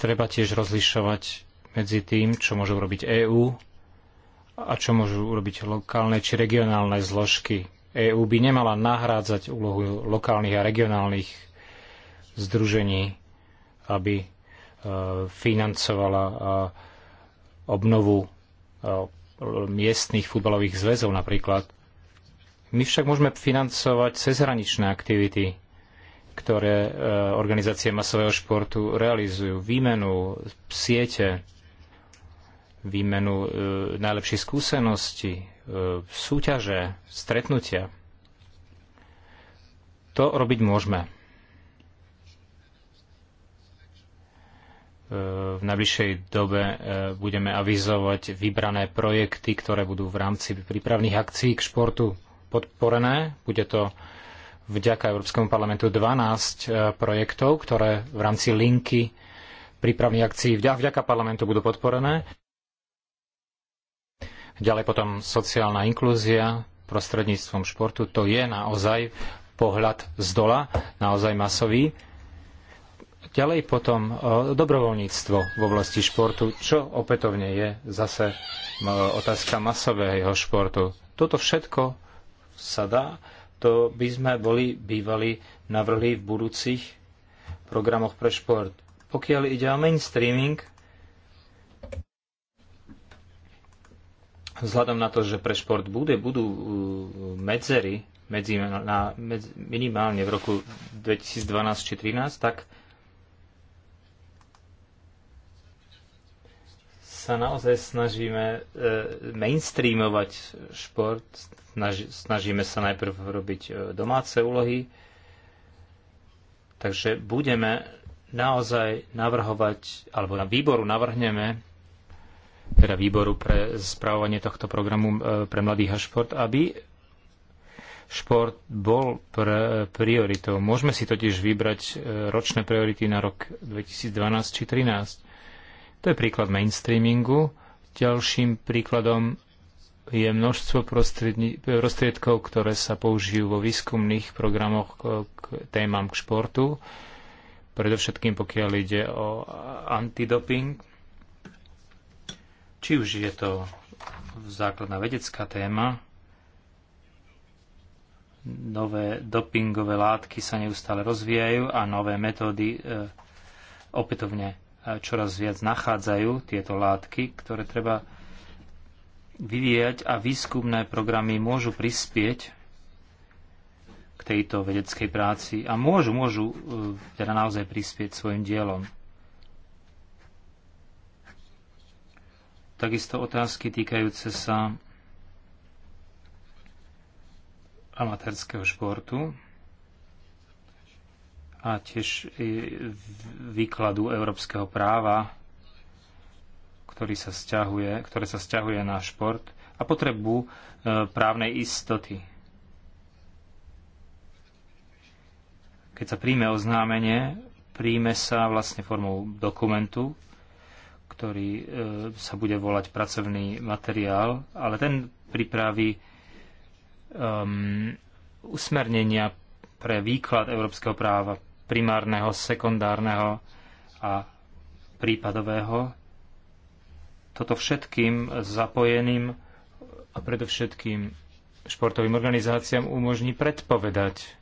Treba tiež rozlišovať medzi tým, čo môže urobiť EÚ a čo môžu urobiť lokálne či regionálne zložky. EÚ by nemala nahrádzať úlohu lokálnych a regionálnych združení, aby e, financovala e, obnovu e, miestnych futbalových zväzov napríklad. My však môžeme financovať cezhraničné aktivity, ktoré organizácie masového športu realizujú. Výmenu, siete, výmenu e, najlepších skúseností, e, súťaže, stretnutia. To robiť môžeme. E, v najbližšej dobe budeme avizovať vybrané projekty, ktoré budú v rámci prípravných akcií k športu podporené. Bude to vďaka Európskemu parlamentu 12 projektov, ktoré v rámci linky prípravných akcií vďaka parlamentu budú podporené. Ďalej potom sociálna inklúzia prostredníctvom športu, to je naozaj pohľad z dola, naozaj masový. Ďalej potom e, dobrovoľníctvo v oblasti športu, čo opätovne je zase otázka masového športu. Toto všetko sa dá, to by sme boli bývali navrhli v budúcich programoch pre šport. Pokiaľ ide o mainstreaming, vzhľadom na to, že pre šport bude, budú uh, medzery medzi, na, medzi, minimálne v roku 2012 či 2013, tak sa naozaj snažíme uh, mainstreamovať šport, snažíme sa najprv robiť uh, domáce úlohy, takže budeme naozaj navrhovať, alebo na výboru navrhneme teda výboru pre správovanie tohto programu e, pre mladých a šport, aby šport bol pr- prioritou. Môžeme si totiž vybrať e, ročné priority na rok 2012 či 2013. To je príklad mainstreamingu. Ďalším príkladom je množstvo prostriedkov, ktoré sa použijú vo výskumných programoch k témam k športu. Predovšetkým pokiaľ ide o antidoping, či už je to základná vedecká téma, nové dopingové látky sa neustále rozvíjajú a nové metódy e, opätovne e, čoraz viac nachádzajú tieto látky, ktoré treba vyvíjať a výskumné programy môžu prispieť k tejto vedeckej práci a môžu, môžu e, teda naozaj prispieť svojim dielom. Takisto otázky týkajúce sa amatérskeho športu a tiež výkladu európskeho práva, ktorý sa sťahuje, ktoré sa sťahuje na šport a potrebu e, právnej istoty. Keď sa príjme oznámenie, príjme sa vlastne formou dokumentu, ktorý e, sa bude volať pracovný materiál, ale ten pripraví um, usmernenia pre výklad európskeho práva primárneho, sekundárneho a prípadového. Toto všetkým zapojeným a predovšetkým športovým organizáciám umožní predpovedať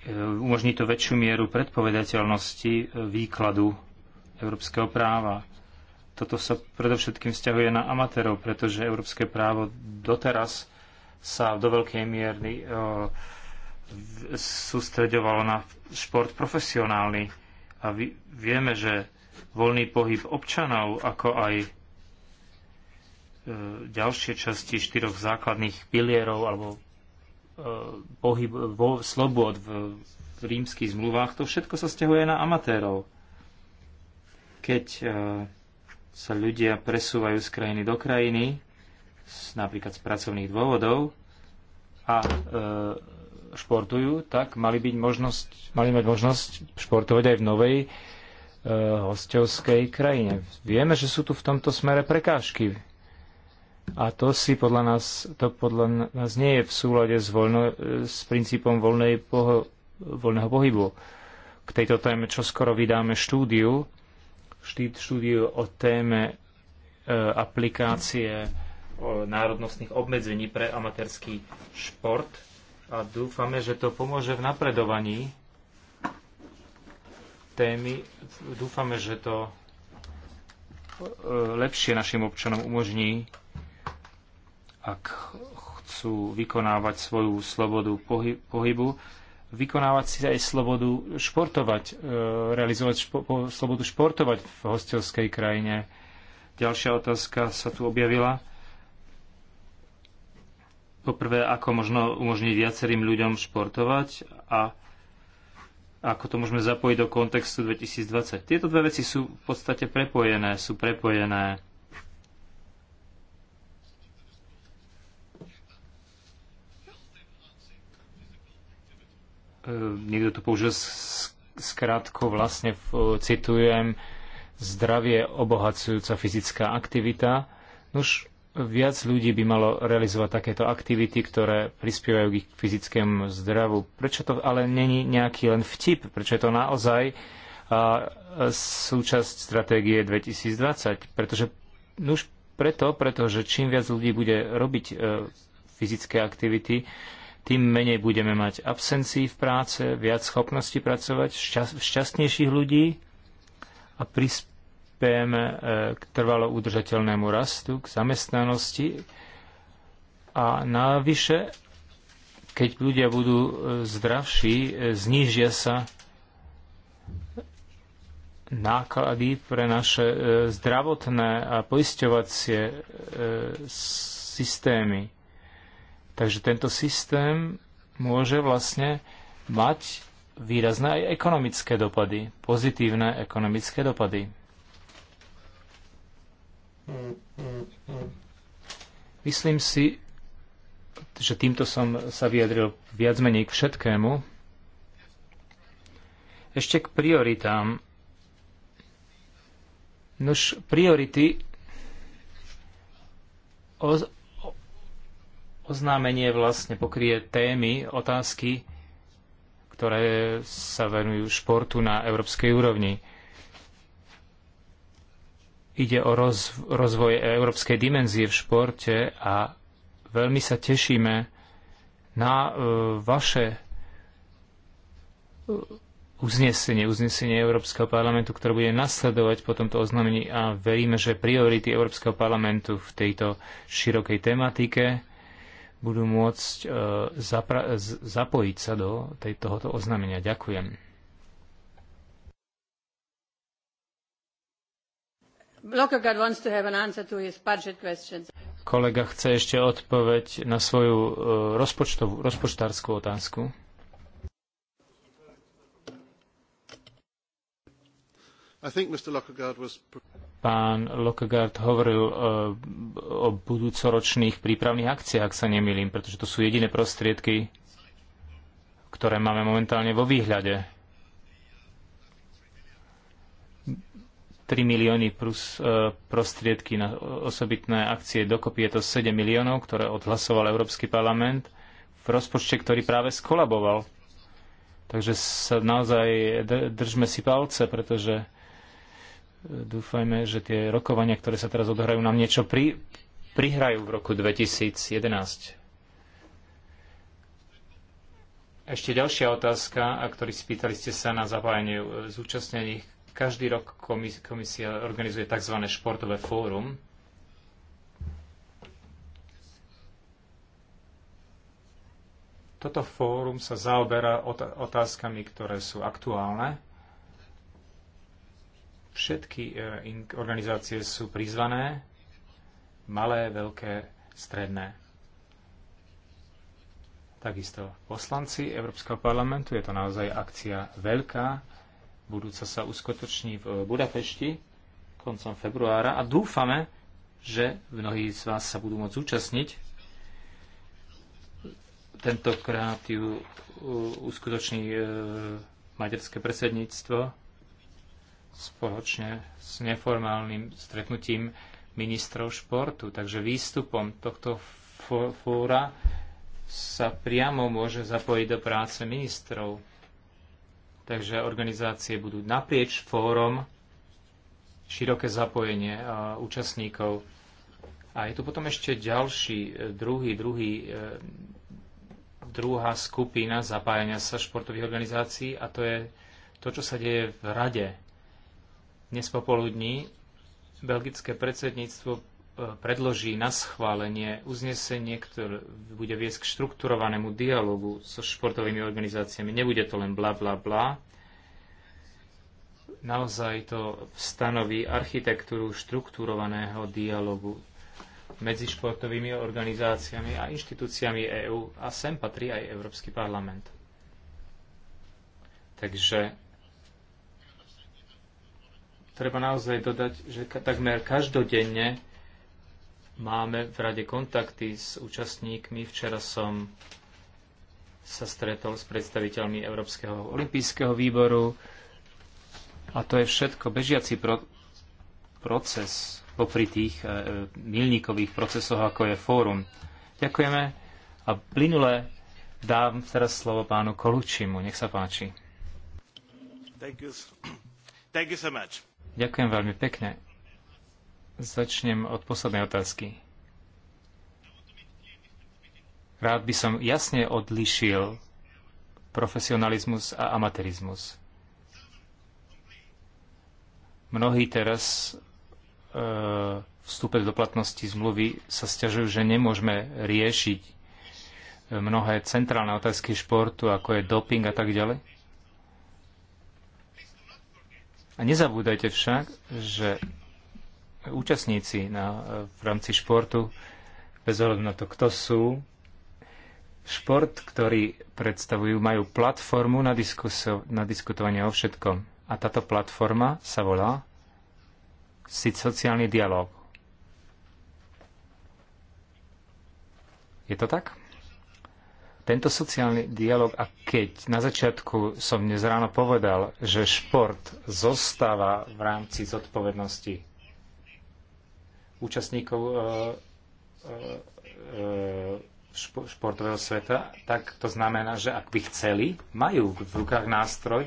E, umožní to väčšiu mieru predpovedateľnosti e, výkladu európskeho práva. Toto sa predovšetkým vzťahuje na amatérov, pretože európske právo doteraz sa do veľkej miery e, sústreďovalo na šport profesionálny. A vieme, že voľný pohyb občanov, ako aj ďalšie časti štyroch základných pilierov alebo Eh, pohyb, vo, slobod v, v rímskych zmluvách, to všetko sa stiahuje na amatérov. Keď uh, sa ľudia presúvajú z krajiny do krajiny, z, napríklad z pracovných dôvodov, a uh, športujú, tak mali, byť možnosť, mali mať možnosť športovať aj v novej uh, hostovskej krajine. Vieme, že sú tu v tomto smere prekážky a to si podľa nás, to podľa nás nie je v súlade s, voľno, s princípom voľnej poho, voľného pohybu. K tejto téme čo skoro vydáme štúdiu, štúdiu o téme e, aplikácie o e, národnostných obmedzení pre amatérský šport a dúfame, že to pomôže v napredovaní témy. Dúfame, že to e, lepšie našim občanom umožní ak chcú vykonávať svoju slobodu pohy- pohybu, vykonávať si aj slobodu športovať, e, realizovať špo- slobodu športovať v hostovskej krajine. Ďalšia otázka sa tu objavila. Poprvé, ako možno umožniť viacerým ľuďom športovať a ako to môžeme zapojiť do kontextu 2020. Tieto dve veci sú v podstate prepojené, sú prepojené E, niekto to použil skrátku, vlastne citujem, zdravie obohacujúca fyzická aktivita. Nuž, viac ľudí by malo realizovať takéto aktivity, ktoré prispievajú k fyzickému zdravu. Prečo to ale není nejaký len vtip? Prečo je to naozaj a, súčasť stratégie 2020? Pretože, nuž preto, pretože čím viac ľudí bude robiť e, fyzické aktivity, tým menej budeme mať absencií v práce, viac schopnosti pracovať, šťastnejších ľudí a prispieme e, k trvalo udržateľnému rastu, k zamestnanosti. A navyše, keď ľudia budú e, zdravší, e, znížia sa náklady pre naše zdravotné a poisťovacie systémy. Takže tento systém môže vlastne mať výrazné aj ekonomické dopady, pozitívne ekonomické dopady. Myslím si, že týmto som sa vyjadril viac menej k všetkému. Ešte k prioritám. Nož priority Oznámenie vlastne pokrie témy, otázky, ktoré sa venujú športu na európskej úrovni. Ide o roz, rozvoj európskej dimenzie v športe a veľmi sa tešíme na e, vaše e, uznesenie, uznesenie Európskeho parlamentu, ktoré bude nasledovať po tomto oznámení a veríme, že priority Európskeho parlamentu v tejto širokej tematike budú môcť e, zapojiť sa do tej, tohoto oznámenia. Ďakujem. Kolega chce ešte odpoveď na svoju e, rozpočtárskú otázku. Mr. Was... Pán Lockegaard hovoril e, o budúcoročných prípravných akciách, ak sa nemýlim, pretože to sú jediné prostriedky, ktoré máme momentálne vo výhľade. 3 milióny plus e, prostriedky na osobitné akcie. Dokopy je to 7 miliónov, ktoré odhlasoval Európsky parlament v rozpočte, ktorý práve skolaboval. Takže sa naozaj držme si palce, pretože Dúfajme, že tie rokovania, ktoré sa teraz odohrajú, nám niečo pri, prihrajú v roku 2011. Ešte ďalšia otázka, a ktorý spýtali ste sa na zapájanie zúčastnených. Každý rok komisia organizuje tzv. športové fórum. Toto fórum sa zaoberá otázkami, ktoré sú aktuálne Všetky e, organizácie sú prizvané, malé, veľké, stredné. Takisto poslanci Európskeho parlamentu, je to naozaj akcia veľká, budúca sa uskutoční v e, Budapešti koncom februára a dúfame, že mnohí z vás sa budú môcť zúčastniť. Tentokrát ju e, uskutoční maďarské predsedníctvo spoločne s neformálnym stretnutím ministrov športu. Takže výstupom tohto fóra sa priamo môže zapojiť do práce ministrov. Takže organizácie budú naprieč fórom široké zapojenie účastníkov. A je tu potom ešte ďalší, e, druhý, druhý, e, druhá skupina zapájania sa športových organizácií a to je to, čo sa deje v rade dnes popoludní belgické predsedníctvo e, predloží na schválenie uznesenie, ktoré bude viesť k štrukturovanému dialogu so športovými organizáciami. Nebude to len bla bla bla. Naozaj to stanoví architektúru štrukturovaného dialogu medzi športovými organizáciami a inštitúciami EÚ a sem patrí aj Európsky parlament. Takže treba naozaj dodať, že takmer každodenne máme v rade kontakty s účastníkmi. Včera som sa stretol s predstaviteľmi Európskeho olympijského výboru a to je všetko bežiaci pro- proces popri tých e, e milníkových procesoch, ako je fórum. Ďakujeme a plynule dám teraz slovo pánu Kolučimu. Nech sa páči. Thank you. [CLEARS THROAT] Thank you so much. Ďakujem veľmi pekne. Začnem od poslednej otázky. Rád by som jasne odlišil profesionalizmus a amatérizmus. Mnohí teraz e, vstúpe do platnosti zmluvy sa stiažujú, že nemôžeme riešiť e, mnohé centrálne otázky športu, ako je doping a tak ďalej. A nezabúdajte však, že účastníci na, v rámci športu, bez ohľadu na to, kto sú, šport, ktorý predstavujú, majú platformu na, diskuso, na diskutovanie o všetkom. A táto platforma sa volá sit sociálny dialog. Je to tak? Tento sociálny dialog, a keď na začiatku som dnes ráno povedal, že šport zostáva v rámci zodpovednosti účastníkov e, e, e špo, športového sveta, tak to znamená, že ak by chceli, majú v rukách nástroj,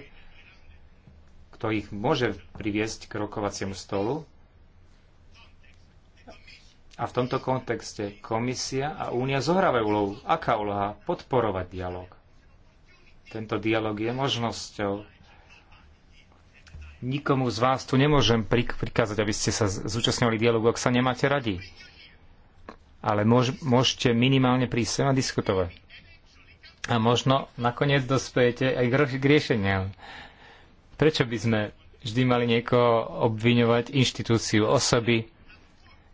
ktorý ich môže priviesť k rokovaciemu stolu a v tomto kontexte komisia a únia zohrávajú úlohu. Aká úloha? Podporovať dialog. Tento dialog je možnosťou. Nikomu z vás tu nemôžem prikázať, aby ste sa zúčastňovali dialogu, ak sa nemáte radi. Ale môž, môžete minimálne prísť sem a diskutovať. A možno nakoniec dospejete aj k riešeniam. Prečo by sme vždy mali niekoho obviňovať inštitúciu osoby,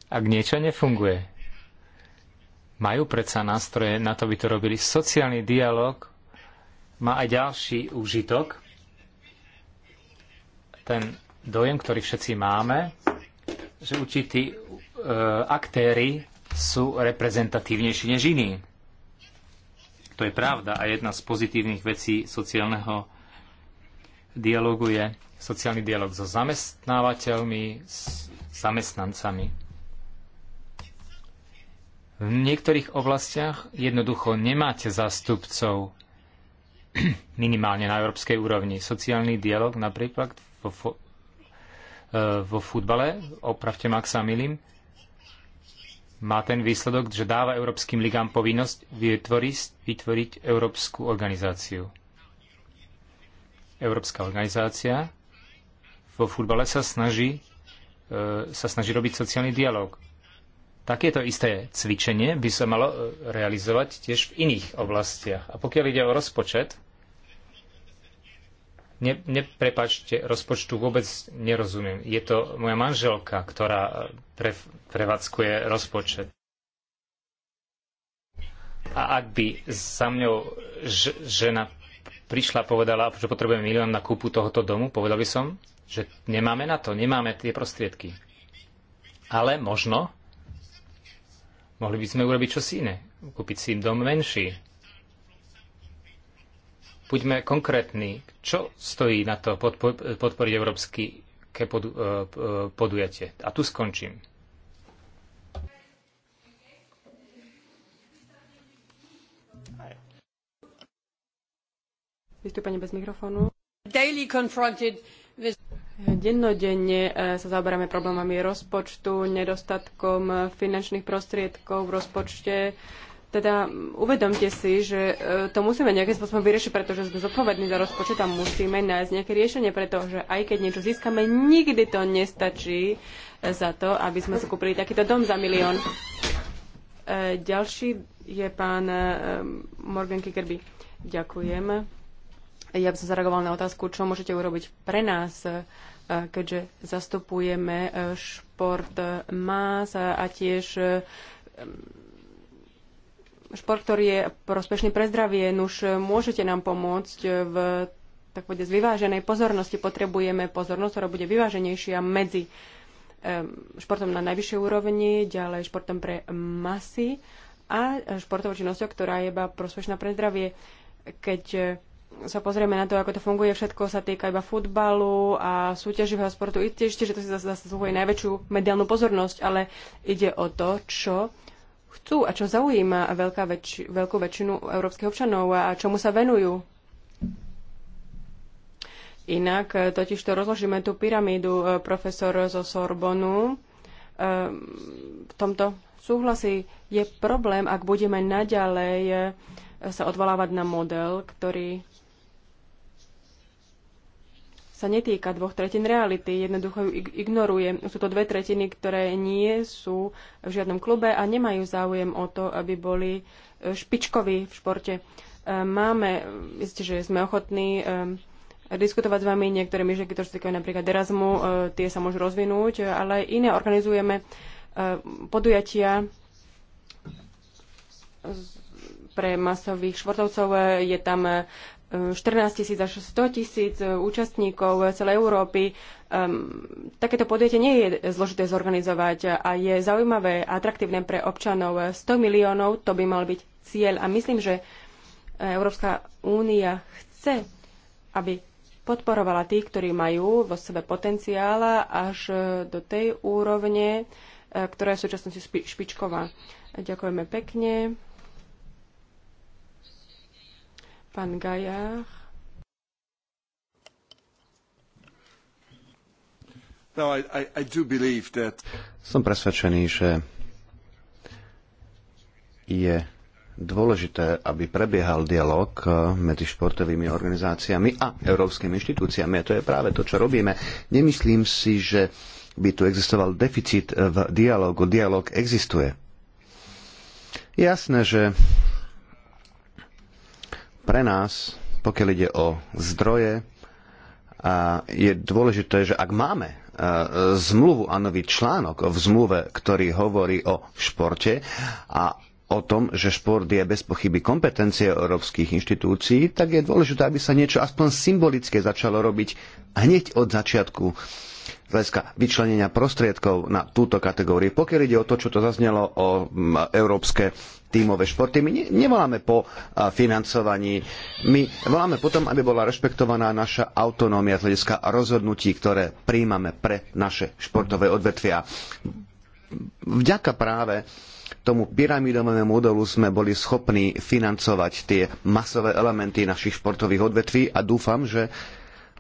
ak niečo nefunguje. Majú predsa nástroje na to, by to robili. Sociálny dialog má aj ďalší úžitok. Ten dojem, ktorý všetci máme, že určití e, aktéry sú reprezentatívnejší než iní. To je pravda a jedna z pozitívnych vecí sociálneho dialogu je sociálny dialog so zamestnávateľmi, s zamestnancami. V niektorých oblastiach jednoducho nemáte zástupcov [CLEARS THROAT] minimálne na európskej úrovni. Sociálny dialog napríklad vo, fo- e, vo futbale, opravte ma, ak sa milím, má ten výsledok, že dáva európskym ligám povinnosť vytvoriť, vytvoriť európsku organizáciu. Európska organizácia vo futbale sa snaží, e, sa snaží robiť sociálny dialog Takéto isté cvičenie by sa malo e, realizovať tiež v iných oblastiach. A pokiaľ ide o rozpočet, ne, neprepačte, rozpočtu vôbec nerozumiem. Je to moja manželka, ktorá e, pre, prevádzkuje rozpočet. A ak by za mňou žena prišla a povedala, že potrebujem milión na kúpu tohoto domu, povedal by som, že nemáme na to, nemáme tie prostriedky. Ale možno Mohli by sme urobiť čosi iné. Kúpiť si dom menší. Buďme konkrétni. Čo stojí na to podporiť európsky e, e, podujatie? A tu skončím. Vystúpenie bez mikrofónu. Daily confronted Dennodenne eh, sa zaoberáme problémami rozpočtu, nedostatkom eh, finančných prostriedkov v rozpočte. Teda uvedomte si, že eh, to musíme nejakým spôsobom vyriešiť, pretože sme zodpovední za rozpočet a musíme nájsť nejaké riešenie, pretože aj keď niečo získame, nikdy to nestačí za to, aby sme si kúpili takýto dom za milión. Ďalší je pán Morgan Kikerby. Ďakujem. Ja by som zareagovala na otázku, čo môžete urobiť pre nás, e, keďže zastupujeme e, šport e, más a tiež mm, šport, ktorý je prospešný pre zdravie. Nuž môžete nám pomôcť v tak bude z vyváženej pozornosti. Potrebujeme pozornosť, ktorá bude vyváženejšia medzi športom na najvyššej úrovni, ďalej športom pre masy a športovou činnosťou, ktorá je iba prospešná pre zdravie. Keď sa pozrieme na to, ako to funguje, všetko sa týka iba futbalu a súťaživého sportu. Ide ešte, že to si zaslúhuje najväčšiu mediálnu pozornosť, ale ide o to, čo chcú a čo zaujíma veľká väč- veľkú väčšinu európskych občanov a čomu sa venujú. Inak eh, totiž to rozložíme tú pyramídu eh, profesor zo Sorbonu. Eh, v tomto súhlasí je problém, ak budeme naďalej sa odvolávať na model, ktorý sa netýka dvoch tretín reality, jednoducho ju ignoruje. Sú to dve tretiny, ktoré nie sú v žiadnom klube a nemajú záujem o to, aby boli e, špičkoví v športe. E, máme, isté, že sme ochotní e, diskutovať s vami niektoré myšlienky, ktoré sa týkajú napríklad Erasmu, tie sa môžu rozvinúť, ale iné organizujeme podujatia pre masových športovcov. Je tam 14 tisíc až 100 tisíc e, účastníkov e, celej Európy. Um, takéto podietie nie je zložité zorganizovať a je zaujímavé a atraktívne pre občanov. 100 miliónov to by mal byť cieľ a myslím, že Európska únia chce, aby podporovala tých, ktorí majú vo sebe potenciála až e, do tej úrovne, ktorá je v súčasnosti špičková. Ďakujeme pekne. Pán Gajár. No, I, I, I do believe that... Som presvedčený, že je dôležité, aby prebiehal dialog medzi športovými organizáciami a európskymi inštitúciami. A to je práve to, čo robíme. Nemyslím si, že by tu existoval deficit v dialogu. Dialog existuje. Jasné, že pre nás, pokiaľ ide o zdroje, je dôležité, že ak máme e, zmluvu a nový článok v zmluve, ktorý hovorí o športe a o tom, že šport je bez pochyby kompetencie európskych inštitúcií, tak je dôležité, aby sa niečo aspoň symbolické začalo robiť hneď od začiatku z hľadiska vyčlenenia prostriedkov na túto kategóriu. Pokiaľ ide o to, čo to zaznelo o európske tímové športy. My nevoláme po financovaní, my voláme potom, aby bola rešpektovaná naša autonómia z hľadiska rozhodnutí, ktoré príjmame pre naše športové odvetvia. Vďaka práve tomu pyramidovému modelu sme boli schopní financovať tie masové elementy našich športových odvetví a dúfam, že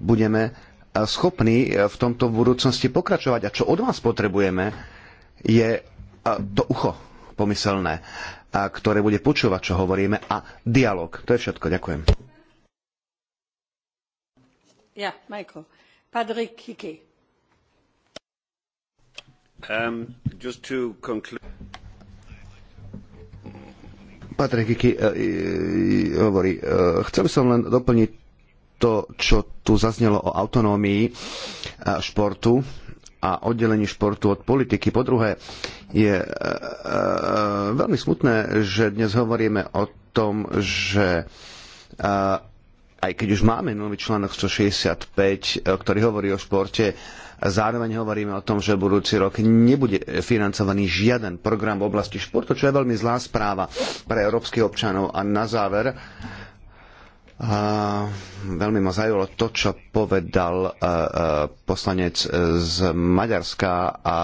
budeme schopní e, v tomto v budúcnosti pokračovať. A čo od vás potrebujeme, je to ucho pomyselné, a ktoré bude počúvať, čo hovoríme a dialog. To je všetko. Ďakujem. Ja, Michael. Patrick Kike. Um, just to conclude. Patrik Kiki e, e, hovorí, e, chcel by som len doplniť to, čo tu zaznelo o autonómii športu a oddelení športu od politiky. Po druhé, je e, e, veľmi smutné, že dnes hovoríme o tom, že e, aj keď už máme nový článok 165, e, ktorý hovorí o športe, zároveň hovoríme o tom, že budúci rok nebude financovaný žiaden program v oblasti športu, čo je veľmi zlá správa pre európskych občanov. A na záver, a veľmi ma zaujalo to, čo povedal e, e, poslanec z Maďarska, a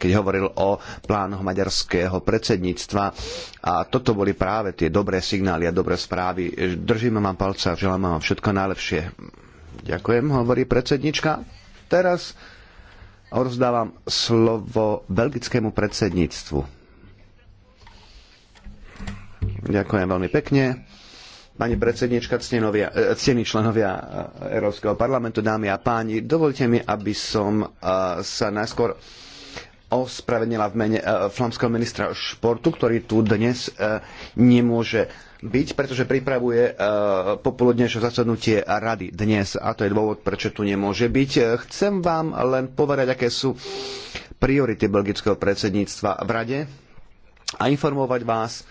keď hovoril o plánoch maďarského predsedníctva. A toto boli práve tie dobré signály a dobré správy. Držíme vám palce a želám vám všetko najlepšie. Ďakujem, hovorí predsednička. Teraz rozdávam slovo belgickému predsedníctvu. Ďakujem veľmi pekne Pani predsednička, ctenovia, e, ctení členovia e, Európskeho parlamentu, dámy a páni, dovolte mi, aby som e, sa najskôr ospravedlnila v mene flamského ministra športu, ktorý tu dnes nemôže byť, pretože pripravuje popoludnejšie zasadnutie rady dnes a to je dôvod, prečo tu nemôže byť. Chcem vám len povedať, aké sú priority belgického predsedníctva v rade a informovať vás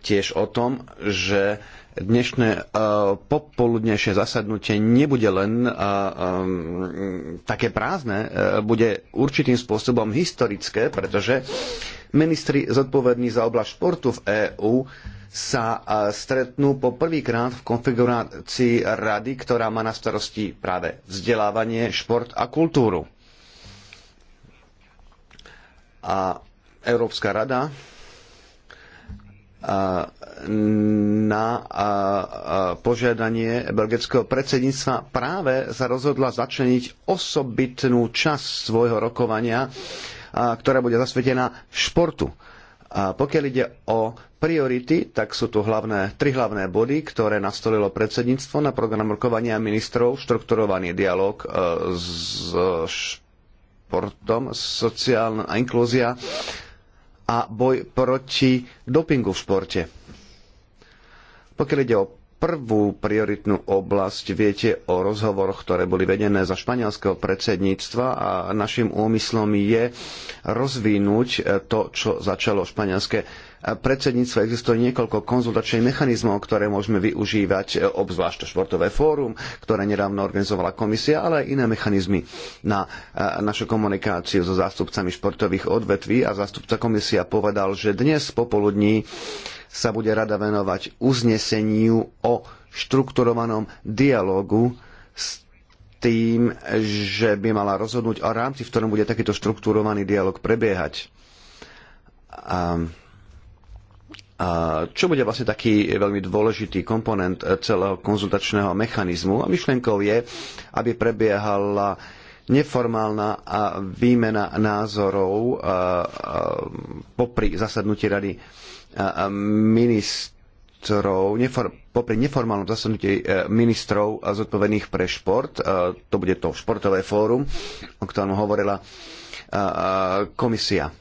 tiež o tom, že dnešné e, popoludnejšie zasadnutie nebude len e, e, také prázdne, bude určitým spôsobom historické, pretože ministri zodpovední za oblasť športu v EÚ sa stretnú po prvýkrát v konfigurácii rady, ktorá má na starosti práve vzdelávanie, šport a kultúru. A Európska rada na požiadanie belgického predsedníctva práve sa rozhodla začleniť osobitnú časť svojho rokovania, ktorá bude zasvetená športu. A pokiaľ ide o priority, tak sú tu hlavné, tri hlavné body, ktoré nastolilo predsedníctvo na program rokovania ministrov, štrukturovaný dialog e, s športom, sociálna inklúzia a boj proti dopingu v športe pokiaľ ide o prvú prioritnú oblasť, viete o rozhovoroch, ktoré boli vedené za španielského predsedníctva a našim úmyslom je rozvinúť eh, to, čo začalo španielské predsedníctva existuje niekoľko konzultačných mechanizmov, ktoré môžeme využívať, e, obzvlášť to športové fórum, ktoré nedávno organizovala komisia, ale aj iné mechanizmy na e, našu komunikáciu so zástupcami športových odvetví a zástupca komisia povedal, že dnes popoludní sa bude rada venovať uzneseniu o štrukturovanom dialogu s tým, že by mala rozhodnúť o rámci, v ktorom bude takýto štruktúrovaný dialog prebiehať. A a čo bude vlastne taký veľmi dôležitý komponent e, celého konzultačného mechanizmu? A myšlienkou je, aby prebiehala neformálna výmena názorov e, e, popri zasadnutí rady ministrov, neform, popri neformálnom zasadnutí ministrov a zodpovedných pre šport, to bude to športové fórum, o ktorom hovorila komisia.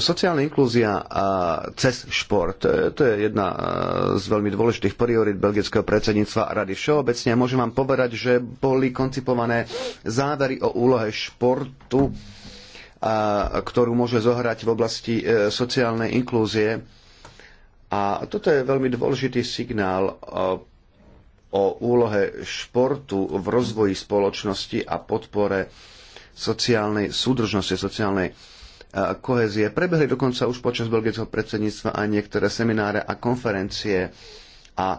Sociálna inklúzia cez šport, e, to je jedna e, z veľmi dôležitých priorit belgického predsedníctva a rady všeobecne. Môžem vám povedať, že boli koncipované závery o úlohe športu, ktorú môže zohrať v oblasti e, sociálnej inklúzie. A toto je veľmi dôležitý signál o úlohe športu v rozvoji spoločnosti a podpore sociálnej súdržnosti, sociálnej kohezie. Prebehli dokonca už počas belgického predsedníctva aj niektoré semináre a konferencie a e,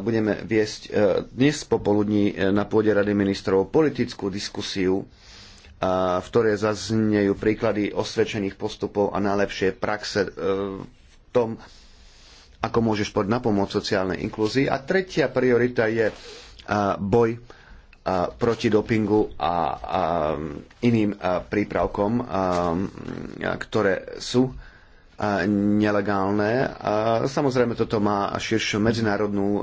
budeme viesť e, dnes popoludní e, na pôde Rady ministrov politickú diskusiu, v ktorej zaznejú príklady osvedčených postupov a najlepšie praxe v tom, ako môže šport napomôcť sociálnej inklúzii. A tretia priorita je boj proti dopingu a, a iným prípravkom, a, ktoré sú a nelegálne. A samozrejme, toto má širšiu medzinárodnú e,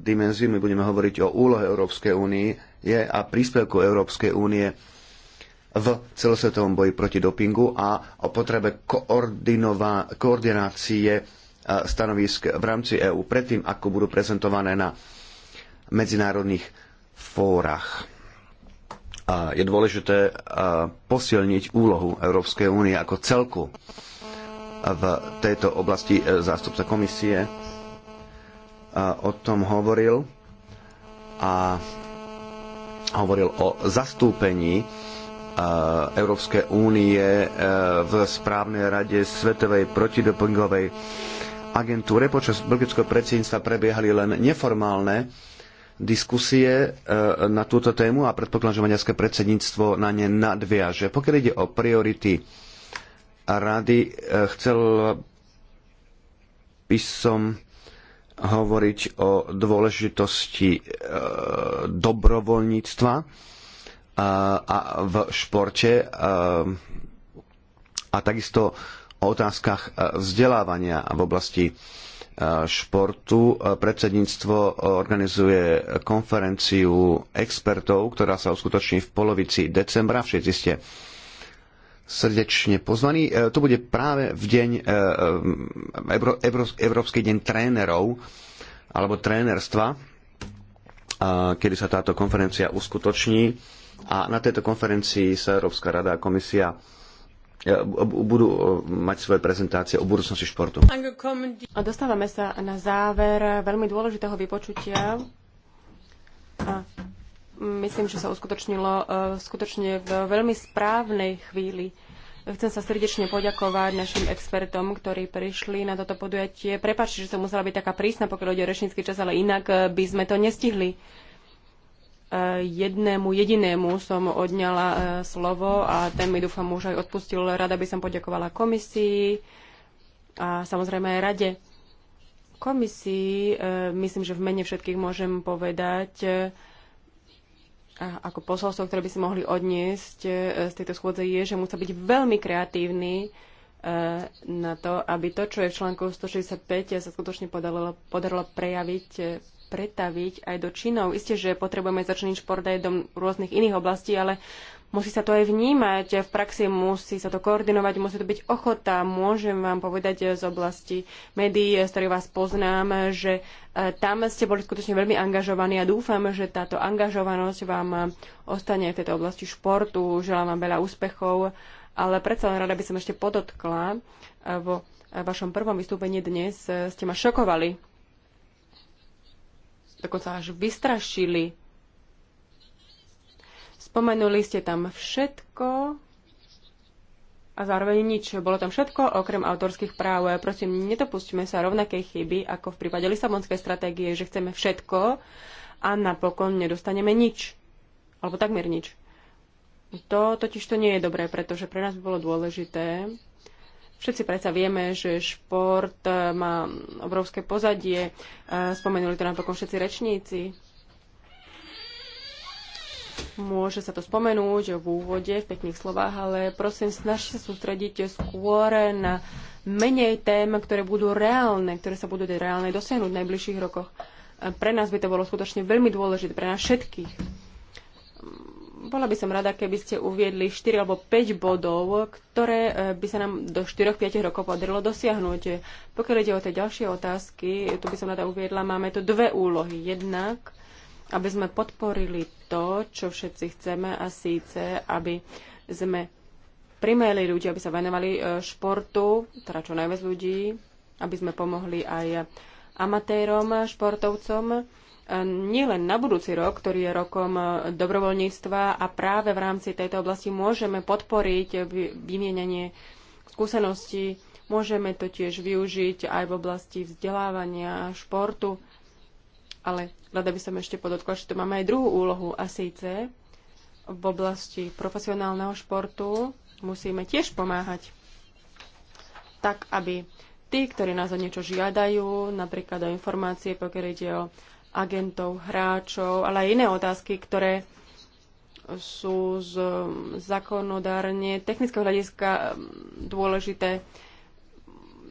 dimenziu. My budeme hovoriť o úlohe Európskej únie a príspevku Európskej únie v celosvetovom boji proti dopingu a o potrebe koordinácie e, stanovisk v rámci EÚ predtým, ako budú prezentované na medzinárodných fórach. A je dôležité posilniť úlohu Európskej únie ako celku v tejto oblasti e, zástupca komisie o tom hovoril a hovoril o zastúpení Európskej únie e, v správnej rade Svetovej protidopingovej agentúre. Počas belgického predsedníctva prebiehali len neformálne diskusie e, na túto tému a predpokladám, že maďarské predsedníctvo na ne nadviaže. Pokiaľ ide o priority rady, e, chcel by som hovoriť o dôležitosti e, dobrovoľníctva a v športe a takisto o otázkach vzdelávania v oblasti športu. Predsedníctvo organizuje konferenciu expertov, ktorá sa uskutoční v polovici decembra. Všetci ste srdečne pozvaní. E, to bude práve v deň Euró Európsky deň trénerov alebo trénerstva, e, kedy sa táto konferencia uskutoční. A na tejto konferencii sa Európska rada a komisia budú eh, mať svoje prezentácie o budúcnosti športu. A dostávame sa na záver veľmi dôležitého vypočutia. A myslím, že sa uskutočnilo eh, skutočne v veľmi správnej chvíli. Chcem sa srdečne poďakovať našim expertom, ktorí prišli na toto podujatie. Prepačte, že som musela byť taká prísna, pokiaľ ide o rečnícky čas, ale inak eh, by sme to nestihli jednému jedinému som odňala e, slovo a ten mi dúfam už aj odpustil. Rada by som poďakovala komisii a samozrejme aj rade. Komisii, e, myslím, že v mene všetkých môžem povedať, e, ako posolstvo, ktoré by si mohli odniesť z tejto schôdze, je, že musia byť veľmi kreatívni na to, aby to, čo je v článku 165, sa skutočne podarilo, podarilo prejaviť pretaviť aj do činov. Isté, že potrebujeme začný šport aj do rôznych iných oblastí, ale musí sa to aj vnímať, v praxi musí sa to koordinovať, musí to byť ochota. Môžem vám povedať z oblasti médií, z ktorých vás poznám, že e, tam ste boli skutočne veľmi angažovaní a dúfam, že táto angažovanosť vám e, ostane aj v tejto oblasti športu. Želám vám veľa úspechov, ale predsa len rada by som ešte podotkla e, vo vašom prvom vystúpení dnes ste ma šokovali dokonca až vystrašili. Spomenuli ste tam všetko a zároveň nič. Bolo tam všetko okrem autorských práv. Prosím, nedopustíme sa rovnakej chyby ako v prípade Lisabonskej stratégie, že chceme všetko a napokon nedostaneme nič. Alebo takmer nič. To totiž to nie je dobré, pretože pre nás by bolo dôležité, Všetci predsa vieme, že šport e, má obrovské pozadie. E, spomenuli to napokon všetci rečníci. Môže sa to spomenúť v úvode, v pekných slovách, ale prosím, snažte sa sústrediť skôr na menej tém, ktoré budú reálne, ktoré sa budú reálne dosiahnuť v najbližších rokoch. E, pre nás by to bolo skutočne veľmi dôležité, pre nás všetkých bola by som rada, keby ste uviedli 4 alebo 5 bodov, ktoré e, by sa nám do 4-5 rokov podarilo dosiahnuť. Pokiaľ ide o tie ďalšie otázky, tu by som rada uviedla, máme tu dve úlohy. Jednak, aby sme podporili to, čo všetci chceme a síce, aby sme primeli ľudí, aby sa venovali e, športu, teda čo najviac ľudí, aby sme pomohli aj amatérom, športovcom nielen na budúci rok, ktorý je rokom e, dobrovoľníctva a práve v rámci tejto oblasti môžeme podporiť vymienenie skúseností, môžeme to tiež využiť aj v oblasti vzdelávania a športu. Ale rada by som ešte podotkla, že tu máme aj druhú úlohu a síce v oblasti profesionálneho športu musíme tiež pomáhať tak, aby tí, ktorí nás o niečo žiadajú, napríklad o informácie, pokiaľ ide o agentov, hráčov, ale aj iné otázky, ktoré sú z mm, zákonodárne technického hľadiska mm, dôležité.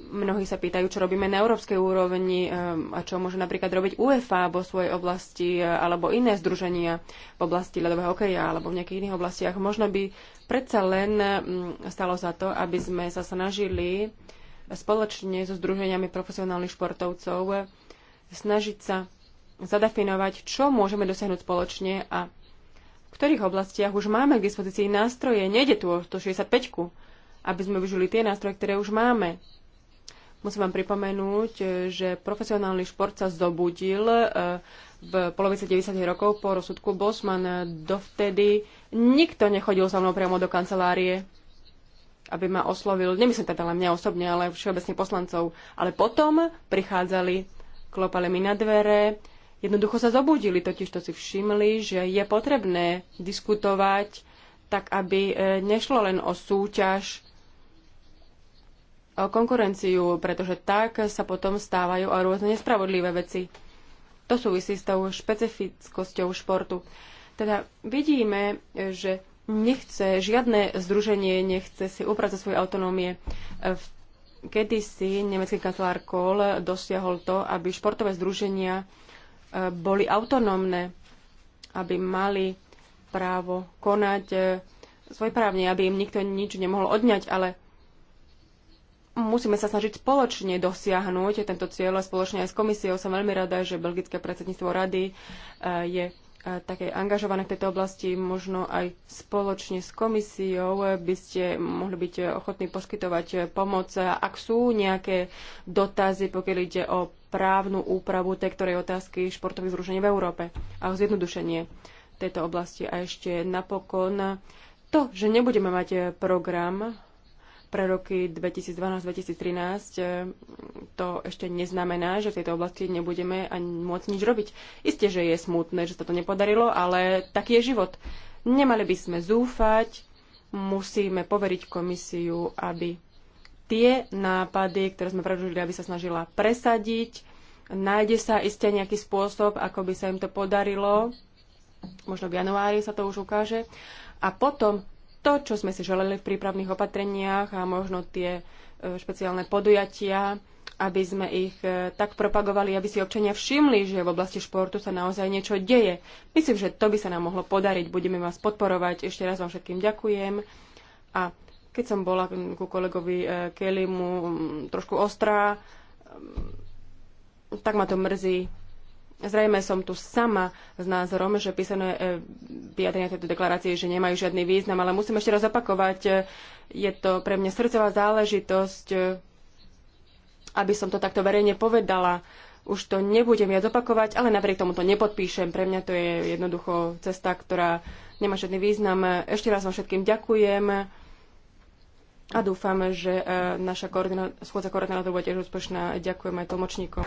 Mnohí sa pýtajú, čo robíme na európskej úrovni mm, a čo môže napríklad robiť UEFA vo svojej oblasti e, alebo iné združenia v oblasti ľadového hokeja alebo v nejakých iných oblastiach. Možno by predsa len stalo za to, aby sme sa snažili spoločne so združeniami profesionálnych športovcov e, snažiť sa zadefinovať, čo môžeme dosiahnuť spoločne a v ktorých oblastiach už máme k dispozícii nástroje. Nejde tu o 165 aby sme využili tie nástroje, ktoré už máme. Musím vám pripomenúť, že profesionálny šport sa zobudil e, v polovici 90. rokov po rozsudku Bosman. Dovtedy nikto nechodil so mnou priamo do kancelárie, aby ma oslovil, nemyslím teda len mňa osobne, ale všeobecne poslancov. Ale potom prichádzali, klopali mi na dvere, Jednoducho sa zobudili, totiž to si všimli, že je potrebné diskutovať tak, aby e, nešlo len o súťaž, o konkurenciu, pretože tak sa potom stávajú aj rôzne nespravodlivé veci. To súvisí s tou špecifickosťou športu. Teda vidíme, že nechce, žiadne združenie nechce si upracovať svoje autonómie. E, kedysi nemecký kancelár Kohl dosiahol to, aby športové združenia boli autonómne, aby mali právo konať e, svojprávne, aby im nikto nič nemohol odňať, ale musíme sa snažiť spoločne dosiahnuť tento cieľ a spoločne aj s komisiou. Som veľmi rada, že belgické predsedníctvo rady e, je e, také angažované v tejto oblasti, možno aj spoločne s komisiou by ste mohli byť ochotní poskytovať pomoc. Ak sú nejaké dotazy, pokiaľ ide o právnu úpravu tej ktorej otázky športových zružení v Európe a o zjednodušenie tejto oblasti. A ešte napokon to, že nebudeme mať e, program pre roky 2012-2013, e, to ešte neznamená, že v tejto oblasti nebudeme ani môcť nič robiť. Isté, že je smutné, že sa to nepodarilo, ale taký je život. Nemali by sme zúfať, musíme poveriť komisiu, aby tie nápady, ktoré sme predložili, aby sa snažila presadiť. Nájde sa iste nejaký spôsob, ako by sa im to podarilo. Možno v januári sa to už ukáže. A potom to, čo sme si želeli v prípravných opatreniach a možno tie e, špeciálne podujatia, aby sme ich e, tak propagovali, aby si občania všimli, že v oblasti športu sa naozaj niečo deje. Myslím, že to by sa nám mohlo podariť. Budeme vás podporovať. Ešte raz vám všetkým ďakujem. A keď som bola ku kolegovi eh, Kelimu mm, trošku ostrá, mm, tak ma to mrzí. Zrejme som tu sama s názorom, že písané eh, vyjadrenia tejto deklarácie, že nemajú žiadny význam, ale musím ešte raz opakovať, eh, je to pre mňa srdcová záležitosť, aby som to takto verejne povedala. Už to nebudem viac opakovať, ale napriek tomu to nepodpíšem. Pre mňa to je jednoducho cesta, ktorá nemá žiadny význam. Ešte raz vám všetkým ďakujem a dúfam, že eh, naša koordina- schôdza koordinátorov bude tiež úspešná. Ďakujem aj tlmočníkom.